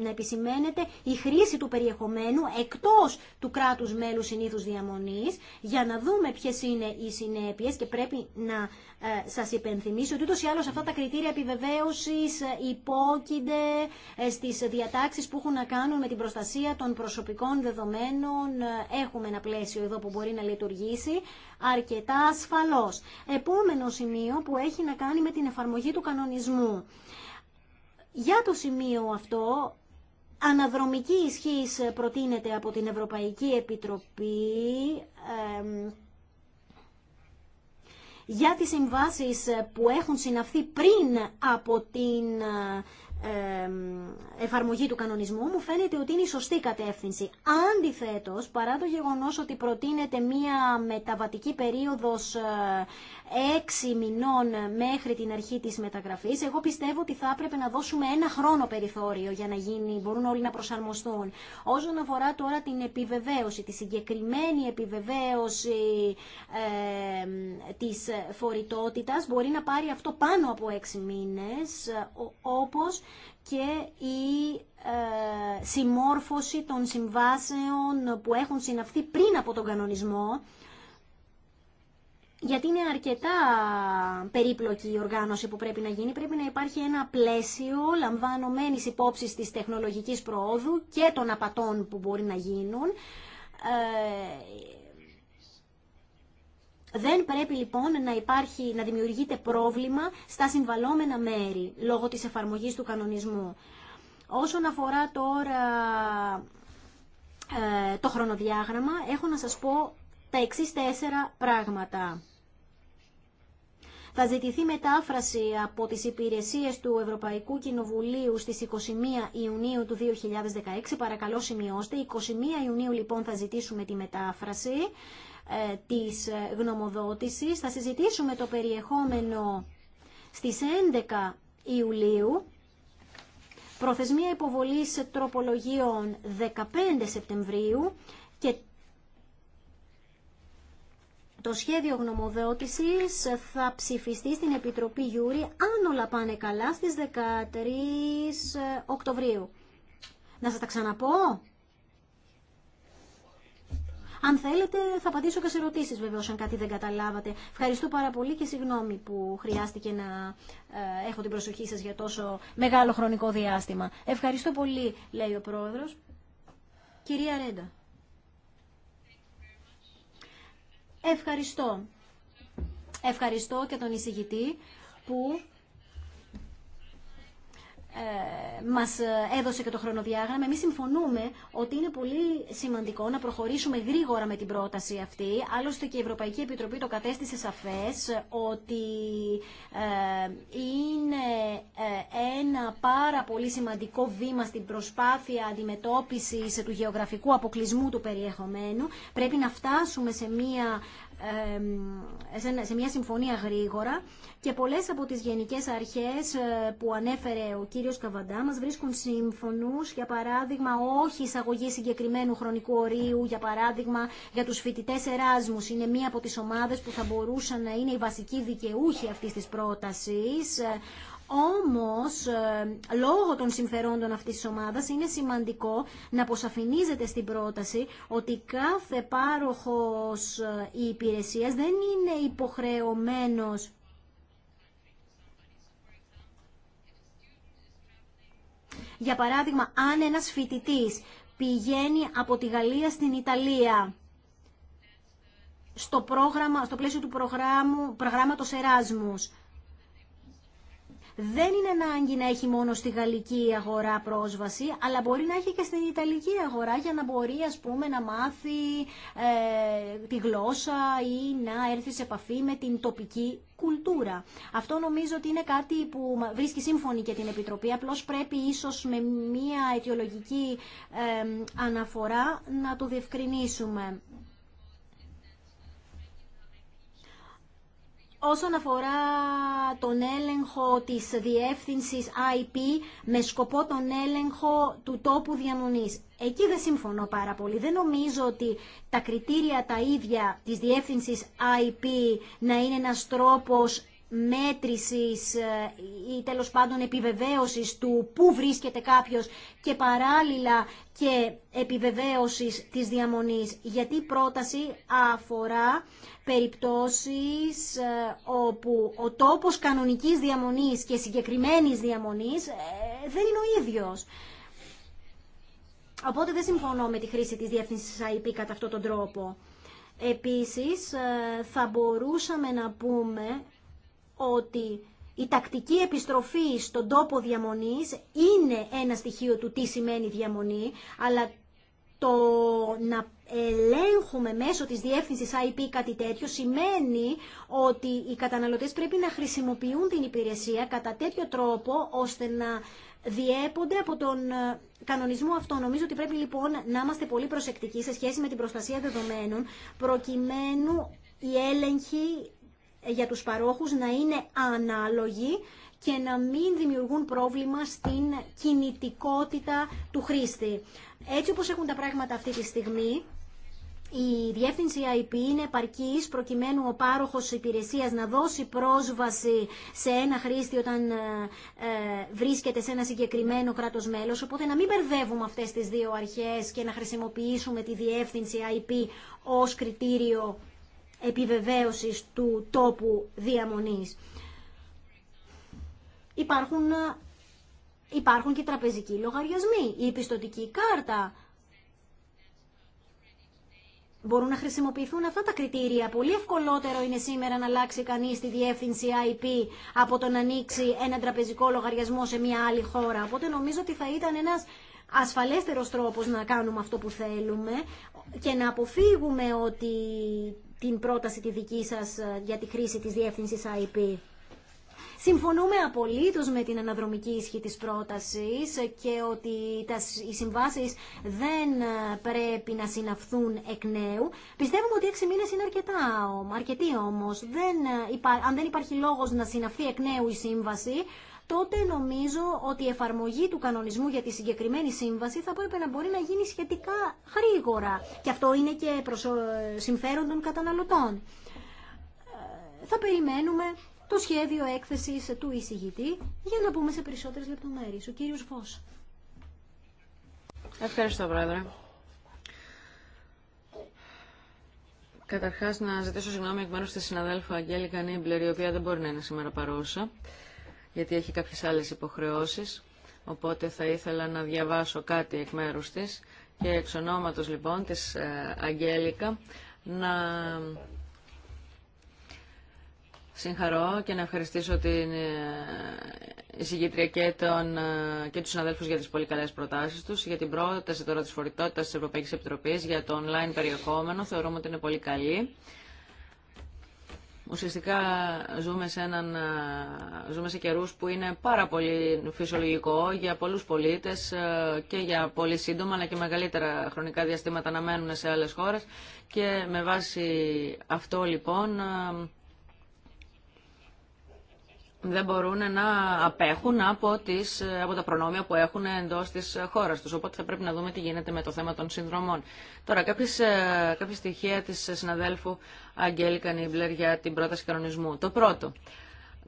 να, επισημαίνεται η χρήση του περιεχομένου εκτός του κράτους μέλους συνήθους διαμονής για να δούμε ποιες είναι οι συνέπειες και πρέπει να ε, σας υπενθυμίσω ότι ούτως ή άλλως αυτά τα κριτήρια επιβεβαίωσης ε, υπόκεινται ε, στις διατάξεις που έχουν να κάνουν με την προστασία των προσωπικών δεδομένων. Ε, έχουμε ένα πλαίσιο εδώ που μπορεί να λειτουργήσει αρκετά ασφαλώς. Επόμενο σημείο που έχει να κάνει με την εφαρμογή του κανονισμού. Για το σημείο αυτό, αναδρομική ισχύς προτείνεται από την Ευρωπαϊκή Επιτροπή για τις συμβάσεις που έχουν συναυθεί πριν από την εφαρμογή του κανονισμού μου φαίνεται ότι είναι η σωστή κατεύθυνση. Αντιθέτως, παρά το γεγονός ότι προτείνεται μία μεταβατική περίοδος ε, έξι μηνών μέχρι την αρχή της μεταγραφής. Εγώ πιστεύω ότι θα έπρεπε να δώσουμε ένα χρόνο περιθώριο για να γίνει, μπορούν όλοι να προσαρμοστούν. Όσον αφορά τώρα την επιβεβαίωση, τη συγκεκριμένη επιβεβαίωση ε, της φορητότητας, μπορεί να πάρει αυτό πάνω από έξι μήνες, όπως και η ε, συμμόρφωση των συμβάσεων που έχουν συναυθεί πριν από τον κανονισμό, γιατί είναι αρκετά περίπλοκη η οργάνωση που πρέπει να γίνει, πρέπει να υπάρχει ένα πλαίσιο λαμβανωμένης υπόψη της τεχνολογικής προόδου και των απατών που μπορεί να γίνουν. Ε, δεν πρέπει λοιπόν να, υπάρχει, να δημιουργείται πρόβλημα στα συμβαλόμενα μέρη λόγω της εφαρμογής του κανονισμού. Όσον αφορά τώρα ε, το χρονοδιάγραμμα, έχω να σας πω τα εξής τέσσερα πράγματα. Θα ζητηθεί μετάφραση από τις υπηρεσίες του Ευρωπαϊκού Κοινοβουλίου στις 21 Ιουνίου του 2016. Παρακαλώ σημειώστε. 21 Ιουνίου λοιπόν θα ζητήσουμε τη μετάφραση ε, της ε, γνωμοδότησης. Θα συζητήσουμε το περιεχόμενο στις 11 Ιουλίου. Προθεσμία υποβολής τροπολογίων 15 Σεπτεμβρίου και το σχέδιο γνωμοδότησης θα ψηφιστεί στην Επιτροπή Γιούρη αν όλα πάνε καλά στις 13 ε, Οκτωβρίου. Να σας τα ξαναπώ. Αν θέλετε θα απαντήσω και σε ερωτήσεις βεβαίως αν κάτι δεν καταλάβατε. Ευχαριστώ πάρα πολύ και συγγνώμη που χρειάστηκε να ε, έχω την προσοχή σας για τόσο μεγάλο χρονικό διάστημα. Ευχαριστώ πολύ λέει ο Πρόεδρος. Κυρία Ρέντα. Ευχαριστώ. Ευχαριστώ και τον εισηγητή που ε, μας ε, έδωσε και το χρονοδιάγραμμα. Εμείς συμφωνούμε ότι είναι πολύ σημαντικό να προχωρήσουμε γρήγορα με την πρόταση αυτή. Άλλωστε και η Ευρωπαϊκή Επιτροπή το κατέστησε σαφές ότι ε, είναι ένα πάρα πολύ σημαντικό βήμα στην προσπάθεια αντιμετώπισης του γεωγραφικού αποκλεισμού του περιεχομένου. Πρέπει να φτάσουμε σε μια σε μια συμφωνία γρήγορα και πολλές από τις γενικές αρχές ε, που ανέφερε ο κύριος Καβαντά μας βρίσκουν σύμφωνους, για παράδειγμα όχι εισαγωγή συγκεκριμένου χρονικού ορίου, για παράδειγμα για τους φοιτητές Εράσμους είναι μία από τις ομάδες που θα μπορούσαν να είναι η βασική δικαιούχοι αυτής της πρότασης, όμως, ε, λόγω των συμφερόντων αυτής της ομάδας, είναι σημαντικό να αποσαφηνίζεται στην πρόταση ότι κάθε πάροχος ε, υπηρεσίας δεν είναι υποχρεωμένος Για παράδειγμα, αν ένας φοιτητής πηγαίνει από τη Γαλλία στην Ιταλία στο, πρόγραμμα, στο πλαίσιο του προγράμματος Εράσμους δεν είναι ανάγκη να έχει μόνο στη γαλλική αγορά πρόσβαση, αλλά μπορεί να έχει και στην ιταλική αγορά για να μπορεί πούμε να μάθει ε, τη γλώσσα ή να έρθει σε επαφή με την τοπική κουλτούρα. Αυτό νομίζω ότι είναι κάτι που βρίσκει σύμφωνη και την Επιτροπή, απλώς πρέπει ίσως με μια αιτιολογική ε, αναφορά να το διευκρινίσουμε. Όσον αφορά τον έλεγχο της διεύθυνσης IP με σκοπό τον έλεγχο του τόπου διανονής. Εκεί δεν συμφωνώ πάρα πολύ. Δεν νομίζω ότι τα κριτήρια τα ίδια της διεύθυνσης IP να είναι ένας τρόπος μέτρησης ε, ή τέλος πάντων επιβεβαίωσης του πού βρίσκεται κάποιος και παράλληλα και επιβεβαίωσης της διαμονής. Γιατί η πρόταση αφορά περιπτώσεις ε, όπου ο τόπος κανονικής διαμονής και συγκεκριμένης διαμονής ε, δεν είναι ο ίδιος. Οπότε δεν συμφωνώ με τη χρήση της διεύθυνσης IP κατά αυτόν τον τρόπο. Επίσης, θα μπορούσαμε να πούμε ότι η τακτική επιστροφή στον τόπο διαμονής είναι ένα στοιχείο του τι σημαίνει διαμονή, αλλά το να ελέγχουμε μέσω της διεύθυνσης IP κάτι τέτοιο σημαίνει ότι οι καταναλωτές πρέπει να χρησιμοποιούν την υπηρεσία κατά τέτοιο τρόπο ώστε να διέπονται από τον ε, κανονισμό αυτό. Νομίζω ότι πρέπει λοιπόν να είμαστε πολύ προσεκτικοί σε σχέση με την προστασία δεδομένων προκειμένου η έλεγχοι για τους παρόχους να είναι ανάλογοι και να μην δημιουργούν πρόβλημα στην κινητικότητα του χρήστη. Έτσι όπως έχουν τα πράγματα αυτή τη στιγμή, η διεύθυνση IP είναι επαρκής προκειμένου ο πάροχος υπηρεσίας να δώσει πρόσβαση σε ένα χρήστη όταν ε, ε, βρίσκεται σε ένα συγκεκριμένο κράτος μέλος, οπότε να μην μπερδεύουμε αυτές τις δύο αρχές και να χρησιμοποιήσουμε τη διεύθυνση IP ως κριτήριο επιβεβαίωσης του τόπου διαμονής. Υπάρχουν, ε, υπάρχουν και τραπεζικοί λογαριασμοί, η επιστοτική κάρτα. Μπορούν να χρησιμοποιηθούν αυτά τα κριτήρια. Πολύ ευκολότερο είναι σήμερα να αλλάξει κανεί τη διεύθυνση IP από το να ανοίξει ένα τραπεζικό λογαριασμό σε μια άλλη χώρα. Οπότε νομίζω ότι θα ήταν ένα ασφαλέστερος τρόπο να κάνουμε αυτό που θέλουμε και να αποφύγουμε ότι την πρόταση τη δική σας ε, για τη χρήση της διεύθυνσης IP. Συμφωνούμε απολύτως με την αναδρομική ισχύ της πρότασης και ότι οι συμβάσεις δεν ε, πρέπει να συναυθούν εκ νέου. Πιστεύουμε ότι έξι μήνες είναι αρκετά, αρκετοί όμως. Ε, αν δεν υπάρχει λόγος να συναυθεί εκ νέου η σύμβαση, τότε νομίζω ότι η εφαρμογή του κανονισμού για τη συγκεκριμένη σύμβαση θα πρέπει να μπορεί να γίνει σχετικά γρήγορα. Και αυτό είναι και προς ε, συμφέρον των καταναλωτών. Ε, θα περιμένουμε το σχέδιο έκθεσης του εισηγητή για να πούμε σε περισσότερες λεπτομέρειες. Ο κύριος Βος. Ευχαριστώ, Πρόεδρε. Καταρχάς, να ζητήσω συγγνώμη εκ μέρους της συναδέλφου Αγγέλη Κανίμπλερ, η οποία δεν μπορεί να είναι σήμερα παρούσα γιατί έχει κάποιες άλλες υποχρεώσεις, οπότε θα ήθελα να διαβάσω κάτι εκ μέρους της και εξ ονόματος λοιπόν της ε, Αγγέλικα να συγχαρώ και να ευχαριστήσω την ε, εισηγήτρια και, τον, ε, και τους συναδέλφους για τις πολύ καλές προτάσεις τους, για την πρόταση τώρα της φορητότητα της Ευρωπαϊκής Επιτροπής για το online περιεχόμενο. Θεωρούμε ότι είναι πολύ καλή. Ουσιαστικά ζούμε σε, έναν, ζούμε σε καιρούς που είναι πάρα πολύ φυσιολογικό για πολλούς πολίτες και για πολύ σύντομα αλλά και μεγαλύτερα χρονικά διαστήματα να μένουν σε άλλες χώρες και με βάση αυτό λοιπόν δεν μπορούν να απέχουν από, τις, από τα προνόμια που έχουν εντός της χώρας του, Οπότε θα πρέπει να δούμε τι γίνεται με το θέμα των συνδρομών. Τώρα, κάποιες, ε, κάποια στοιχεία της συναδέλφου Αγγέλη Κανίμπλερ για την πρόταση κανονισμού. Το πρώτο,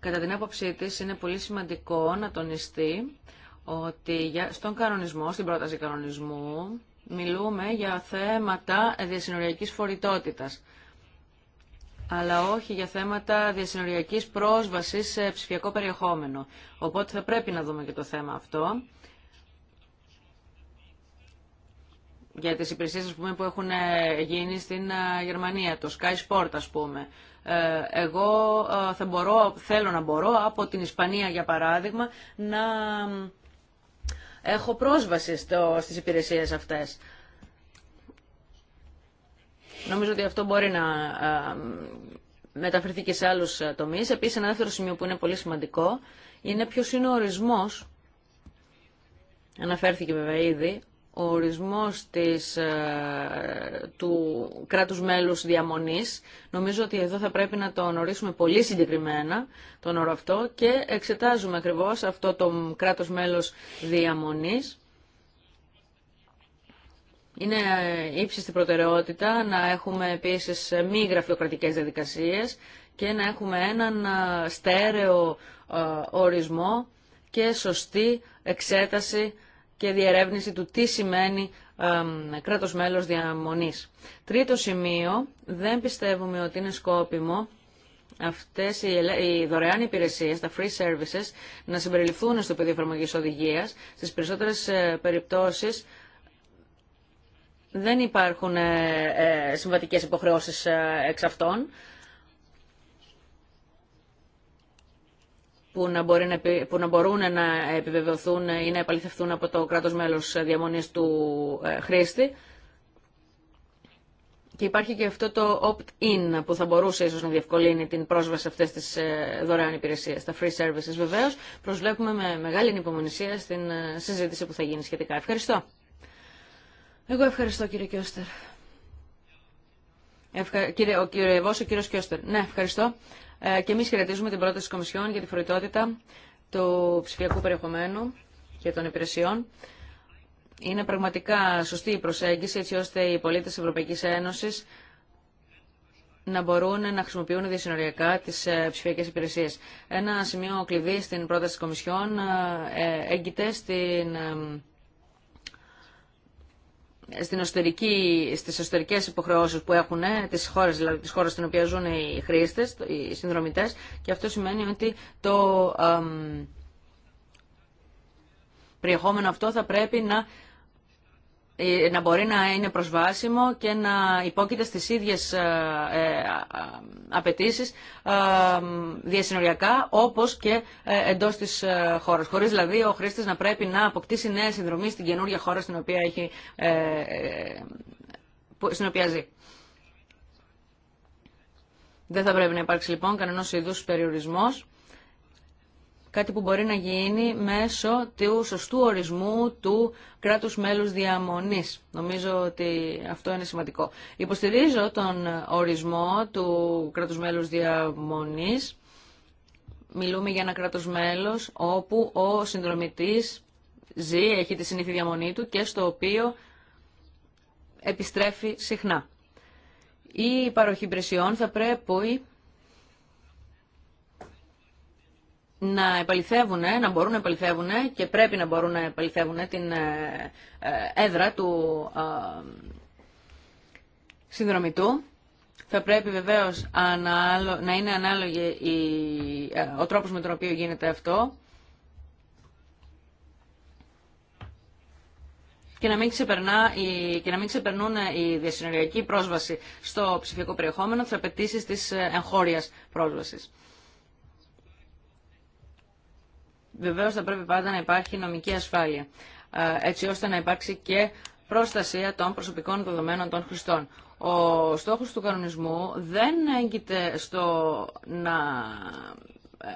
κατά την άποψή τη, είναι πολύ σημαντικό να τονιστεί ότι στον κανονισμό, στην πρόταση κανονισμού, μιλούμε για θέματα διασυνοριακής φορητότητας αλλά όχι για θέματα διασυνοριακής πρόσβασης σε ψηφιακό περιεχόμενο. Οπότε θα πρέπει να δούμε και το θέμα αυτό. για τις υπηρεσίες ας πούμε, που έχουν ε, γίνει στην ε, Γερμανία, το Sky Sport ας πούμε. Ε, εγώ θα μπορώ, θέλω να μπορώ από την Ισπανία για παράδειγμα να έχω πρόσβαση στο, στις υπηρεσίες αυτές. Νομίζω ότι αυτό μπορεί να ε, μεταφερθεί και σε άλλους ε, τομείς. Επίσης, ένα δεύτερο σημείο που είναι πολύ σημαντικό είναι ποιο είναι ο ορισμός, αναφέρθηκε βέβαια ήδη, ο ορισμός της, ε, του κράτους μέλους διαμονής. Νομίζω ότι εδώ θα πρέπει να τον ορίσουμε πολύ συγκεκριμένα, τον όρο αυτό, και εξετάζουμε ακριβώς αυτό το κράτος μέλος διαμονής είναι ύψιστη προτεραιότητα να έχουμε επίσης μη γραφειοκρατικές διαδικασίες και να έχουμε έναν στέρεο ορισμό και σωστή εξέταση και διερεύνηση του τι σημαίνει κράτος μέλος διαμονής. Τρίτο σημείο, δεν πιστεύουμε ότι είναι σκόπιμο αυτές οι δωρεάν υπηρεσίες, τα free services, να συμπεριληφθούν στο πεδίο εφαρμογή οδηγίας. Στις περισσότερες ε, περιπτώσεις δεν υπάρχουν ε, ε, συμβατικές υποχρεώσεις ε, εξ αυτών που να, να, που μπορούν να επιβεβαιωθούν ή να επαληθευτούν από το κράτος μέλος διαμονής του χρήστη. Και υπάρχει και αυτό το opt-in που θα μπορούσε ίσως να διευκολύνει την πρόσβαση σε αυτές τις δωρεάν υπηρεσίες, τα free services βεβαίως. Προσβλέπουμε με μεγάλη υπομονησία στην συζήτηση που θα γίνει σχετικά. Ευχαριστώ. Εγώ ευχαριστώ κύριε Κιώστερ. Κύριε, ο ο κύριος Κιώστερ. Ναι, ευχαριστώ. Ε, και εμείς χαιρετίζουμε την πρόταση της Κομισιόν για τη φορητότητα του ψηφιακού περιεχομένου και των υπηρεσιών. Είναι πραγματικά σωστή η προσέγγιση έτσι ώστε οι πολίτες της Ευρωπαϊκής Ένωσης να μπορούν να χρησιμοποιούν διασυνοριακά τι ε, ψηφιακέ υπηρεσίε. Ένα σημείο κλειδί στην πρόταση τη Κομισιόν ε, έγκυται στην στην εσωτερική, στις εσωτερικές υποχρεώσεις που έχουν ε, τις χώρες, δηλαδή τις χώρες στην οποία ζουν οι χρήστες, οι συνδρομητές και αυτό σημαίνει ότι το ε, περιεχόμενο αυτό θα πρέπει να ε, να μπορεί να είναι προσβάσιμο και να υπόκειται στις ίδιες ε, ε, απαιτήσει διασυνοριακά όπως και εντός της χώρας. Χωρίς δηλαδή ο χρήστης να πρέπει να αποκτήσει νέα συνδρομή στην καινούργια χώρα στην οποία, στην οποία ζει. Δεν θα πρέπει να υπάρξει λοιπόν κανένα είδου περιορισμός, κάτι που μπορεί να γίνει μέσω του σωστού ορισμού του κράτους μέλους διαμονής. Νομίζω ότι αυτό είναι σημαντικό. Υποστηρίζω τον ορισμό του κράτους μέλους διαμονής. Μιλούμε για ένα κράτος μέλος όπου ο συνδρομητής ζει, έχει τη συνήθεια διαμονή του και στο οποίο επιστρέφει συχνά. Η παροχή υπηρεσιών θα πρέπει να επαληθεύουν, να μπορούν να επαληθεύουν και πρέπει να μπορούν να επαληθεύουν την ε, ε, έδρα του ε, συνδρομητού. Θα πρέπει βεβαίως να είναι ανάλογη ο τρόπος με τον οποίο γίνεται αυτό και να μην, ξεπερνά, και να μην ξεπερνούν η διασυνοριακή πρόσβαση στο ψηφιακό περιεχόμενο τις απαιτήσει της εγχώριας πρόσβασης. Βεβαίως θα πρέπει πάντα να υπάρχει νομική ασφάλεια, ε, έτσι ώστε να υπάρξει και προστασία των προσωπικών δεδομένων των χρηστών. Ο στόχος του κανονισμού δεν έγκυται στο να ε,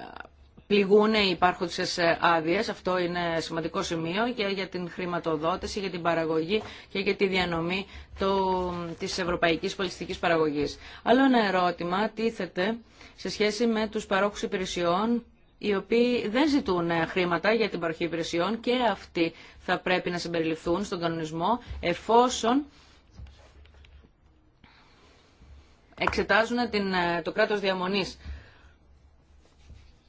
πληγούν οι υπάρχουσες ε, άδειε. Αυτό είναι σημαντικό σημείο και για την χρηματοδότηση, για την παραγωγή και για τη διανομή το, της ευρωπαϊκής πολιτιστικής παραγωγής. Άλλο ένα ερώτημα τίθεται σε σχέση με τους παρόχους υπηρεσιών οι οποίοι δεν ζητούν ε, χρήματα για την παροχή υπηρεσιών και αυτοί θα πρέπει να συμπεριληφθούν στον κανονισμό εφόσον εξετάζουν την, ε, το κράτος διαμονής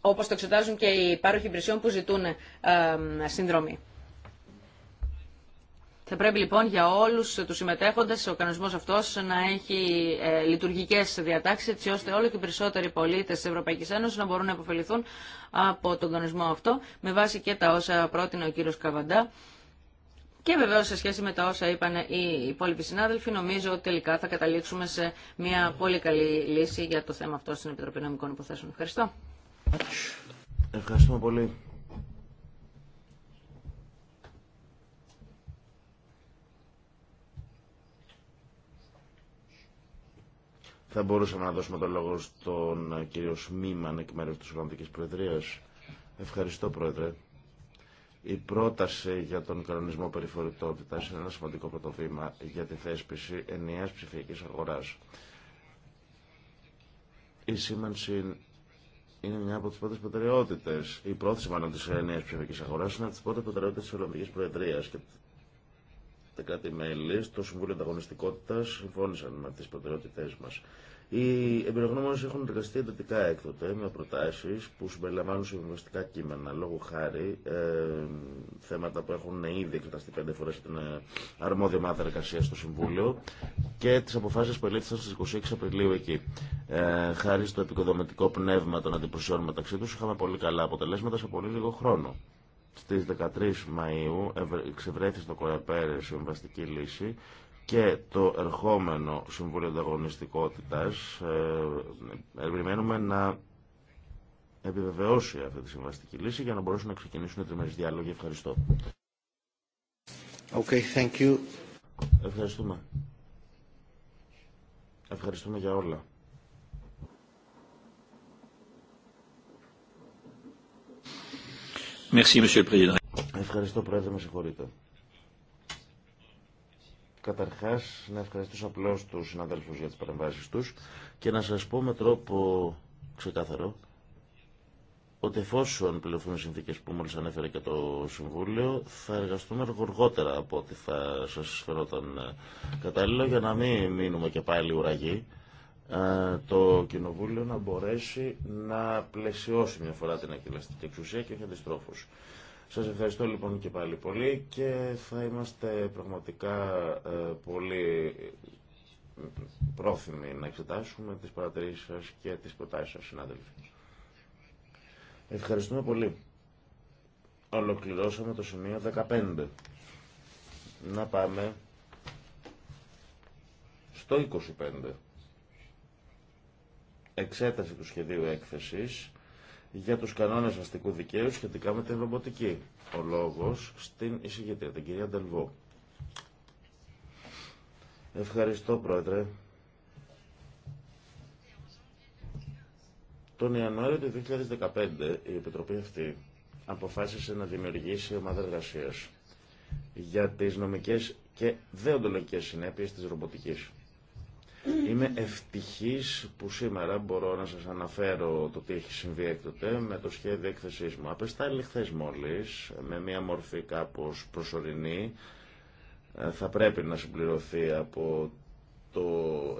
όπως το εξετάζουν και οι πάροχοι υπηρεσιών που ζητούν ε, συνδρομή. Θα πρέπει λοιπόν για όλους τους συμμετέχοντες ο κανονισμός αυτός να έχει ε, λειτουργικές διατάξεις έτσι ώστε όλο και περισσότεροι πολίτες της Ευρωπαϊκής Ένωσης να μπορούν να υποφεληθούν από τον κανονισμό αυτό με βάση και τα όσα πρότεινε ο κύριος Καβαντά. Και βεβαίω σε σχέση με τα όσα είπαν οι υπόλοιποι συνάδελφοι, νομίζω ότι τελικά θα καταλήξουμε σε μια πολύ καλή λύση για το θέμα αυτό στην Επιτροπή Νομικών Υποθέσεων. Ευχαριστώ. Ευχαριστούμε πολύ. Θα μπορούσαμε να δώσουμε το λόγο στον κύριο Σμίμαν εκ μέρους της Ολλανδικής Προεδρίας. Ευχαριστώ, Πρόεδρε. Η πρόταση για τον κανονισμό περιφορητότητα είναι ένα σημαντικό πρωτοβήμα για τη θέσπιση ενιαίας ψηφιακής αγοράς. Η σήμανση είναι μια από τι πρώτε προτεραιότητε. Η πρόθεση μάλλον τη ενιαία ψηφιακή αγορά είναι από τι πρώτε προτεραιότητε τη Ολλανδική Προεδρία. Και τα κράτη-μέλη στο Συμβούλιο Ανταγωνιστικότητα συμφώνησαν με τι προτεραιότητέ μα. Οι εμπειρογνώμονε έχουν εργαστεί εντατικά έκτοτε με προτάσει που συμπεριλαμβάνουν συμβιβαστικά κείμενα. Λόγω χάρη, ε, θέματα που έχουν ήδη εξεταστεί πέντε φορέ στην ε, αρμόδια ομάδα εργασία στο Συμβούλιο και τι αποφάσει που ελήφθησαν στι 26 Απριλίου εκεί. Ε, χάρη στο επικοδομητικό πνεύμα των αντιπροσώπων μεταξύ του, είχαμε πολύ καλά αποτελέσματα σε πολύ λίγο χρόνο. Στι 13 Μαου εξευρέθη στο Κοραπέρε συμβαστική λύση και το ερχόμενο Συμβούλιο Ανταγωνιστικότητας ε, περιμένουμε να επιβεβαιώσει αυτή τη συμβαστική λύση για να μπορέσουν να ξεκινήσουν οι τριμερείς διάλογοι. Ευχαριστώ. Okay, thank you. Ευχαριστούμε. Ευχαριστούμε για όλα. Merci, Ευχαριστώ, Πρόεδρε, με συγχωρείτε. Καταρχάς, να ευχαριστήσω απλώς τους συναδέλφους για τις παρεμβάσεις τους και να σας πω με τρόπο ξεκάθαρο ότι εφόσον πληρωθούν οι συνθήκε που μόλι ανέφερε και το Συμβούλιο, θα εργαστούμε αργότερα από ό,τι θα σα φαινόταν ε, κατάλληλο για να μην μείνουμε και πάλι ουραγοί. Ε, το Κοινοβούλιο να μπορέσει να πλαισιώσει μια φορά την εκτελεστική εξουσία και όχι αντιστρόφω. Σας ευχαριστώ λοιπόν και πάλι πολύ και θα είμαστε πραγματικά ε, πολύ πρόθυμοι να εξετάσουμε τις παρατηρήσεις σας και τις προτάσεις σας, συνάδελφοι. Ευχαριστούμε πολύ. Ολοκληρώσαμε το σημείο 15. Να πάμε στο 25. Εξέταση του σχεδίου έκθεσης για τους κανόνες αστικού δικαίου σχετικά με την ρομποτική. Ο λόγος στην εισηγητρία, την κυρία Ντελβού. Ευχαριστώ, Πρόεδρε. Τον Ιανουάριο του 2015 η Επιτροπή αυτή αποφάσισε να δημιουργήσει ομάδα εργασία για τις νομικές και δεοντολογικές συνέπειες της ρομποτικής. Είμαι ευτυχής που σήμερα μπορώ να σας αναφέρω το τι έχει συμβεί έκτοτε με το σχέδιο έκθεσής μου. Απεστάλλει χθε μόλις, με μια μορφή κάπως προσωρινή, ε, θα πρέπει να συμπληρωθεί από το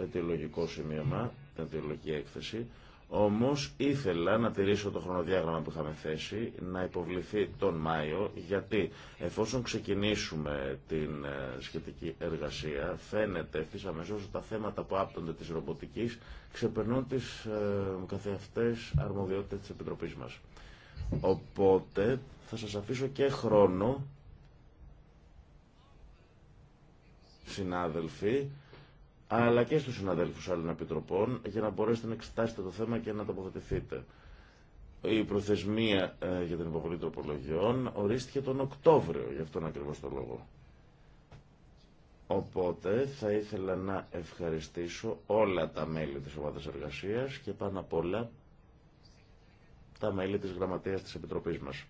αιτιολογικό σημείωμα, την αιτιολογική έκθεση, όμως ήθελα να τηρήσω το χρονοδιάγραμμα που είχαμε θέσει, να υποβληθεί τον Μάιο, γιατί εφόσον ξεκινήσουμε την ε, σχετική εργασία, φαίνεται ευθύ αμέσω ότι τα θέματα που άπτονται της ρομποτικής ξεπερνούν τις ε, καθεαυτές αρμοδιότητες της Επιτροπής μας. Οπότε θα σας αφήσω και χρόνο, συνάδελφοι, αλλά και στους συναδέλφους άλλων επιτροπών για να μπορέσετε να εξετάσετε το θέμα και να τοποθετηθείτε. Η προθεσμία ε, για την υποβολή τροπολογιών ορίστηκε τον Οκτώβριο, γι' αυτόν ακριβώς το λόγο. Οπότε θα ήθελα να ευχαριστήσω όλα τα μέλη της ομάδας εργασίας και πάνω απ' όλα τα μέλη της γραμματείας της Επιτροπής μας.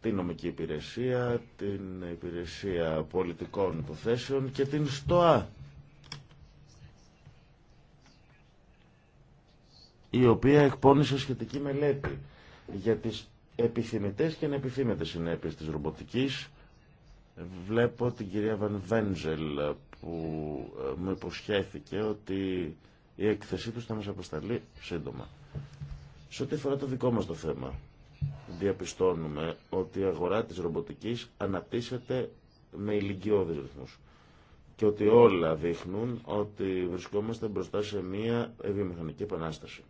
Την νομική υπηρεσία, την υπηρεσία πολιτικών υποθέσεων και την ΣΤΟΑ η οποία εκπώνησε σχετική μελέτη για τις επιθυμητές και ανεπιθύμητες συνέπειες της ρομποτικής. Βλέπω την κυρία Βαν Βέντζελ που ε, μου υποσχέθηκε ότι η έκθεσή τους θα μας αποσταλεί σύντομα. Σε ό,τι αφορά το δικό μας το θέμα, διαπιστώνουμε ότι η αγορά της ρομποτικής αναπτύσσεται με ηλικιώδεις ρυθμούς και ότι όλα δείχνουν ότι βρισκόμαστε μπροστά σε μια βιομηχανική επανάσταση.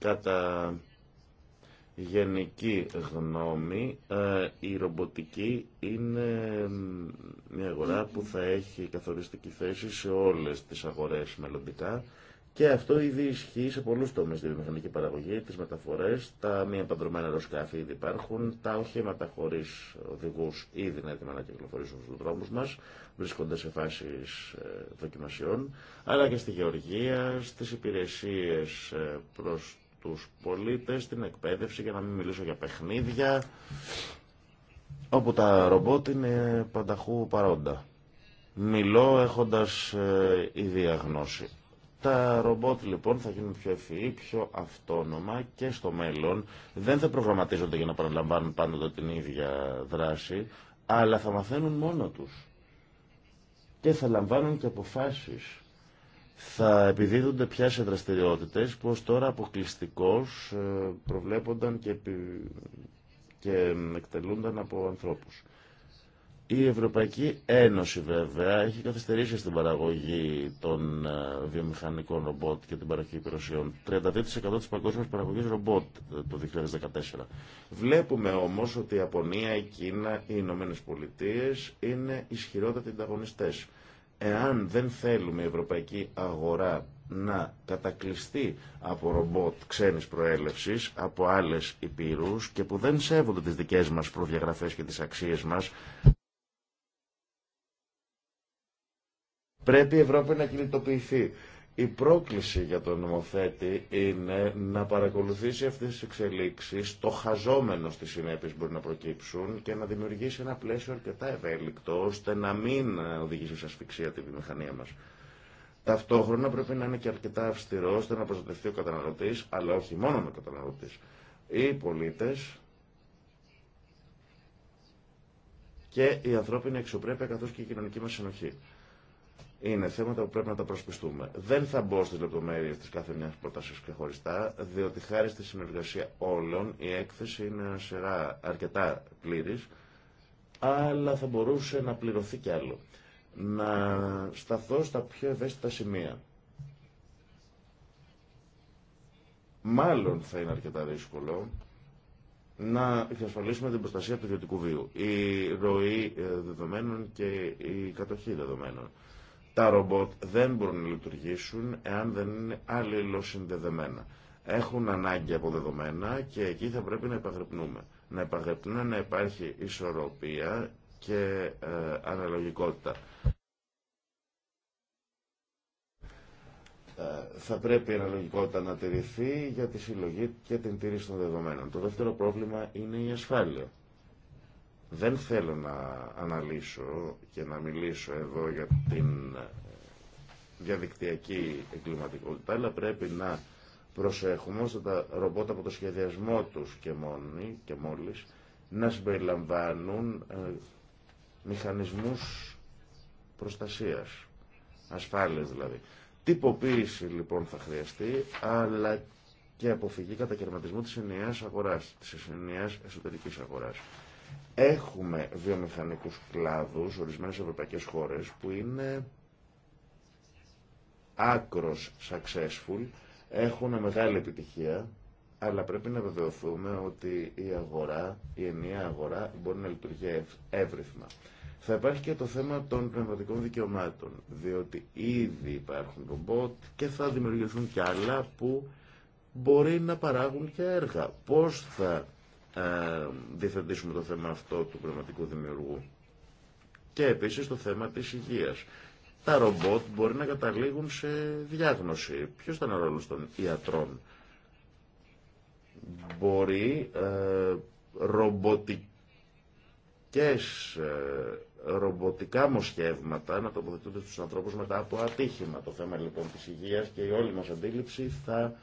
Κατά γενική γνώμη, ε, η ρομποτική είναι μια αγορά που θα έχει καθοριστική θέση σε όλες τις αγορές μελλοντικά και αυτό ήδη ισχύει σε πολλούς τομείς, τη δηλαδή μηχανική παραγωγή, τις μεταφορές, τα μη επανδρομένα αεροσκάφη ήδη υπάρχουν, τα οχήματα χωρίς οδηγούς ήδη είναι έτοιμα να κυκλοφορήσουν στους δρόμους μας, βρίσκονται σε φάσεις ε, δοκιμασιών, αλλά και στη γεωργία, στις υπηρεσίες ε, προς τους πολίτες, την εκπαίδευση, για να μην μιλήσω για παιχνίδια, όπου τα ρομπότ είναι πανταχού παρόντα. Μιλώ έχοντας ε, διαγνώση. Τα ρομπότ λοιπόν θα γίνουν πιο ευφυή, πιο αυτόνομα και στο μέλλον. Δεν θα προγραμματίζονται για να παραλαμβάνουν πάντοτε την ίδια δράση, αλλά θα μαθαίνουν μόνο τους. Και θα λαμβάνουν και αποφάσεις θα επιδίδονται πια σε δραστηριότητες που ως τώρα αποκλειστικώς ε, προβλέπονταν και, και εκτελούνταν από ανθρώπους. Η Ευρωπαϊκή Ένωση βέβαια έχει καθυστερήσει στην παραγωγή των ε, βιομηχανικών ρομπότ και την παροχή υπηρεσιών. 32% της παγκόσμιας παραγωγής ρομπότ ε, το 2014. Βλέπουμε όμως ότι η Απονία, η Κίνα, οι Ηνωμένε Πολιτείε είναι ισχυρότατοι ανταγωνιστέ. Εάν δεν θέλουμε η ευρωπαϊκή αγορά να κατακλειστεί από ρομπότ ξένης προέλευσης, από άλλες υπήρους και που δεν σέβονται τις δικές μας προδιαγραφές και τις αξίες μας, πρέπει η Ευρώπη να κινητοποιηθεί. Η πρόκληση για τον νομοθέτη είναι να παρακολουθήσει αυτές τις εξελίξεις, το χαζόμενο στις συνέπειες που μπορεί να προκύψουν και να δημιουργήσει ένα πλαίσιο αρκετά ευέλικτο, ώστε να μην οδηγήσει σε ασφυξία τη βιομηχανία μας. Ταυτόχρονα πρέπει να είναι και αρκετά αυστηρό ώστε να προστατευτεί ο καταναλωτή, αλλά όχι μόνο ο καταναλωτή. Οι πολίτε και η ανθρώπινη εξωπρέπεια καθώ και η κοινωνική μα συνοχή. Είναι θέματα που πρέπει να τα προσπιστούμε. Δεν θα μπω στι λεπτομέρειε τη κάθε μια πρόταση χωριστά, διότι χάρη στη συνεργασία όλων η έκθεση είναι σειρά αρκετά πλήρη, αλλά θα μπορούσε να πληρωθεί κι άλλο. Να σταθώ στα πιο ευαίσθητα σημεία. Μάλλον θα είναι αρκετά δύσκολο να εξασφαλίσουμε την προστασία του ιδιωτικού βίου. Η ροή ε, δεδομένων και η κατοχή δεδομένων. Τα ρομπότ δεν μπορούν να λειτουργήσουν εάν δεν είναι αλληλοσυνδεδεμένα. Έχουν ανάγκη από δεδομένα και εκεί θα πρέπει να υπαγρυπνούμε. Να επαγρυπνούμε να υπάρχει ισορροπία και ε, αναλογικότητα. Ε, θα πρέπει η αναλογικότητα να τηρηθεί για τη συλλογή και την τήρηση των δεδομένων. Το δεύτερο πρόβλημα είναι η ασφάλεια. Δεν θέλω να αναλύσω και να μιλήσω εδώ για την ε, διαδικτυακή εγκληματικότητα, αλλά πρέπει να προσέχουμε ώστε τα ρομπότ από το σχεδιασμό τους και μόνοι και μόλις να συμπεριλαμβάνουν ε, μηχανισμούς προστασίας, ασφάλειας δηλαδή. Τυποποίηση λοιπόν θα χρειαστεί, αλλά και αποφυγή κατακαιρματισμού της ενιαίας αγοράς, της ενιαίας εσωτερικής αγοράς. Έχουμε βιομηχανικούς κλάδους, ορισμένες ευρωπαϊκές χώρες, που είναι άκρος successful, έχουν μεγάλη επιτυχία, αλλά πρέπει να βεβαιωθούμε ότι η αγορά, η ενιαία αγορά μπορεί να λειτουργεί εύρυθμα. Θα υπάρχει και το θέμα των πνευματικών δικαιωμάτων, διότι ήδη υπάρχουν ρομπότ και θα δημιουργηθούν κι άλλα που μπορεί να παράγουν και έργα. Πώς θα ε, διευθυντήσουμε το θέμα αυτό του πνευματικού δημιουργού. Και επίσης το θέμα της υγείας. Τα ρομπότ μπορεί να καταλήγουν σε διάγνωση. Ποιος ήταν ο ρόλος των ιατρών. Μπορεί ε, ρομποτικές, ε, ρομποτικά μοσχεύματα να τοποθετούνται στους ανθρώπους μετά από ατύχημα. Το θέμα λοιπόν της υγείας και η όλη μας αντίληψη θα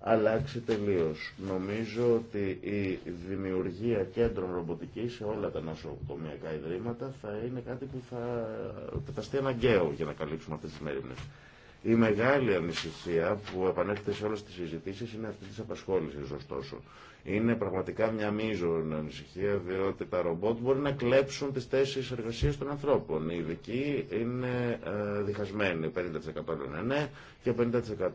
αλλάξει τελείως. Νομίζω ότι η δημιουργία κέντρων ρομποτικής σε όλα τα νοσοκομιακά ιδρύματα θα είναι κάτι που θα καταστεί αναγκαίο για να καλύψουμε αυτές τις μέρημνες. Η μεγάλη ανησυχία που επανέρχεται σε όλες τις συζητήσεις είναι αυτή της απασχόλησης, ωστόσο. Είναι πραγματικά μια μείζων ανησυχία, διότι τα ρομπότ μπορεί να κλέψουν τι θέσει εργασία των ανθρώπων. Οι ειδικοί είναι ε, διχασμένοι. 50% λένε ναι και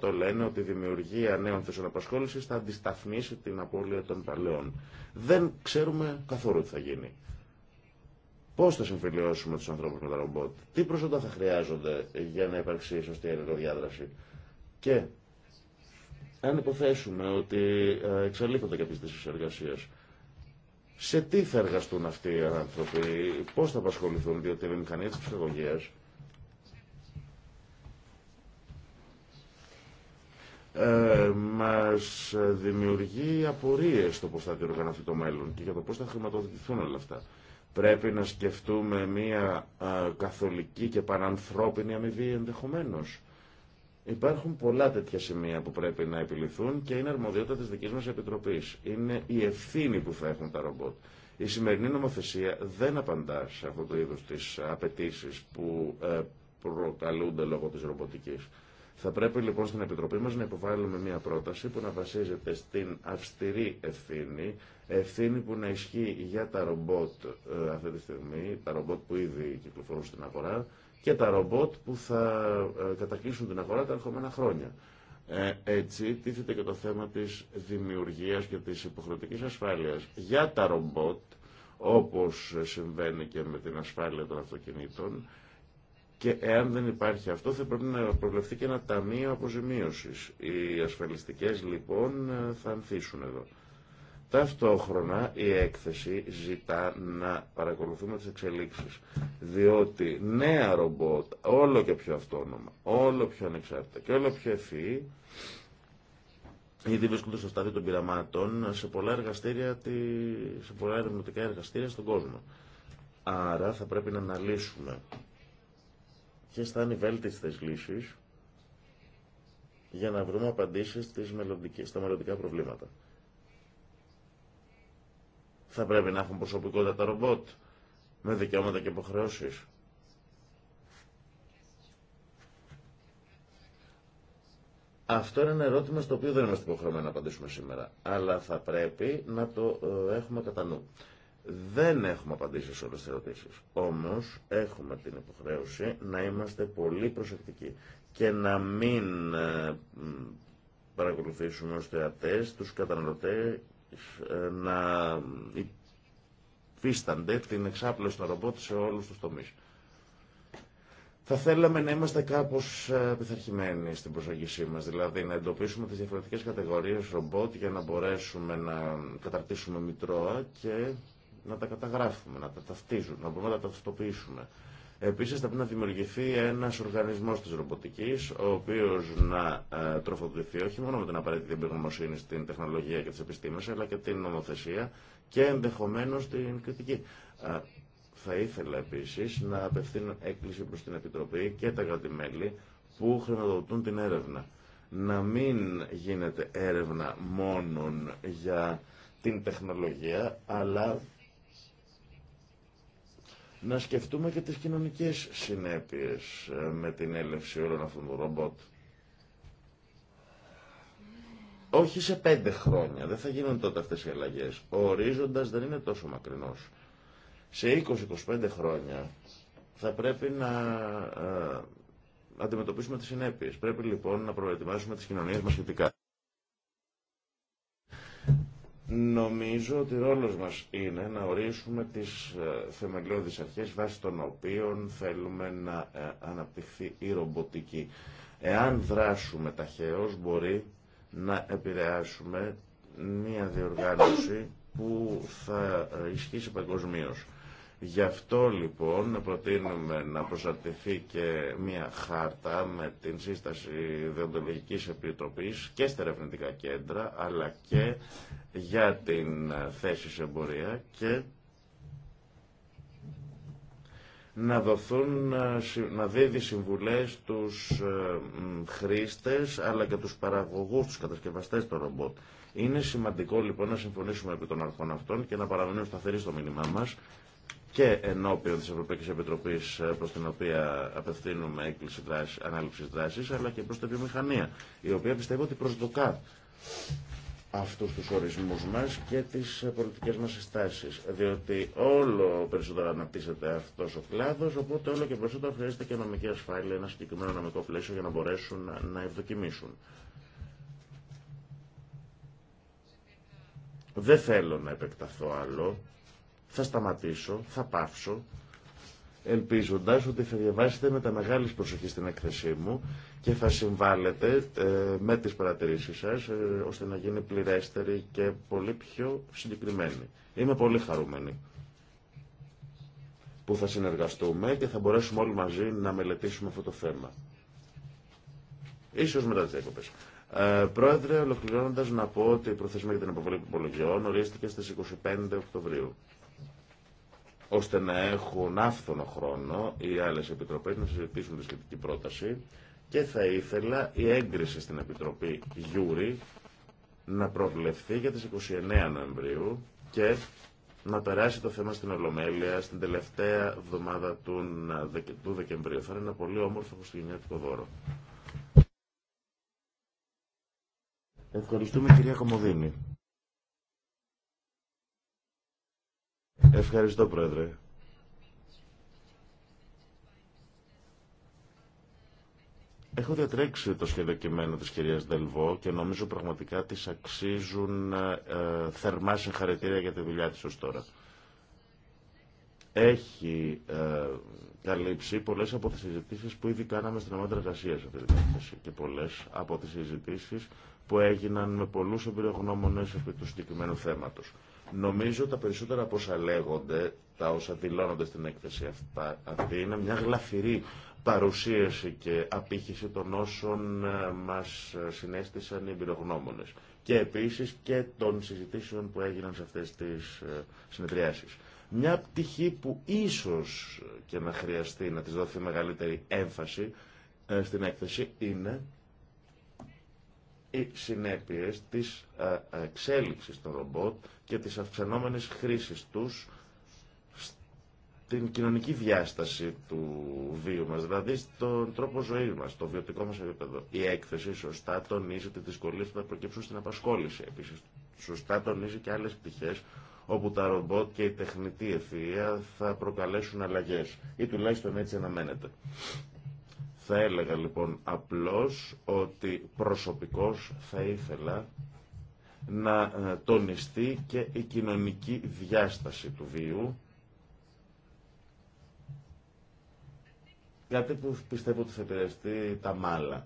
50% λένε ότι η δημιουργία νέων θέσεων απασχόληση θα αντισταθμίσει την απώλεια των παλαιών. Δεν ξέρουμε καθόλου τι θα γίνει. Πώ θα συμφιλειώσουμε του ανθρώπου με τα ρομπότ, τι προσόντα θα χρειάζονται για να υπάρξει σωστή ενεργοδιάδραση. Και αν υποθέσουμε ότι και ε, κάποιε δύσει εργασία, σε τι θα εργαστούν αυτοί οι άνθρωποι, πώ θα απασχοληθούν, διότι η βιομηχανία τη ψυχαγωγία ε, μας δημιουργεί απορίες το πώς θα διοργανωθεί το μέλλον και για το πώς θα χρηματοδοτηθούν όλα αυτά. Πρέπει να σκεφτούμε μια καθολική και πανανθρώπινη αμοιβή ενδεχομένως. Υπάρχουν πολλά τέτοια σημεία που πρέπει να επιληθούν και είναι αρμοδιότητα τη δική μα επιτροπή. Είναι η ευθύνη που θα έχουν τα ρομπότ. Η σημερινή νομοθεσία δεν απαντά σε αυτό το είδο τις απαιτήσει που ε, προκαλούνται λόγω τη ρομποτική. Θα πρέπει λοιπόν στην Επιτροπή μα να υποβάλουμε μια πρόταση που να βασίζεται στην αυστηρή ευθύνη, ευθύνη που να ισχύει για τα ρομπότ ε, αυτή τη στιγμή, τα ρομπότ που ήδη κυκλοφορούν στην αγορά και τα ρομπότ που θα ε, κατακλείσουν την αγορά τα ερχομένα χρόνια. Ε, έτσι, τίθεται και το θέμα της δημιουργίας και της υποχρεωτικής ασφάλειας για τα ρομπότ, όπως ε, συμβαίνει και με την ασφάλεια των αυτοκινήτων, και εάν δεν υπάρχει αυτό, θα πρέπει να προβλεφθεί και ένα ταμείο αποζημίωσης. Οι ασφαλιστικές, λοιπόν, θα ανθίσουν εδώ. Ταυτόχρονα η έκθεση ζητά να παρακολουθούμε τις εξελίξεις, διότι νέα ρομπότ, όλο και πιο αυτόνομα, όλο πιο ανεξάρτητα και όλο πιο ευφυή, ήδη βρίσκονται στο στάδιο των πειραμάτων σε πολλά, εργαστήρια, σε πολλά ερευνητικά εργαστήρια στον κόσμο. Άρα θα πρέπει να αναλύσουμε ποιε θα είναι οι βέλτιστες λύσεις για να βρούμε απαντήσεις στα μελλοντικά προβλήματα. Θα πρέπει να έχουν προσωπικότητα τα ρομπότ με δικαιώματα και υποχρεώσεις. Αυτό είναι ένα ερώτημα στο οποίο δεν είμαστε υποχρεωμένοι να απαντήσουμε σήμερα. Αλλά θα πρέπει να το ε, έχουμε κατά νου. Δεν έχουμε απαντήσει σε όλες τις ερωτήσεις. Όμως έχουμε την υποχρέωση να είμαστε πολύ προσεκτικοί και να μην ε, παρακολουθήσουμε ως θεατές τους καταναλωτές να υπίστανται την εξάπλωση των ρομπότ σε όλους τους τομείς. Θα θέλαμε να είμαστε κάπως ε, πειθαρχημένοι στην προσέγγιση μας, δηλαδή να εντοπίσουμε τις διαφορετικές κατηγορίες ρομπότ για να μπορέσουμε να καταρτήσουμε μητρώα και να τα καταγράφουμε, να τα ταυτίζουμε, να μπορούμε να τα ταυτοποιήσουμε. Επίσης θα πρέπει να δημιουργηθεί ένας οργανισμός της ρομποτικής, ο οποίος να ε, τροφοδοτηθεί όχι μόνο με την απαραίτητη εμπειρογνωμοσύνη στην τεχνολογία και τις επιστήμες, αλλά και την νομοθεσία και ενδεχομένως την κριτική. Ε, θα ήθελα επίσης να απευθύνω έκκληση προς την Επιτροπή και τα κρατημέλη που χρηματοδοτούν την έρευνα. Να μην γίνεται έρευνα μόνο για την τεχνολογία, αλλά να σκεφτούμε και τις κοινωνικές συνέπειες ε, με την έλευση όλων αυτών των ρομπότ. Όχι σε πέντε χρόνια, δεν θα γίνουν τότε αυτές οι αλλαγές. Ο ορίζοντας δεν είναι τόσο μακρινός. Σε 20-25 χρόνια θα πρέπει να ε, αντιμετωπίσουμε τις συνέπειες. Πρέπει λοιπόν να προετοιμάσουμε τις κοινωνίες μας σχετικά. Νομίζω ότι ρόλος μας είναι να ορίσουμε τις ε, θεμελιώδεις αρχές βάσει των οποίων θέλουμε να ε, αναπτυχθεί η ρομποτική. Εάν δράσουμε ταχαίως μπορεί να επηρεάσουμε μια διοργάνωση που θα ε, ισχύσει παγκοσμίω. Γι' αυτό λοιπόν προτείνουμε να προσαρτηθεί και μια χάρτα με την σύσταση διοντολογικής επιτροπής και στα ερευνητικά κέντρα αλλά και για την θέση σε εμπορία και να δοθούν, να δίδει συμβουλές τους ε, χρήστες αλλά και τους παραγωγούς, τους κατασκευαστές των ρομπότ. Είναι σημαντικό λοιπόν να συμφωνήσουμε επί των αρχών αυτών και να παραμείνουμε σταθεροί στο μήνυμά μας και ενώπιον της Ευρωπαϊκής Επιτροπής ε, προς την οποία απευθύνουμε έκκληση δράση, ανάληψης δράσης, αλλά και προς την βιομηχανία, η οποία πιστεύω ότι προσδοκά αυτούς τους ορισμούς μας και τις ε, πολιτικές μας συστάσεις. Διότι όλο περισσότερο αναπτύσσεται αυτός ο κλάδος, οπότε όλο και περισσότερο χρειάζεται και νομική ασφάλεια, ένα συγκεκριμένο νομικό πλαίσιο για να μπορέσουν να ευδοκιμήσουν. Δεν θέλω να επεκταθώ άλλο θα σταματήσω, θα πάυσω, ελπίζοντας ότι θα διαβάσετε με τα μεγάλη προσοχή στην έκθεσή μου και θα συμβάλλετε ε, με τις παρατηρήσεις σας ε, ώστε να γίνει πληρέστερη και πολύ πιο συγκεκριμένη. Είμαι πολύ χαρούμενη που θα συνεργαστούμε και θα μπορέσουμε όλοι μαζί να μελετήσουμε αυτό το θέμα. Ίσως μετά τις διακοπές. Ε, πρόεδρε, ολοκληρώνοντας να πω ότι η προθεσμία για την αποβολή των υπολογιών ορίστηκε στις 25 Οκτωβρίου ώστε να έχουν άφθονο χρόνο οι άλλες επιτροπές να συζητήσουν τη σχετική πρόταση και θα ήθελα η έγκριση στην Επιτροπή Γιούρη να προβλεφθεί για τις 29 Νοεμβρίου και να περάσει το θέμα στην Ολομέλεια στην τελευταία εβδομάδα του, του Δεκεμβρίου. Θα είναι ένα πολύ όμορφο χριστουγεννιάτικο δώρο. Ευχαριστούμε κυρία Κομοδίνη. Ευχαριστώ, Πρόεδρε. Έχω διατρέξει το σχέδιο της κυρίας Δελβό και νομίζω πραγματικά της αξίζουν ε, θερμά συγχαρητήρια για τη δουλειά της ως τώρα. Έχει ε, καλύψει πολλές από τις συζητήσεις που ήδη κάναμε στην ομάδα εργασία αυτή την και πολλές από τις συζητήσεις που έγιναν με πολλούς εμπειρογνώμονες επί του συγκεκριμένου θέματος. Νομίζω τα περισσότερα από όσα λέγονται, τα όσα δηλώνονται στην έκθεση αυτά, αυτή είναι μια γλαφυρή παρουσίαση και απήχηση των όσων ε, μας ε, συνέστησαν οι εμπειρογνώμονες και επίσης και των συζητήσεων που έγιναν σε αυτές τις ε, συνεδριάσεις. Μια πτυχή που ίσως και να χρειαστεί να της δοθεί μεγαλύτερη έμφαση στην έκθεση είναι οι συνέπειες της ε, εξέλιξης των ρομπότ και της αυξανόμενης χρήσης τους στην κοινωνική διάσταση του βίου μας, δηλαδή στον τρόπο ζωής μας, στο βιωτικό μας επίπεδο. Η έκθεση σωστά τονίζει τις δυσκολίες που θα προκύψουν στην απασχόληση. Επίσης, σωστά τονίζει και άλλες πτυχές όπου τα ρομπότ και η τεχνητή ευθεία θα προκαλέσουν αλλαγές ή τουλάχιστον έτσι αναμένεται. Θα έλεγα λοιπόν απλώς ότι προσωπικώς θα ήθελα να ε, τονιστεί και η κοινωνική διάσταση του βίου κάτι που πιστεύω ότι θα επηρεαστεί τα μάλα.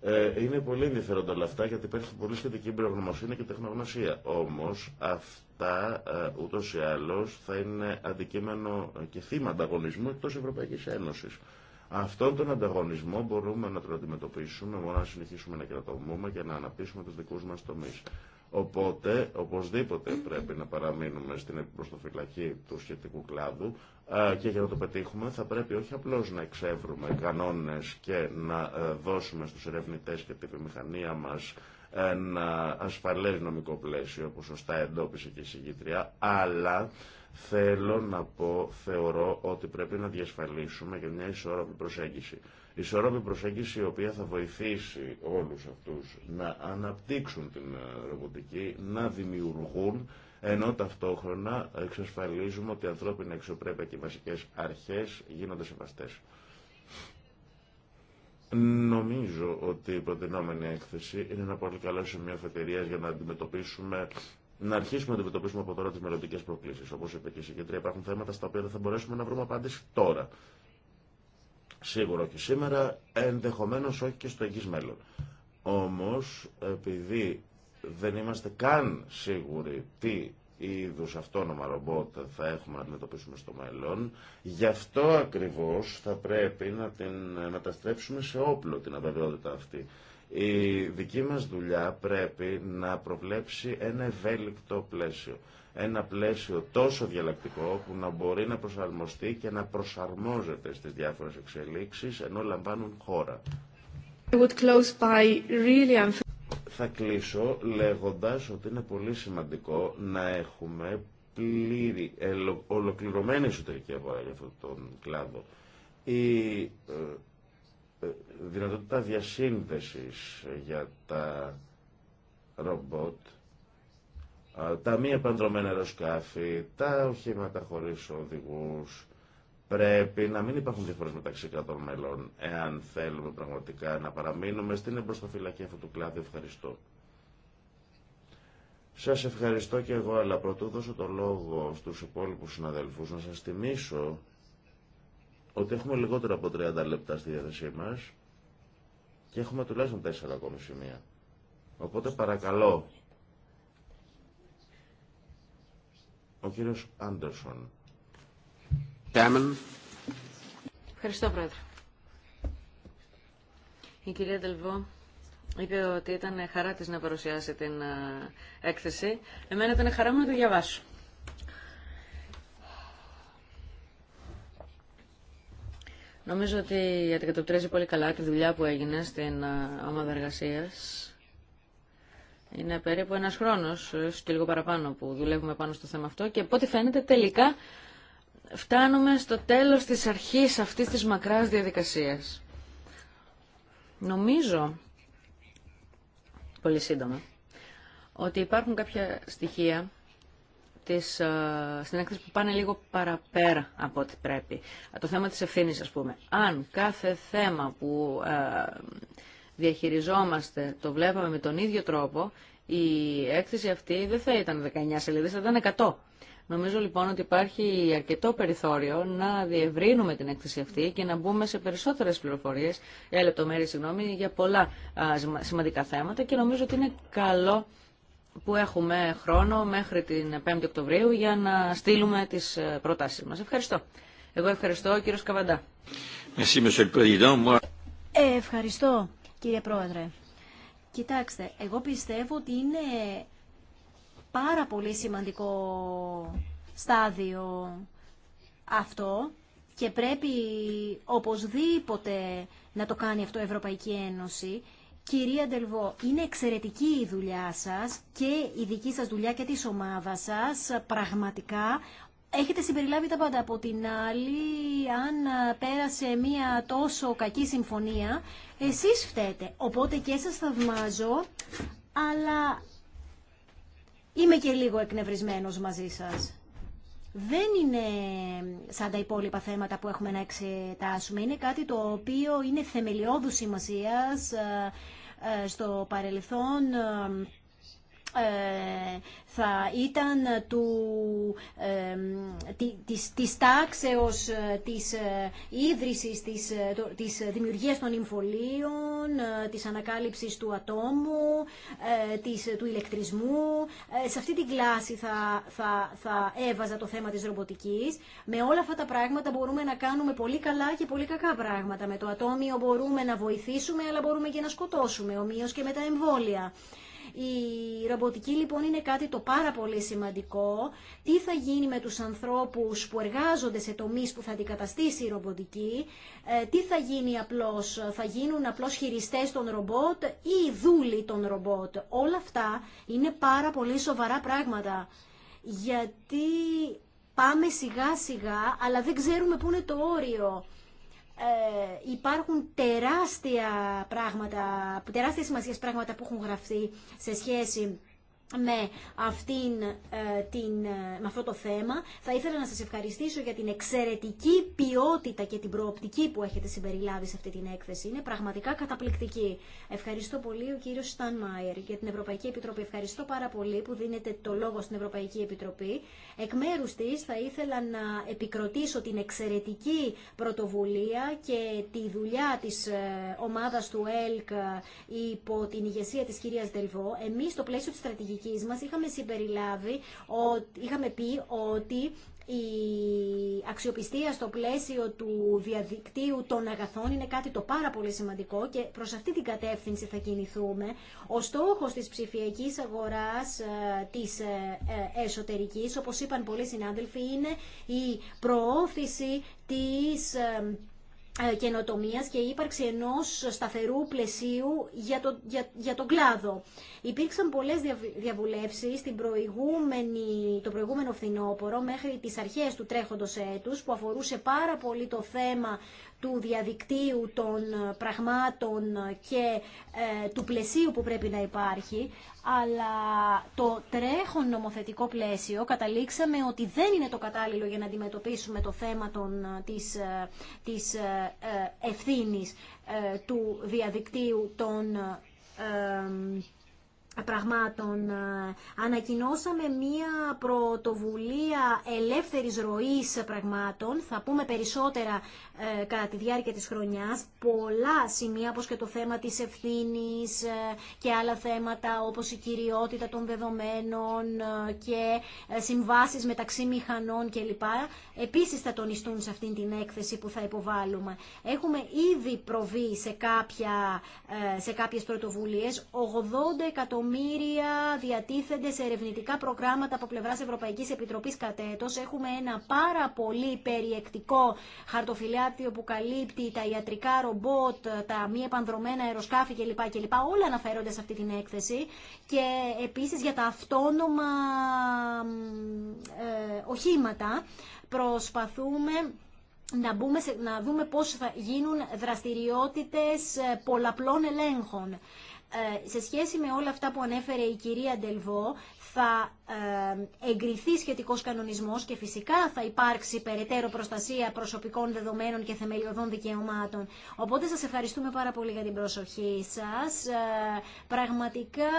Ε, είναι πολύ ενδιαφέροντα όλα αυτά γιατί υπάρχει πολύ σχετική προγνωμοσύνη και τεχνογνωσία. Όμως αυτά ε, ούτω ή άλλως θα είναι αντικείμενο και θύμα ανταγωνισμού εκτός Ευρωπαϊκής Ένωσης. Αυτόν τον ανταγωνισμό μπορούμε να τον αντιμετωπίσουμε μόνο να συνεχίσουμε να κρατομούμε και να αναπτύσσουμε τους δικούς μας τομείς. Οπότε, οπωσδήποτε πρέπει να παραμείνουμε στην επιπροστοφυλακή του σχετικού κλάδου και για να το πετύχουμε θα πρέπει όχι απλώς να εξεύρουμε κανόνες και να ε, δώσουμε στους ερευνητές και τη βιομηχανία μας ένα ασφαλές νομικό πλαίσιο που σωστά εντόπισε και η συγκήτρια, αλλά Θέλω να πω, θεωρώ ότι πρέπει να διασφαλίσουμε για μια ισόρροπη προσέγγιση. Ισόρροπη προσέγγιση η οποία θα βοηθήσει όλους αυτούς να αναπτύξουν την ε, ρομποτική, να δημιουργούν, ενώ ταυτόχρονα εξασφαλίζουμε ότι οι ανθρώπινη αξιοπρέπεια και οι βασικές αρχές γίνονται σεβαστές. Νομίζω ότι η προτινόμενη έκθεση είναι ένα πολύ καλό σημείο αφετηρία για να αντιμετωπίσουμε να αρχίσουμε να αντιμετωπίσουμε από τώρα τι μελλοντικέ προκλήσει. Όπω είπε και η συγκεντρία, υπάρχουν θέματα στα οποία δεν θα μπορέσουμε να βρούμε απάντηση τώρα. Σίγουρα και σήμερα, ενδεχομένω όχι και στο εγγύ μέλλον. Όμω, επειδή δεν είμαστε καν σίγουροι τι είδου αυτόνομα ρομπότ θα έχουμε να αντιμετωπίσουμε στο μέλλον. Γι' αυτό ακριβώ θα πρέπει να την μεταστρέψουμε σε όπλο την αβεβαιότητα αυτή. Η δική μας δουλειά πρέπει να προβλέψει ένα ευέλικτο πλαίσιο. Ένα πλαίσιο τόσο διαλλακτικό που να μπορεί να προσαρμοστεί και να προσαρμόζεται στις διάφορες εξελίξεις ενώ λαμβάνουν χώρα. Θα κλείσω λέγοντας ότι είναι πολύ σημαντικό να έχουμε πλήρη, ολοκληρωμένη εσωτερική αγορά για αυτόν τον κλάδο. Η ε, δυνατότητα διασύνδεσης για τα ρομπότ, τα μη επανδρομένα αεροσκάφη, τα οχήματα χωρίς οδηγούς, πρέπει να μην υπάρχουν διαφορές μεταξύ κρατών μελών, εάν θέλουμε πραγματικά να παραμείνουμε στην εμπροστοφυλακή αυτού του κλάδου. Ευχαριστώ. Σας ευχαριστώ και εγώ, αλλά πρωτού δώσω το λόγο στους υπόλοιπους συναδελφούς να σας θυμίσω ότι έχουμε λιγότερο από 30 λεπτά στη διάθεσή μας και έχουμε τουλάχιστον 4 ακόμη σημεία. Οπότε παρακαλώ, ο κύριος Άντερσον. Ευχαριστώ, Πρόεδρε. Η κυρία Τελβό είπε ότι ήταν χαρά της να παρουσιάσει την ε, έκθεση. Εμένα ήταν χαρά μου να το διαβάσω. Νομίζω ότι αντικατοπτρίζει πολύ καλά τη δουλειά που έγινε στην ομάδα εργασία. Είναι περίπου ένας χρόνος, και λίγο παραπάνω, που δουλεύουμε πάνω στο θέμα αυτό και από ό,τι φαίνεται τελικά φτάνουμε στο τέλος της αρχής αυτής της μακράς διαδικασίας. Νομίζω, πολύ σύντομα, ότι υπάρχουν κάποια στοιχεία της, ε, στην έκθεση που πάνε λίγο παραπέρα από ό,τι πρέπει. Το θέμα της ευθύνης, ας πούμε. Αν κάθε θέμα που ε, διαχειριζόμαστε το βλέπαμε με τον ίδιο τρόπο, η έκθεση αυτή δεν θα ήταν 19 σελίδες, θα ήταν 100. Νομίζω λοιπόν ότι υπάρχει αρκετό περιθώριο να διευρύνουμε την έκθεση αυτή και να μπούμε σε περισσότερε πληροφορίε, λεπτομέρειε, συγγνώμη, για πολλά σημαντικά θέματα και νομίζω ότι είναι καλό που έχουμε χρόνο μέχρι την 5η Οκτωβρίου για να στείλουμε τις ε, προτάσεις μας. Ευχαριστώ. Εγώ ευχαριστώ, κύριο Καβαντά. Ε, ευχαριστώ, κύριε Πρόεδρε. Κοιτάξτε, εγώ πιστεύω ότι είναι πάρα πολύ σημαντικό στάδιο αυτό και πρέπει οπωσδήποτε να το κάνει αυτό η Ευρωπαϊκή Ένωση Κυρία Ντελβό, είναι εξαιρετική η δουλειά σας και η δική σας δουλειά και της ομάδας σας. Πραγματικά Έχετε συμπεριλάβει τα πάντα. Από την άλλη, αν πέρασε μία τόσο κακή συμφωνία, εσείς φταίτε. Οπότε και σας θαυμάζω, αλλά είμαι και λίγο εκνευρισμένος μαζί σας. Δεν είναι σαν τα υπόλοιπα θέματα που έχουμε να εξετάσουμε. Είναι κάτι το οποίο είναι θεμελιώδου σημασίας ε, στο παρελθόν ε, ε, θα ήταν του, ε, της, της τάξεως ε, της ίδρυσης, της, της δημιουργίας των εμφολίων, της ανακάλυψης του ατόμου, της, του ηλεκτρισμού. Σε αυτή την κλάση θα, θα, θα έβαζα το θέμα της ρομποτικής. Με όλα αυτά τα πράγματα μπορούμε να κάνουμε πολύ καλά και πολύ κακά πράγματα. Με το ατόμιο μπορούμε να βοηθήσουμε, αλλά μπορούμε και να σκοτώσουμε, ομοίως και με τα εμβόλια. Η ρομποτική λοιπόν είναι κάτι το πάρα πολύ σημαντικό. Τι θα γίνει με τους ανθρώπους που εργάζονται σε τομείς που θα αντικαταστήσει η ρομποτική, ε, τι θα γίνει απλώς, θα γίνουν απλώς χειριστές των ρομπότ ή δούλοι των ρομπότ. Όλα αυτά είναι πάρα πολύ σοβαρά πράγματα. Γιατί πάμε σιγά σιγά, αλλά δεν ξέρουμε πού είναι το όριο ε, υπάρχουν τεράστια πράγματα, τεράστια σημασία πράγματα που έχουν γραφτεί σε σχέση με, αυτήν, ε, την, ε, αυτό το θέμα. Θα ήθελα να σας ευχαριστήσω για την εξαιρετική ποιότητα και την προοπτική που έχετε συμπεριλάβει σε αυτή την έκθεση. Είναι πραγματικά καταπληκτική. Ευχαριστώ πολύ ο κύριος Στανμάιερ για την Ευρωπαϊκή Επιτροπή. Ευχαριστώ πάρα πολύ που δίνετε το λόγο στην Ευρωπαϊκή Επιτροπή. Εκ μέρους της θα ήθελα να επικροτήσω την εξαιρετική πρωτοβουλία και τη δουλειά της ε, ομάδας του ΕΛΚ ε, υπό την ηγεσία της κυρίας Δελβό. Εμείς στο πλαίσιο της στρατηγικής είχαμε συμπεριλάβει, ότι, είχαμε πει ότι η αξιοπιστία στο πλαίσιο του διαδικτύου των αγαθών είναι κάτι το πάρα πολύ σημαντικό και προς αυτή την κατεύθυνση θα κινηθούμε. Ο στόχος της ψηφιακής αγοράς ε, της ε, ε, εσωτερικής, όπως είπαν πολλοί συνάδελφοι, είναι η προώθηση της ε, και ύπαρξη ενό σταθερού πλαισίου για, το, για, για τον κλάδο. Υπήρξαν πολλές διαβουλεύσεις το προηγούμενο φθινόπωρο μέχρι τις αρχές του τρέχοντος έτους που αφορούσε πάρα πολύ το θέμα του διαδικτύου των ε, πραγμάτων και ε, του πλαισίου που πρέπει να υπάρχει, αλλά το τρέχον νομοθετικό πλαίσιο καταλήξαμε ότι δεν είναι το κατάλληλο για να αντιμετωπίσουμε το θέμα των, ε, της, της ευθύνης του διαδικτύου των πραγμάτων. Ε, ανακοινώσαμε μία πρωτοβουλία ελεύθερης ροής πραγμάτων. Θα πούμε περισσότερα ε, κατά τη διάρκεια της χρονιάς. Πολλά σημεία όπως και το θέμα της ευθύνης ε, και άλλα θέματα όπως η κυριότητα των δεδομένων και συμβάσεις μεταξύ μηχανών κλπ. Επίσης θα τονιστούν σε αυτήν την έκθεση που θα υποβάλουμε. Έχουμε ήδη προβεί σε, κάποια, σε κάποιες πρωτοβουλίες 80 εκατομμύρια διατίθενται σε ερευνητικά προγράμματα από πλευρά Ευρωπαϊκή Επιτροπή κατ' έτος. Έχουμε ένα πάρα πολύ περιεκτικό χαρτοφυλάτιο που καλύπτει τα ιατρικά ρομπότ, τα μη επανδρομένα αεροσκάφη κλπ. κλπ. Όλα αναφέρονται σε αυτή την έκθεση. Και επίση για τα αυτόνομα ε, οχήματα προσπαθούμε να, να δούμε πώς θα γίνουν δραστηριότητες πολλαπλών ελέγχων. Ε, σε σχέση με όλα αυτά που ανέφερε η κυρία Ντελβό, θα ε, εγκριθεί σχετικός κανονισμός και φυσικά θα υπάρξει περαιτέρω προστασία προσωπικών δεδομένων και θεμελιωδών δικαιωμάτων. Οπότε σας ευχαριστούμε πάρα πολύ για την προσοχή σας. Ε, πραγματικά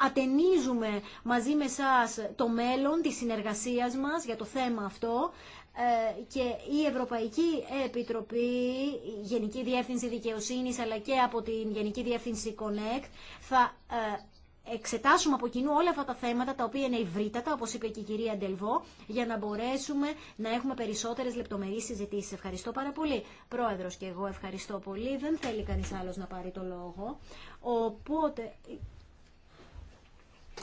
ατενίζουμε μαζί με σας το μέλλον της συνεργασίας μας για το θέμα αυτό. Ε, και η Ευρωπαϊκή Επιτροπή, η Γενική Διεύθυνση Δικαιοσύνης αλλά και από την Γενική Διεύθυνση Connect θα ε, εξετάσουμε από κοινού όλα αυτά τα θέματα τα οποία είναι ευρύτατα, όπως είπε και η κυρία Ντελβό, για να μπορέσουμε να έχουμε περισσότερες λεπτομερείς συζητήσεις. Ευχαριστώ πάρα πολύ. Πρόεδρος και εγώ ευχαριστώ πολύ. Δεν θέλει κανείς άλλος να πάρει το λόγο. Οπότε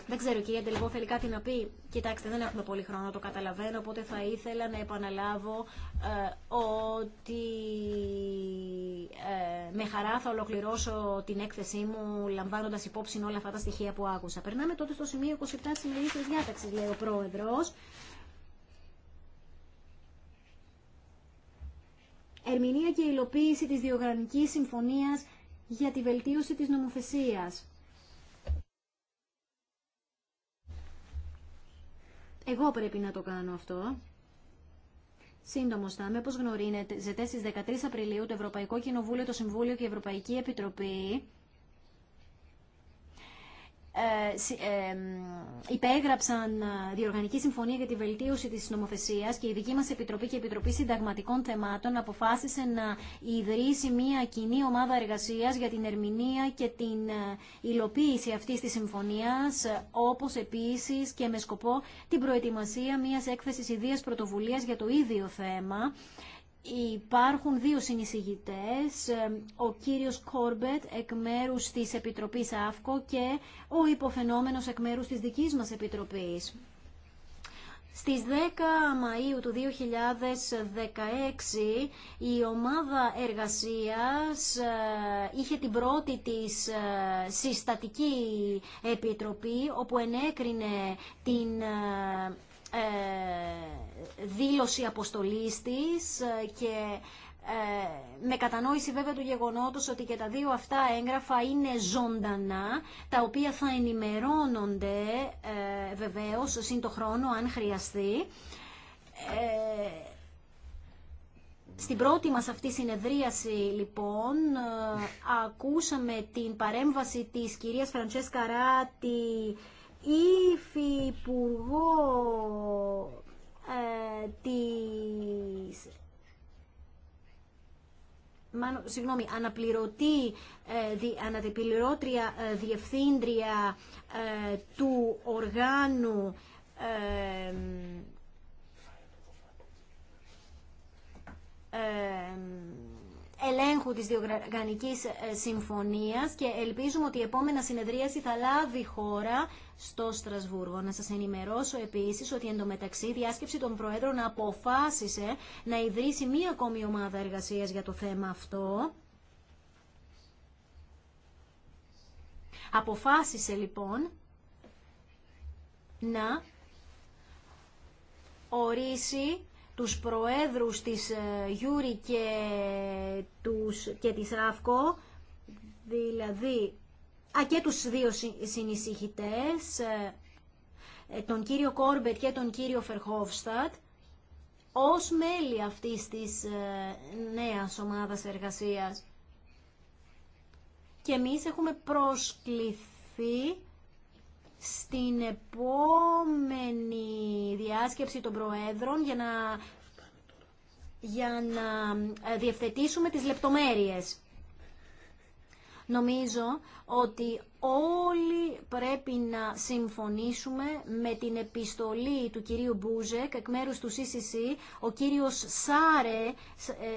δεν ξέρω, κυρία Ντελβό, θέλει κάτι να πει. Κοιτάξτε, δεν έχουμε πολύ χρόνο, το καταλαβαίνω, οπότε θα ήθελα να επαναλάβω ε, ότι ε, με χαρά θα ολοκληρώσω την έκθεσή μου, λαμβάνοντας υπόψη όλα αυτά τα στοιχεία που άκουσα. Περνάμε τότε στο σημείο 27 της τη διάταξης, λέει ο Πρόεδρος. Ερμηνεία και υλοποίηση της Διοργανικής Συμφωνίας για τη βελτίωση της νομοθεσίας. Εγώ πρέπει να το κάνω αυτό. Σύντομο θα είμαι, όπω γνωρίζετε, στι 13 Απριλίου το Ευρωπαϊκό Κοινοβούλιο, το Συμβούλιο και η Ευρωπαϊκή Επιτροπή ε, ε, υπέγραψαν ε, διοργανική συμφωνία για τη βελτίωση της νομοθεσίας και η δική μας Επιτροπή και Επιτροπή Συνταγματικών Θεμάτων αποφάσισε να ιδρύσει μια κοινή ομάδα εργασίας για την ερμηνεία και την υλοποίηση αυτής της συμφωνίας όπως επίσης και με σκοπό την προετοιμασία μιας έκθεσης ιδίας πρωτοβουλίας για το ίδιο θέμα Υπάρχουν δύο συνεισηγητές, ε, ο κύριος Κόρμπετ εκ μέρους της Επιτροπής ΑΦΚΟ και ο υποφαινόμενος εκ μέρους της δικής μας Επιτροπής. Στις 10 Μαΐου του 2016 η ομάδα εργασίας ε, είχε την πρώτη της ε, συστατική επιτροπή όπου ενέκρινε την ε, δήλωση αποστολής της και ε, με κατανόηση βέβαια του γεγονότος ότι και τα δύο αυτά έγγραφα είναι ζωντανά, τα οποία θα ενημερώνονται ε, βεβαίως σύν το χρόνο αν χρειαστεί. Στην πρώτη μας αυτή συνεδρίαση, λοιπόν, ακούσαμε την παρέμβαση της κυρίας Φραντσέσκα Ράτη υφυπουργό ε, της μάλλον, συγγνώμη, αναπληρωτή, ε, Ανατεπιληρώτρια ε, διευθύντρια ε, του οργάνου ελέγχου της διοργανικής ε, συμφωνίας και ελπίζουμε ότι η επόμενα συνεδρίαση θα λάβει χώρα στο Στρασβούργο. Να σας ενημερώσω επίσης ότι εντωμεταξύ η διάσκεψη των Προέδρων αποφάσισε να ιδρύσει μία ακόμη ομάδα εργασίας για το θέμα αυτό. Αποφάσισε λοιπόν να ορίσει τους προέδρους της ε, Γιούρη και, τους, και της Ράφκο, δηλαδή α, και τους δύο συνεισυχητές, ε, ε, τον κύριο Κόρμπετ και τον κύριο Φερχόφστατ, ως μέλη αυτής της νέας ομάδας εργασίας. Και εμείς έχουμε προσκληθεί στην επόμενη διάσκεψη των Προέδρων για να, για να ε, διευθετήσουμε τις λεπτομέρειες. Νομίζω ότι όλοι πρέπει να συμφωνήσουμε με την επιστολή του κυρίου Μπούζεκ εκ μέρους του CCC, ο κύριος Σάρε,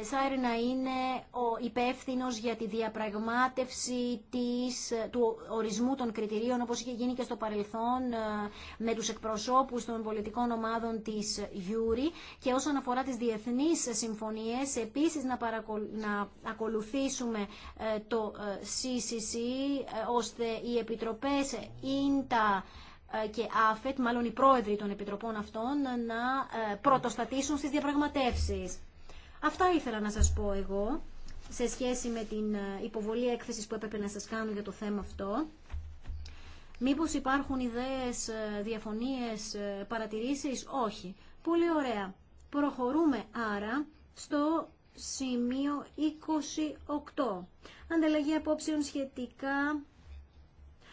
ε, Σάρε να είναι ο υπεύθυνος για τη διαπραγμάτευση της, του ορισμού των κριτηρίων, όπως είχε γίνει και στο παρελθόν ε, με τους εκπροσώπους των πολιτικών ομάδων της Γιούρη και όσον αφορά τις διεθνείς συμφωνίες, επίσης να, να ακολουθήσουμε ε, το CCC ώστε οι επιτροπές ίντα ε, και ΑΦΕΤ, μάλλον οι πρόεδροι των επιτροπών αυτών, να ε, πρωτοστατήσουν στις διαπραγματεύσεις. Αυτά ήθελα να σας πω εγώ σε σχέση με την ε, υποβολή έκθεσης που έπρεπε να σας κάνω για το θέμα αυτό. Μήπως υπάρχουν ιδέες, διαφωνίες, παρατηρήσεις. Όχι. Πολύ ωραία. Προχωρούμε άρα στο σημείο 28. Ανταλλαγή απόψεων σχετικά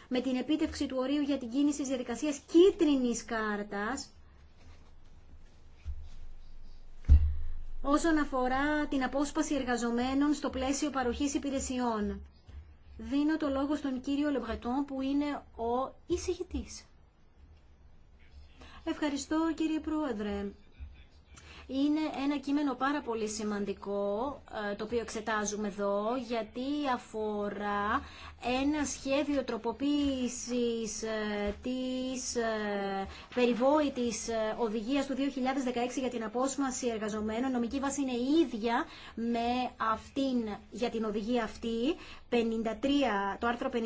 με την επίτευξη του ορίου για την κίνηση της διαδικασίας κίτρινης κάρτας όσον αφορά την απόσπαση εργαζομένων στο πλαίσιο παροχής υπηρεσιών. Δίνω το λόγο στον κύριο Λεμπρετών που είναι ο εισηγητής. Ευχαριστώ κύριε Πρόεδρε είναι ένα κείμενο πάρα πολύ σημαντικό ε, το οποίο εξετάζουμε εδώ γιατί αφορά ένα σχέδιο τροποποίησης ε, της ε, περιβόητης οδηγίας του 2016 για την απόσμαση εργαζομένων. Νομική βάση είναι η ίδια με αυτήν, για την οδηγία αυτή, 53, το άρθρο 53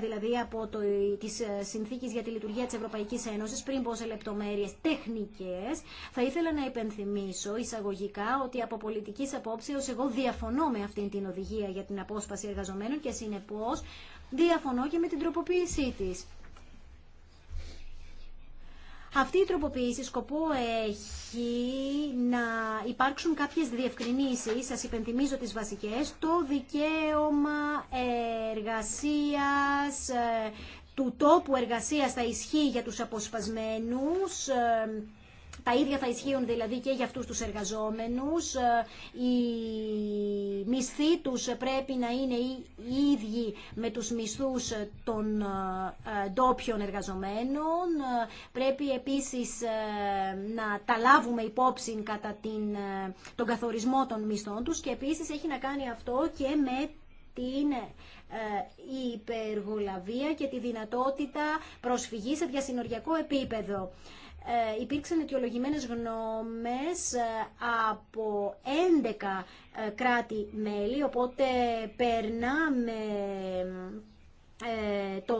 δηλαδή από το, της Συνθήκης για τη Λειτουργία της Ευρωπαϊκής Ένωσης, πριν πω σε λεπτομέρειες τεχνικές. Θα ήθελα να υπενθυμίσω τονίσω εισαγωγικά ότι από πολιτική απόψεω εγώ διαφωνώ με αυτήν την οδηγία για την απόσπαση εργαζομένων και συνεπώ διαφωνώ και με την τροποποίησή τη. Αυτή η τροποποίηση σκοπό έχει να υπάρξουν κάποιες διευκρινήσεις, σας υπενθυμίζω τις βασικές, το δικαίωμα εργασίας, ε, του τόπου εργασίας θα ισχύει για τους αποσπασμένους, ε, τα ίδια θα ισχύουν δηλαδή και για αυτούς τους εργαζόμενους. Ε, οι μισθοί τους πρέπει να είναι οι ίδιοι με τους μισθούς των ε, ντόπιων εργαζομένων. Ε, πρέπει επίσης να τα λάβουμε υπόψη κατά την, τον καθορισμό των μισθών τους και επίσης έχει να κάνει αυτό και με την η υπεργολαβία και τη δυνατότητα προσφυγής σε διασυνοριακό επίπεδο. Ε, υπήρξαν αιτιολογημένες γνώμες ε, από 11 ε, κράτη-μέλη, οπότε περνάμε το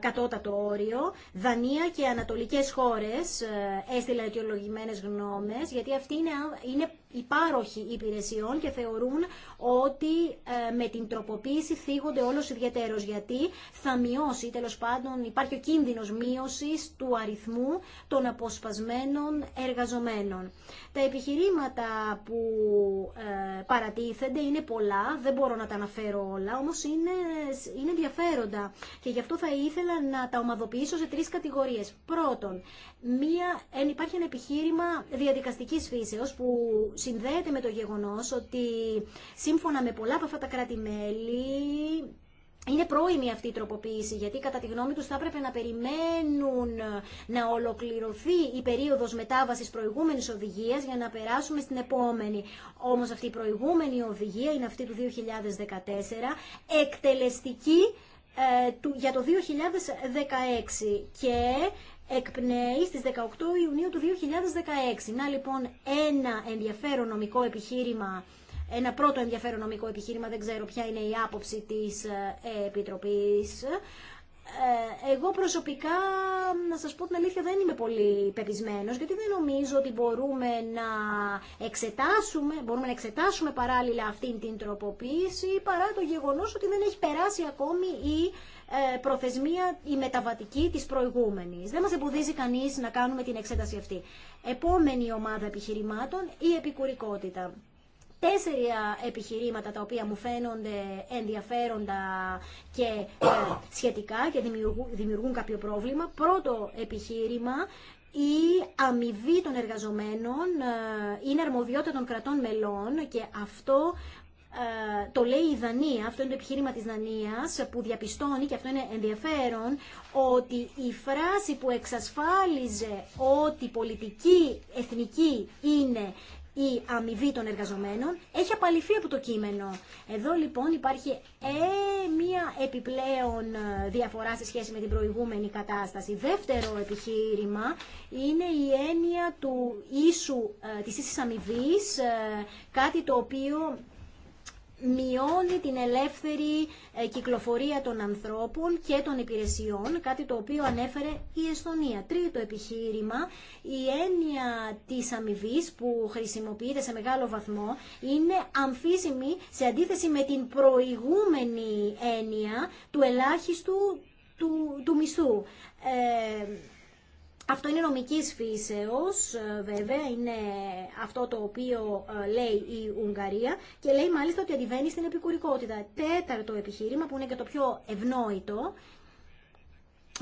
κατώτατο όριο. Δανία και ανατολικές χώρες έστειλαν αιτιολογημένες γνώμες, γιατί αυτή είναι, είναι υπάροχοι υπηρεσιών και θεωρούν ότι ε, με την τροποποίηση θίγονται όλος ιδιαίτερος γιατί θα μειώσει, τέλος πάντων υπάρχει ο κίνδυνος μείωσης του αριθμού των αποσπασμένων εργαζομένων. Τα επιχειρήματα που ε, παρατίθενται είναι πολλά, δεν μπορώ να τα αναφέρω όλα, όμως είναι, είναι ενδιαφέροντα και γι' αυτό θα ήθελα να τα ομαδοποιήσω σε τρεις κατηγορίες. Πρώτον, μία, εν υπάρχει ένα επιχείρημα διαδικαστικής φύσεως που συνδέεται με το γεγονός ότι σύμφωνα με πολλά από αυτά τα κράτη-μέλη είναι πρόημη αυτή η τροποποίηση, γιατί κατά τη γνώμη τους θα έπρεπε να περιμένουν να ολοκληρωθεί η περίοδος μετάβασης προηγούμενης οδηγίας για να περάσουμε στην επόμενη. Όμως αυτή η προηγούμενη οδηγία είναι αυτή του 2014, εκτελεστική ε, του, για το 2016 και εκπνέει στις 18 Ιουνίου του 2016. Να λοιπόν ένα ενδιαφέρον νομικό επιχείρημα, ένα πρώτο ενδιαφέρον νομικό επιχείρημα, δεν ξέρω ποια είναι η άποψη της ε, Επιτροπής, ε, εγώ προσωπικά, να σας πω την αλήθεια, δεν είμαι πολύ πεπισμένος, γιατί δεν νομίζω ότι μπορούμε να εξετάσουμε, μπορούμε να εξετάσουμε παράλληλα αυτήν την τροποποίηση, παρά το γεγονός ότι δεν έχει περάσει ακόμη η ε, προθεσμία, η μεταβατική της προηγούμενης. Δεν μας εμποδίζει κανείς να κάνουμε την εξέταση αυτή. Επόμενη ομάδα επιχειρημάτων, η επικουρικότητα τέσσερα επιχειρήματα τα οποία μου φαίνονται ενδιαφέροντα και ε, σχετικά και δημιουργούν κάποιο πρόβλημα. Πρώτο επιχείρημα η αμοιβή των εργαζομένων ε, είναι αρμοδιότητα των κρατών μελών και αυτό ε, το λέει η Δανία, αυτό είναι το επιχείρημα της Δανίας που διαπιστώνει και αυτό είναι ενδιαφέρον ότι η φράση που εξασφάλιζε ότι πολιτική εθνική είναι η αμοιβή των εργαζομένων έχει απαλληφθεί από το κείμενο. Εδώ λοιπόν υπάρχει ε, μία επιπλέον ε, διαφορά σε σχέση με την προηγούμενη κατάσταση. Δεύτερο επιχείρημα είναι η έννοια του ίσου, ε, της ίσης αμοιβής, ε, κάτι το οποίο μειώνει την ελεύθερη ε, κυκλοφορία των ανθρώπων και των υπηρεσιών, κάτι το οποίο ανέφερε η Εστονία. Τρίτο επιχείρημα, η έννοια της αμοιβή που χρησιμοποιείται σε μεγάλο βαθμό είναι αμφίσιμη σε αντίθεση με την προηγούμενη έννοια του ελάχιστου του, του μισθού. Ε, αυτό είναι νομικής φύσεως, ε, βέβαια, είναι αυτό το οποίο ε, λέει η Ουγγαρία και λέει μάλιστα ότι αντιβαίνει στην επικουρικότητα. Τέταρτο επιχείρημα, που είναι και το πιο ευνόητο,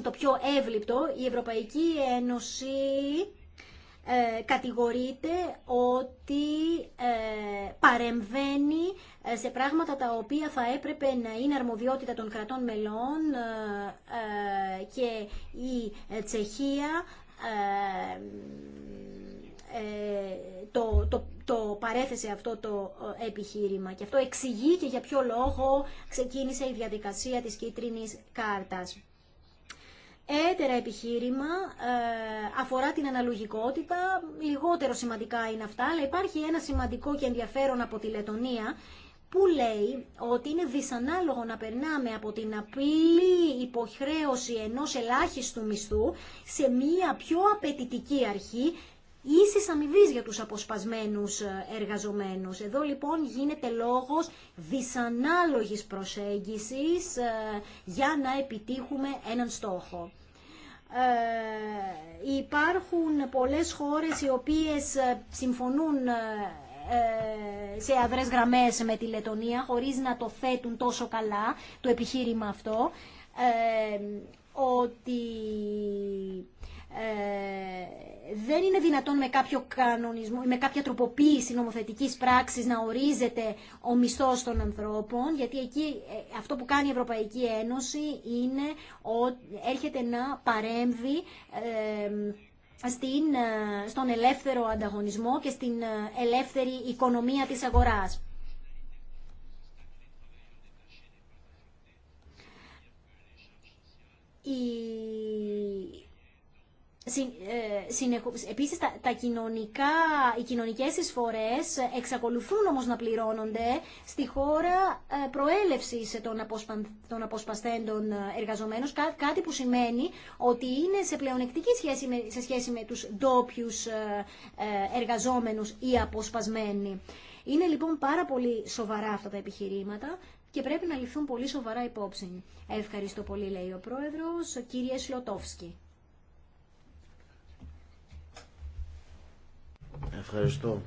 το πιο εύληπτο, η Ευρωπαϊκή Ένωση ε, κατηγορείται ότι ε, παρεμβαίνει ε, σε πράγματα τα οποία θα έπρεπε να είναι αρμοδιότητα των κρατών μελών ε, ε, και η Τσεχία το, το παρέθεσε αυτό το επιχείρημα και αυτό εξηγεί και για ποιο λόγο ξεκίνησε η διαδικασία της κίτρινης κάρτας. Έτερα επιχείρημα ε, αφορά την αναλογικότητα, λιγότερο σημαντικά είναι αυτά, αλλά υπάρχει ένα σημαντικό και ενδιαφέρον από τη Λετωνία που λέει ότι είναι δυσανάλογο να περνάμε από την απλή υποχρέωση ενός ελάχιστου μισθού σε μία πιο απαιτητική αρχή ίσης αμοιβή για τους αποσπασμένους ε, εργαζομένους. Εδώ λοιπόν γίνεται λόγος δυσανάλογης προσέγγισης ε, για να επιτύχουμε έναν στόχο. Ε, υπάρχουν πολλές χώρες οι οποίες ε, συμφωνούν σε αδρές γραμμές με τη Λετωνία χωρίς να το θέτουν τόσο καλά το επιχείρημα αυτό ότι δεν είναι δυνατόν με, κάποιο κανονισμό, με κάποια τροποποίηση νομοθετικής πράξης να ορίζεται ο μισθός των ανθρώπων, γιατί εκεί ε, αυτό που κάνει η Ευρωπαϊκή Ένωση είναι ότι έρχεται να παρέμβει στην, ε, στον ελεύθερο ανταγωνισμό και στην ε, ελεύθερη οικονομία της αγοράς. Ε, επίσης, τα κοινωνικά, οι κοινωνικές εισφορές ε, εξακολουθούν όμως να πληρώνονται στη χώρα ε, προέλευσης των αποσπασθέντων εργαζομένων, κάτι που σημαίνει ότι είναι σε πλεονεκτική σχέση με, σε σχέση με τους ντόπιου εργαζόμενους ή αποσπασμένοι. Είναι λοιπόν πάρα πολύ σοβαρά αυτά τα επιχειρήματα και πρέπει να ληφθούν πολύ σοβαρά υπόψη. Ευχαριστώ πολύ, λέει ο Πρόεδρος, κύριε Σλοτόφσκι. Ευχαριστώ.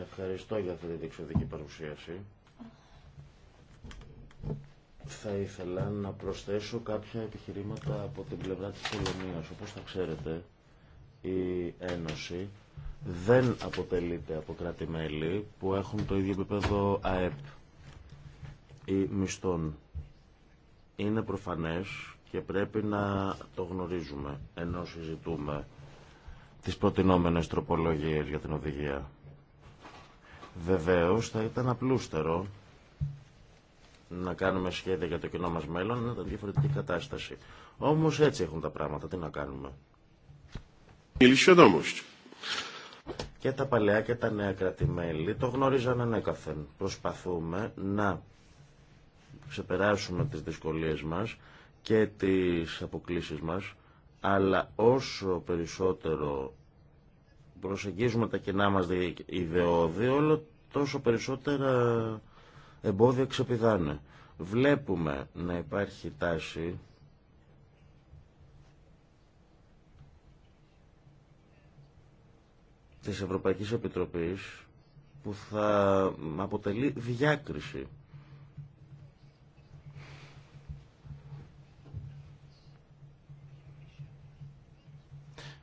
Ευχαριστώ για αυτή τη διεξοδική παρουσίαση. Θα ήθελα να προσθέσω κάποια επιχειρήματα από την πλευρά της Πολωνίας. Όπως θα ξέρετε, η Ένωση δεν αποτελείται από κράτη-μέλη που έχουν το ίδιο επίπεδο ΑΕΠ ή μισθών. Είναι προφανές και πρέπει να το γνωρίζουμε ενώ συζητούμε τις προτινόμενες τροπολογίες για την οδηγία. Βεβαίως θα ήταν απλούστερο να κάνουμε σχέδια για το κοινό μας μέλλον, να ήταν διαφορετική κατάσταση. Όμως έτσι έχουν τα πράγματα, τι να κάνουμε. Και τα παλαιά και τα νέα κρατημέλη το γνώριζαν ανέκαθεν. Ναι, Προσπαθούμε να ξεπεράσουμε τις δυσκολίες μας και τις αποκλήσεις μας, αλλά όσο περισσότερο προσεγγίζουμε τα κοινά μας ιδεώδη, όλο τόσο περισσότερα εμπόδια ξεπηδάνε. Βλέπουμε να υπάρχει τάση της Ευρωπαϊκής Επιτροπής που θα αποτελεί διάκριση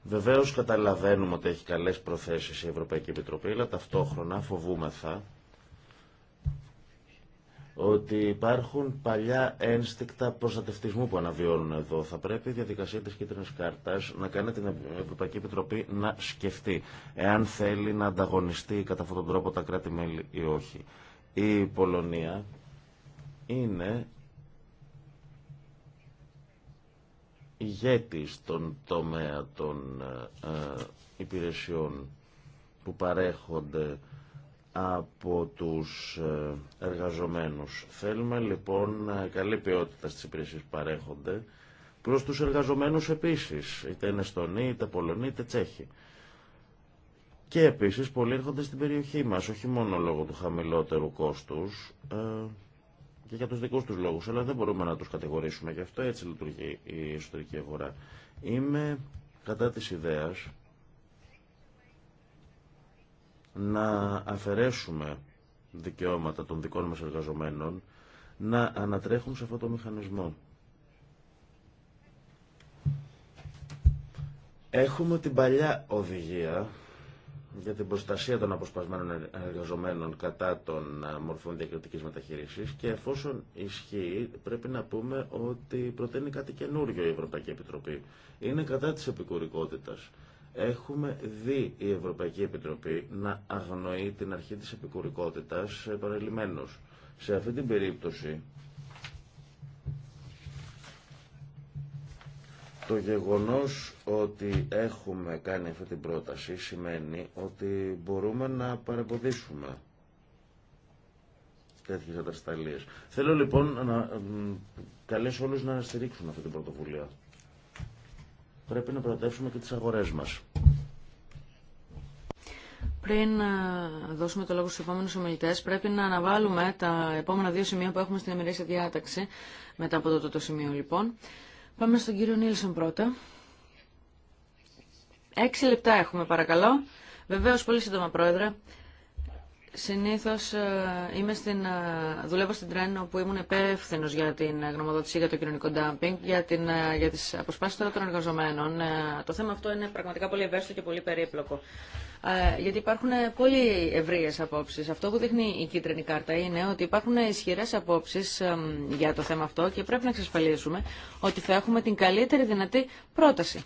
Βεβαίω καταλαβαίνουμε ότι έχει καλέ προθέσει η Ευρωπαϊκή Επιτροπή, αλλά ταυτόχρονα φοβούμεθα ότι υπάρχουν παλιά ένστικτα προστατευτισμού που αναβιώνουν εδώ. Θα πρέπει η διαδικασία τη κίτρινη κάρτας να κάνει την Ευρωπαϊκή Επιτροπή να σκεφτεί εάν θέλει να ανταγωνιστεί κατά αυτόν τον τρόπο τα κράτη-μέλη ή όχι. Η Πολωνία είναι ηγέτη στον τομέα των ε, ε, υπηρεσιών που παρέχονται από τους ε, εργαζομένους. Θέλουμε λοιπόν καλή ποιότητα στις υπηρεσίες που παρέχονται προς τους εργαζομένους επίσης, είτε είναι Εστονοί, είτε Πολωνοί, είτε Τσέχοι. Και επίσης πολλοί έρχονται στην περιοχή μας, όχι μόνο λόγω του χαμηλότερου κόστους, και για τους δικούς τους λόγους, αλλά δεν μπορούμε να τους κατηγορήσουμε. Γι' αυτό έτσι λειτουργεί η εσωτερική αγορά. Είμαι κατά της ιδέας να αφαιρέσουμε δικαιώματα των δικών μας εργαζομένων να ανατρέχουν σε αυτό το μηχανισμό. Έχουμε την παλιά οδηγία για την προστασία των αποσπασμένων εργαζομένων κατά των ε, μορφών διακριτική μεταχείρισης και εφόσον ισχύει πρέπει να πούμε ότι προτείνει κάτι καινούριο η Ευρωπαϊκή Επιτροπή. Είναι κατά της επικουρικότητα. Έχουμε δει η Ευρωπαϊκή Επιτροπή να αγνοεί την αρχή της επικουρικότητας ε, παρελειμμένως. Σε αυτή την περίπτωση Το γεγονός ότι έχουμε κάνει αυτή την πρόταση σημαίνει ότι μπορούμε να παρεμποδίσουμε τέτοιες ατασταλίες. Θέλω λοιπόν να καλέσω όλους να στηρίξουν αυτή την πρωτοβουλία. Πρέπει να προτεύσουμε και τις αγορές μας. Πριν δώσουμε το λόγο στους επόμενους ομιλητές, πρέπει να αναβάλουμε τα επόμενα δύο σημεία που έχουμε στην εμερήσια διάταξη, μετά από το, τότε σημείο λοιπόν. Πάμε στον κύριο Νίλσον πρώτα. Έξι λεπτά έχουμε παρακαλώ. Βεβαίως πολύ σύντομα πρόεδρε. Συνήθως ε, ε, δουλεύω στην τρένο που ήμουν υπεύθυνο για την γνωμοδότηση για το κοινωνικό ντάμπινγκ, για, την, ε, για τις αποσπάσεις των εργαζομένων. Το θέμα αυτό είναι πραγματικά πολύ ευαίσθητο και πολύ περίπλοκο. Γιατί υπάρχουν πολύ ευρείε απόψει. Αυτό που δείχνει η κίτρινη κάρτα είναι ότι υπάρχουν ισχυρές απόψεις για το θέμα αυτό και πρέπει να εξασφαλίσουμε ότι θα έχουμε την καλύτερη δυνατή πρόταση.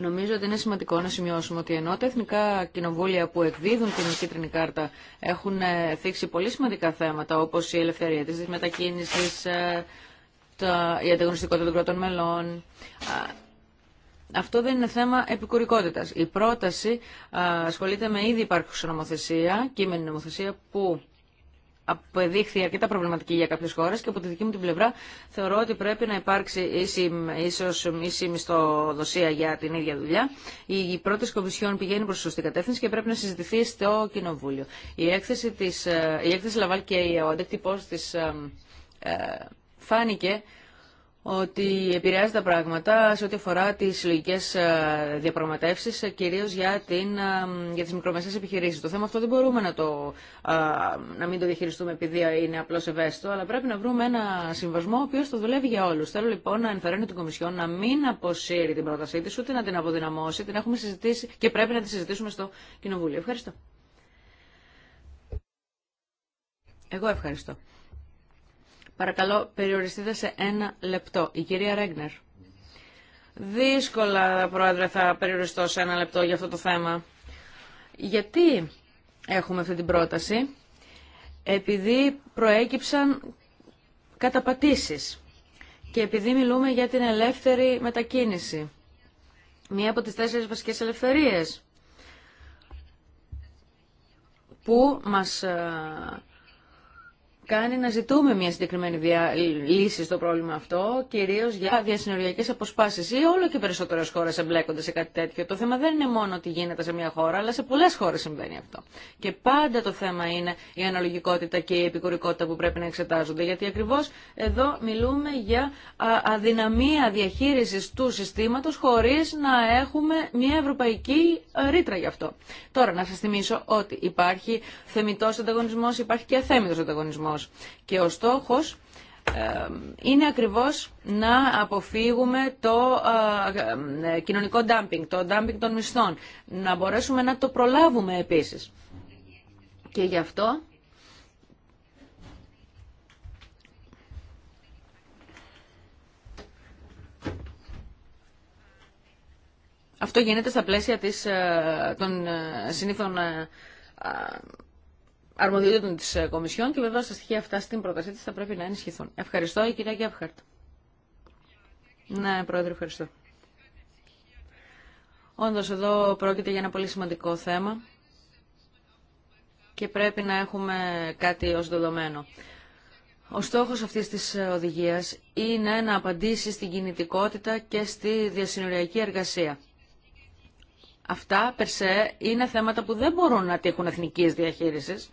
Νομίζω ότι είναι σημαντικό να σημειώσουμε ότι ενώ τα εθνικά κοινοβούλια που εκδίδουν την κίτρινη κάρτα έχουν ε, θίξει πολύ σημαντικά θέματα όπως η ελευθερία της μετακίνησης, ε, η ανταγωνιστικότητα των κρατών μελών, αυτό δεν είναι θέμα επικουρικότητας. Η πρόταση ασχολείται με ήδη υπάρχουσα νομοθεσία, κείμενη νομοθεσία που αποδείχθη αρκετά προβληματική για κάποιε χώρε και από τη δική μου την πλευρά θεωρώ ότι πρέπει να υπάρξει ίσω ίση μισθοδοσία για την ίδια δουλειά. Η πρώτη κομισιόν πηγαίνει προ σωστή κατεύθυνση και πρέπει να συζητηθεί στο Κοινοβούλιο. Η έκθεση, της, ε, η έκθεση Λαβάλ και ο ε, της ε, φάνηκε ότι επηρεάζει τα πράγματα σε ό,τι αφορά τις συλλογικές ε, διαπραγματεύσεις, ε, κυρίως για, την, ε, για τις μικρομεσαίες επιχειρήσεις. Το θέμα αυτό δεν μπορούμε να, το, να μην το διαχειριστούμε επειδή είναι απλώς ευαίσθητο, αλλά πρέπει να βρούμε ένα συμβασμό ο οποίος το δουλεύει για όλους. Θέλω λοιπόν να ενθαρρύνω την Κομισιόν να μην αποσύρει την πρότασή της, ούτε να την αποδυναμώσει, την έχουμε συζητήσει και πρέπει να τη συζητήσουμε στο Κοινοβούλιο. Ευχαριστώ. Εγώ ευχαριστώ. Παρακαλώ, περιοριστείτε σε ένα λεπτό. Η κυρία Ρέγνερ. Δύσκολα, Πρόεδρε, θα περιοριστώ σε ένα λεπτό για αυτό το θέμα. Γιατί έχουμε αυτή την πρόταση. Επειδή προέκυψαν καταπατήσεις και επειδή μιλούμε για την ελεύθερη μετακίνηση. Μία από τις τέσσερις βασικές ελευθερίες που μας ε, κάνει να ζητούμε μια συγκεκριμένη λύση στο πρόβλημα αυτό, κυρίω για διασυνοριακέ αποσπάσει. Ή όλο και περισσότερε χώρε εμπλέκονται σε κάτι τέτοιο. Το θέμα δεν είναι μόνο ότι γίνεται σε μια χώρα, αλλά σε πολλέ χώρε συμβαίνει αυτό. Και πάντα το θέμα είναι η αναλογικότητα και η επικουρικότητα που πρέπει να εξετάζονται. Γιατί ακριβώ εδώ μιλούμε για αδυναμία διαχείριση του συστήματο χωρί να έχουμε μια ευρωπαϊκή ε, ρήτρα γι' αυτό. Τώρα, να σα θυμίσω ότι υπάρχει θεμητό ανταγωνισμό, υπάρχει και αθέμητο ανταγωνισμό. Και ο στόχος ε, είναι ακριβώς να αποφύγουμε το ε, ε, κοινωνικό ντάμπινγκ, το ντάμπινγκ των μισθών. Να μπορέσουμε να το προλάβουμε επίσης. Και γι' αυτό Αυτό γίνεται στα πλαίσια της, των συνήθων αρμοδιότητων της ε, Κομισιόν και βεβαίω τα στοιχεία αυτά στην πρότασή της θα πρέπει να ενισχυθούν. Ευχαριστώ η κυρία Γκέφχαρτ. Ναι, Πρόεδρε, ευχαριστώ. Όντως εδώ πρόκειται για ένα πολύ σημαντικό θέμα και πρέπει να έχουμε κάτι ως δεδομένο. Ο στόχος αυτής της οδηγίας είναι να απαντήσει στην κινητικότητα και στη διασυνοριακή εργασία. Αυτά, περσέ, είναι θέματα που δεν μπορούν να τύχουν εθνικής διαχείρισης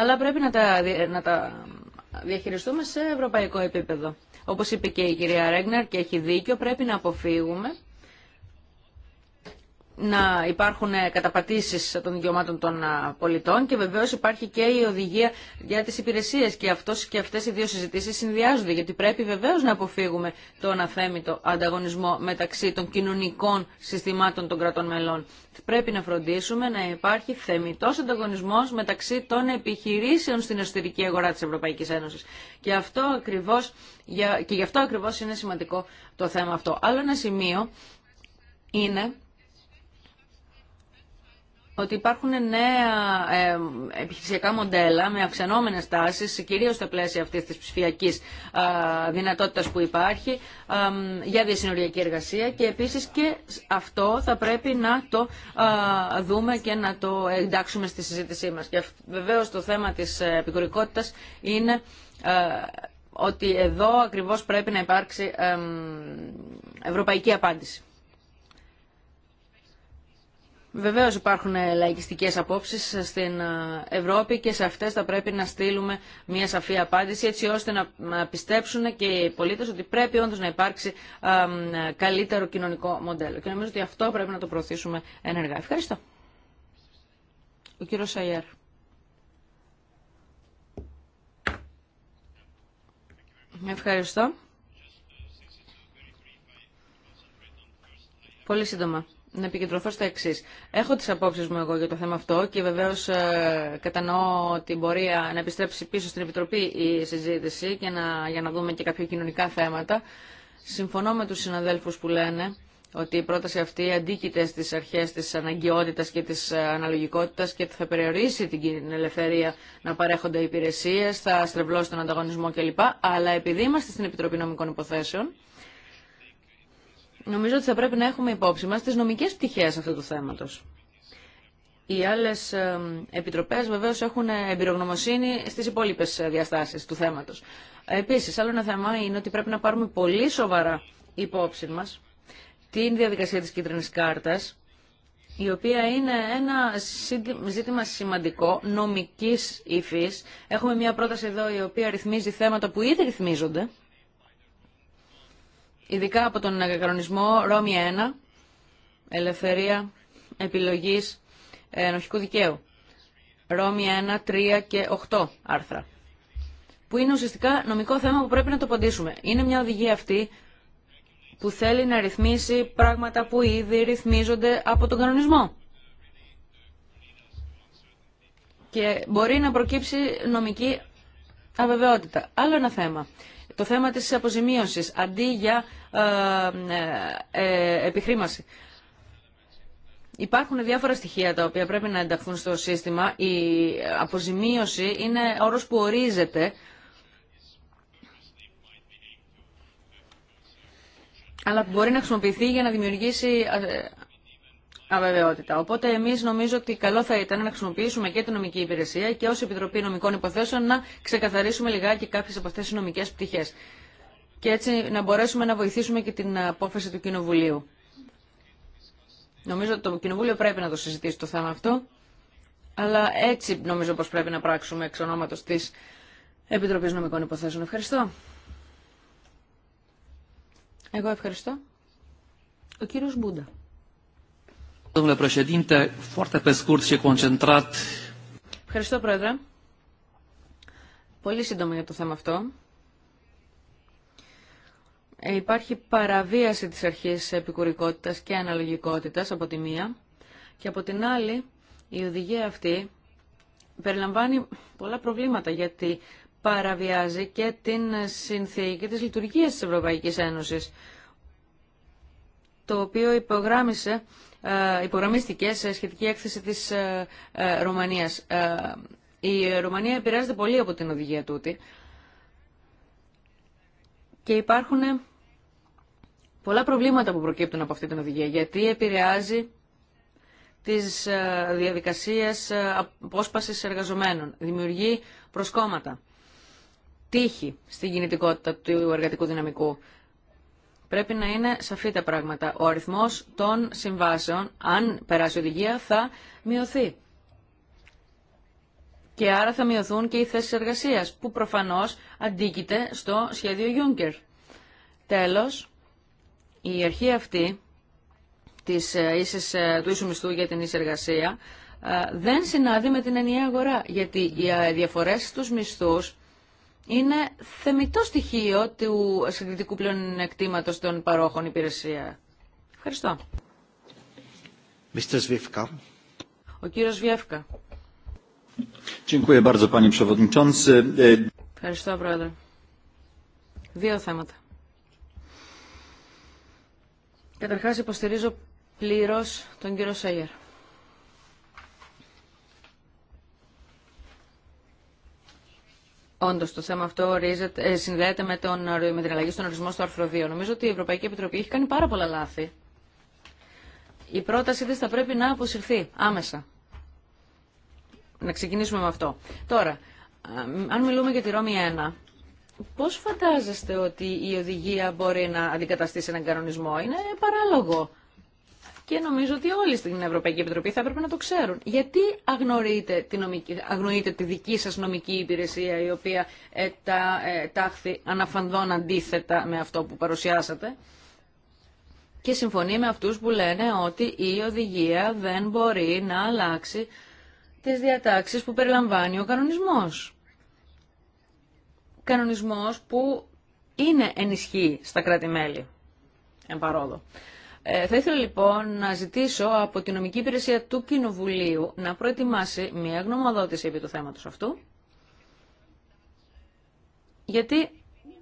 αλλά πρέπει να τα, να τα διαχειριστούμε σε ευρωπαϊκό επίπεδο. Όπως είπε και η κυρία Ρέγνερ και έχει δίκιο, πρέπει να αποφύγουμε να υπάρχουν ε, καταπατήσεις των δικαιωμάτων των ε, πολιτών και βεβαίως υπάρχει και η οδηγία για τις υπηρεσίες και, αυτός, και αυτές οι δύο συζητήσεις συνδυάζονται γιατί πρέπει βεβαίως να αποφύγουμε τον αθέμητο ανταγωνισμό μεταξύ των κοινωνικών συστημάτων των κρατών μελών. Πρέπει να φροντίσουμε να υπάρχει θεμητός ανταγωνισμός μεταξύ των επιχειρήσεων στην εσωτερική αγορά της Ευρωπαϊκής Ένωσης. Και, αυτό ακριβώς, και γι' αυτό ακριβώς είναι σημαντικό το θέμα αυτό. Άλλο ένα σημείο είναι ότι υπάρχουν νέα ε, επιχειρησιακά μοντέλα με αυξανόμενες τάσει, κυρίω στα πλαίσια αυτής της ψηφιακή δυνατότητας που υπάρχει για διασυνοριακή εργασία και επίσης και αυτό θα πρέπει να το δούμε και να το εντάξουμε στη συζήτησή μας. Και βεβαίω το θέμα της ε, επικουρικότητα είναι ότι εδώ ακριβώς πρέπει να υπάρξει ευρωπαϊκή απάντηση. Βεβαίω υπάρχουν λαϊκιστικέ απόψει στην ε, Ευρώπη και σε αυτέ θα πρέπει να στείλουμε μια σαφή απάντηση έτσι ώστε να πιστέψουν και οι πολίτε ότι πρέπει όντω να υπάρξει καλύτερο κοινωνικό μοντέλο. Και νομίζω ότι αυτό πρέπει να το προωθήσουμε ενεργά. Ευχαριστώ. Ο κύριο Σαϊέρ. Ευχαριστώ. Πολύ σύντομα να επικεντρωθώ στο εξή. Έχω τι απόψει μου εγώ για το θέμα αυτό και βεβαίω ε, κατανοώ την μπορεί να επιστρέψει πίσω στην Επιτροπή η συζήτηση και να, για να δούμε και κάποια κοινωνικά θέματα. Συμφωνώ με του συναδέλφου που λένε ότι η πρόταση αυτή αντίκειται στι αρχέ τη αναγκαιότητα και τη ε, αναλογικότητα και θα περιορίσει την ελευθερία να παρέχονται υπηρεσίε, θα στρεβλώσει τον ανταγωνισμό κλπ. Αλλά επειδή είμαστε στην Επιτροπή Νομικών Υποθέσεων, νομίζω ότι θα πρέπει να έχουμε υπόψη μας τις νομικές πτυχές αυτού του θέματος. Οι άλλες ε, επιτροπές βεβαίως έχουν εμπειρογνωμοσύνη στις υπόλοιπες ε, διαστάσεις του θέματος. Επίσης, άλλο ένα θέμα είναι ότι πρέπει να πάρουμε πολύ σοβαρά υπόψη μας την διαδικασία της κίτρινης κάρτας, η οποία είναι ένα ζήτημα σημαντικό νομικής υφής. Έχουμε μια πρόταση εδώ η οποία ρυθμίζει θέματα που ήδη ρυθμίζονται ειδικά από τον κανονισμό Ρώμη 1, ελευθερία επιλογής ε, ενοχικού δικαίου. Ρώμη 1, 3 και 8 άρθρα. Που είναι ουσιαστικά νομικό θέμα που πρέπει να το απαντήσουμε. Είναι μια οδηγία αυτή που θέλει να ρυθμίσει πράγματα που ήδη ρυθμίζονται από τον κανονισμό. Και μπορεί να προκύψει νομική αβεβαιότητα. Άλλο ένα θέμα. Το θέμα της αποζημίωσης αντί για ε, ε, ε, επιχρήμαση. Υπάρχουν διάφορα στοιχεία τα οποία πρέπει να ενταχθούν στο σύστημα. Η αποζημίωση είναι όρος που ορίζεται αλλά που μπορεί να χρησιμοποιηθεί για να δημιουργήσει αβεβαιότητα. Οπότε εμεί νομίζω ότι καλό θα ήταν να χρησιμοποιήσουμε και την νομική υπηρεσία και ω Επιτροπή Νομικών Υποθέσεων να ξεκαθαρίσουμε λιγάκι κάποιε από αυτέ τις νομικέ πτυχέ. Και έτσι να μπορέσουμε να βοηθήσουμε και την απόφαση του Κοινοβουλίου. Νομίζω ότι το Κοινοβούλιο πρέπει να το συζητήσει το θέμα αυτό, αλλά έτσι νομίζω πως πρέπει να πράξουμε εξ ονόματος της Επιτροπής Νομικών Υποθέσεων. Ευχαριστώ. Εγώ ευχαριστώ. Ο κύριος Μπούντα. Ευχαριστώ, Πρόεδρε. Πολύ σύντομα για το θέμα αυτό. Ε, υπάρχει παραβίαση της αρχής επικουρικότητας και αναλογικότητας από τη μία και από την άλλη η οδηγία αυτή περιλαμβάνει πολλά προβλήματα γιατί παραβιάζει και την συνθήκη της λειτουργίας της Ευρωπαϊκής Ένωσης το οποίο υπογράμισε υπογραμμίστηκε σε σχετική έκθεση της ε, ε, Ρουμανίας. Ε, η Ρουμανία επηρεάζεται πολύ από την οδηγία τούτη και υπάρχουν πολλά προβλήματα που προκύπτουν από αυτή την οδηγία γιατί επηρεάζει τις διαδικασίες απόσπασης εργαζομένων, δημιουργεί προσκόμματα, τύχη στην κινητικότητα του εργατικού δυναμικού. Πρέπει να είναι σαφή τα πράγματα. Ο αριθμός των συμβάσεων, αν περάσει οδηγία, θα μειωθεί. Και άρα θα μειωθούν και οι θέσεις εργασίας, που προφανώς αντίκειται στο σχέδιο Juncker. Τέλος, η αρχή αυτή της ε, ίσης, ε, του ίσου μισθού για την ίση ε, δεν συνάδει με την ενιαία αγορά, γιατί οι διαφορές στους μισθούς είναι θεμητό στοιχείο του συγκριτικού πλεονεκτήματος των παρόχων υπηρεσία. Ευχαριστώ. Mr. Zwiefka. Ο κύριος Βιέφκα. Ευχαριστώ, Πρόεδρε. Δύο θέματα. Καταρχάς υποστηρίζω πλήρως τον κύριο Σέγερ. Όντω, το θέμα αυτό ορίζεται, ε, συνδέεται με, τον, με την αλλαγή στον ορισμό στο άρθρο 2. Νομίζω ότι η Ευρωπαϊκή Επιτροπή έχει κάνει πάρα πολλά λάθη. Η πρόταση τη θα πρέπει να αποσυρθεί άμεσα. Να ξεκινήσουμε με αυτό. Τώρα, αν μιλούμε για τη Ρώμη 1, πώς φαντάζεστε ότι η οδηγία μπορεί να αντικαταστήσει έναν κανονισμό. Είναι παράλογο και νομίζω ότι όλοι στην Ευρωπαϊκή Επιτροπή θα έπρεπε να το ξέρουν. Γιατί αγνοείτε τη, νομική, αγνοείτε δική σας νομική υπηρεσία η οποία ε, τα, ε, τάχθη αναφανδόν αντίθετα με αυτό που παρουσιάσατε. Και συμφωνεί με αυτούς που λένε ότι η οδηγία δεν μπορεί να αλλάξει τις διατάξεις που περιλαμβάνει ο κανονισμός. Κανονισμός που είναι ενισχύει στα κράτη-μέλη. Εμπαρόδο. Ε, θα ήθελα λοιπόν να ζητήσω από την νομική υπηρεσία του Κοινοβουλίου να προετοιμάσει μια γνωμοδότηση επί του θέματος αυτού, γιατί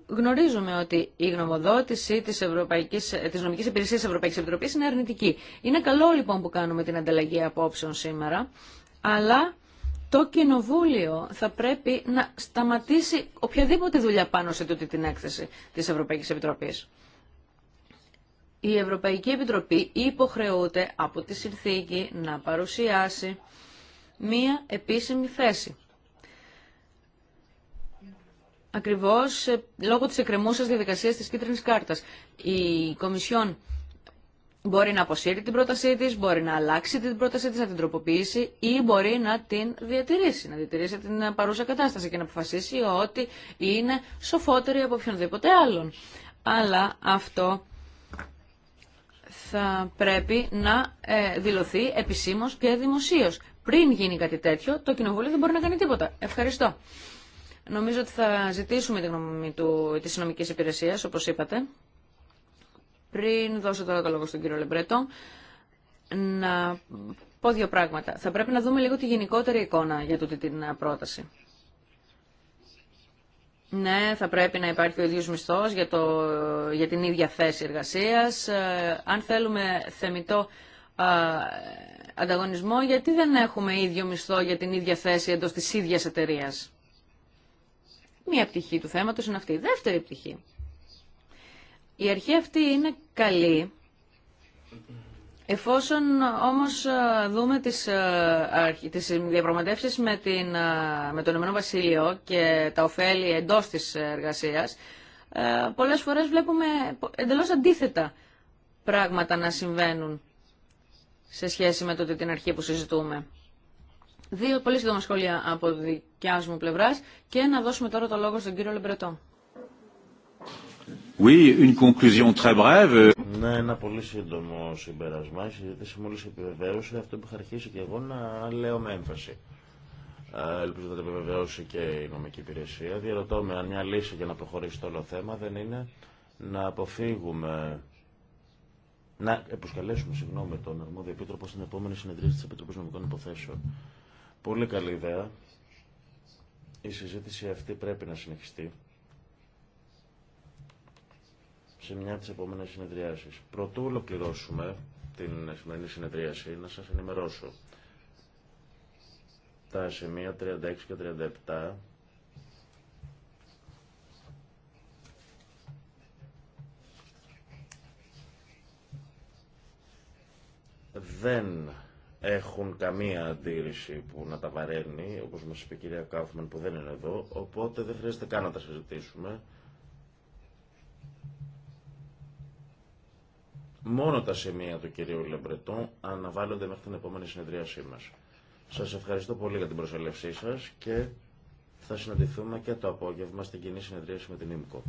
γνωρίζουμε ότι η γνωμοδότηση της, Ευρωπαϊκής, ε, της Νομικής Υπηρεσίας της Ευρωπαϊκής Επιτροπής είναι αρνητική. Είναι καλό λοιπόν που κάνουμε την ανταλλαγή απόψεων σήμερα, αλλά το Κοινοβούλιο θα πρέπει να σταματήσει οποιαδήποτε δουλειά πάνω σε τούτη την έκθεση της Ευρωπαϊκής Επιτροπής η Ευρωπαϊκή Επιτροπή υποχρεούται από τη συνθήκη να παρουσιάσει μία επίσημη θέση. Ακριβώς ε, λόγω της εκκρεμούσας διαδικασίας της κίτρινης κάρτας. Η Κομισιόν μπορεί να αποσύρει την πρότασή της, μπορεί να αλλάξει την πρότασή της, να την τροποποιήσει ή μπορεί να την διατηρήσει, να διατηρήσει την παρούσα κατάσταση και να αποφασίσει ότι είναι σοφότερη από οποιονδήποτε άλλον. Αλλά αυτό θα πρέπει να ε, δηλωθεί επισήμω και δημοσίω. Πριν γίνει κάτι τέτοιο, το Κοινοβούλιο δεν μπορεί να κάνει τίποτα. Ευχαριστώ. Νομίζω ότι θα ζητήσουμε τη γνώμη του, της υπηρεσία, όπω όπως είπατε. Πριν δώσω τώρα το λόγο στον κύριο Λεμπρέτο, να πω δύο πράγματα. Θα πρέπει να δούμε λίγο τη γενικότερη εικόνα για τούτη την πρόταση. Ναι, θα πρέπει να υπάρχει ο ίδιος μισθός για, το, για την ίδια θέση εργασίας. Ε, αν θέλουμε θεμητό ανταγωνισμό, γιατί δεν έχουμε ίδιο μισθό για την ίδια θέση εντός της ίδιας εταιρεία. Μία πτυχή του θέματος είναι αυτή. δεύτερη πτυχή. Η αρχή αυτή είναι καλή Εφόσον όμως ε, δούμε τις, ε, τις διαπραγματεύσεις με, την, ε, με το Ηνωμένο Βασίλειο και τα ωφέλη εντός της εργασίας, πολλές φορές βλέπουμε εντελώς αντίθετα πράγματα να συμβαίνουν σε σχέση με τότε την αρχή που συζητούμε. Δύο πολύ σύντομα σχόλια από δικιά μου πλευράς και να δώσουμε τώρα το λόγο στον κύριο Λεμπρετό. Oui, une conclusion très brève. Ναι, ένα πολύ σύντομο συμπερασμά. Η συζήτηση μόλι επιβεβαίωσε αυτό που είχα αρχίσει και εγώ να λέω με έμφαση. Ε, ελπίζω να το επιβεβαιώσει και η νομική υπηρεσία. Διαρωτώ με αν μια λύση για να προχωρήσει το όλο θέμα δεν είναι να αποφύγουμε. Να επουσκαλέσουμε, συγγνώμη, τον αρμόδιο επίτροπο στην επόμενη συνεδρίαση τη Επιτροπή Νομικών Υποθέσεων. Πολύ καλή ιδέα. Η συζήτηση αυτή πρέπει να συνεχιστεί σε μια από τι επόμενε συνεδριάσει. Πρωτού ολοκληρώσουμε την σημερινή συνεδρίαση, να σα ενημερώσω. Τα σημεία 36 και 37 δεν έχουν καμία αντίρρηση που να τα βαραίνει, όπως μας είπε η κυρία Κάουφμαν που δεν είναι εδώ, οπότε δεν χρειάζεται καν να τα συζητήσουμε Μόνο τα σημεία του κυρίου Λεμπρετού αναβάλλονται μέχρι την επόμενη συνεδρίασή μας. Σας ευχαριστώ πολύ για την προσελευσή σας και θα συναντηθούμε και το απόγευμα στην κοινή συνεδρίαση με την ΙΜΚΟ.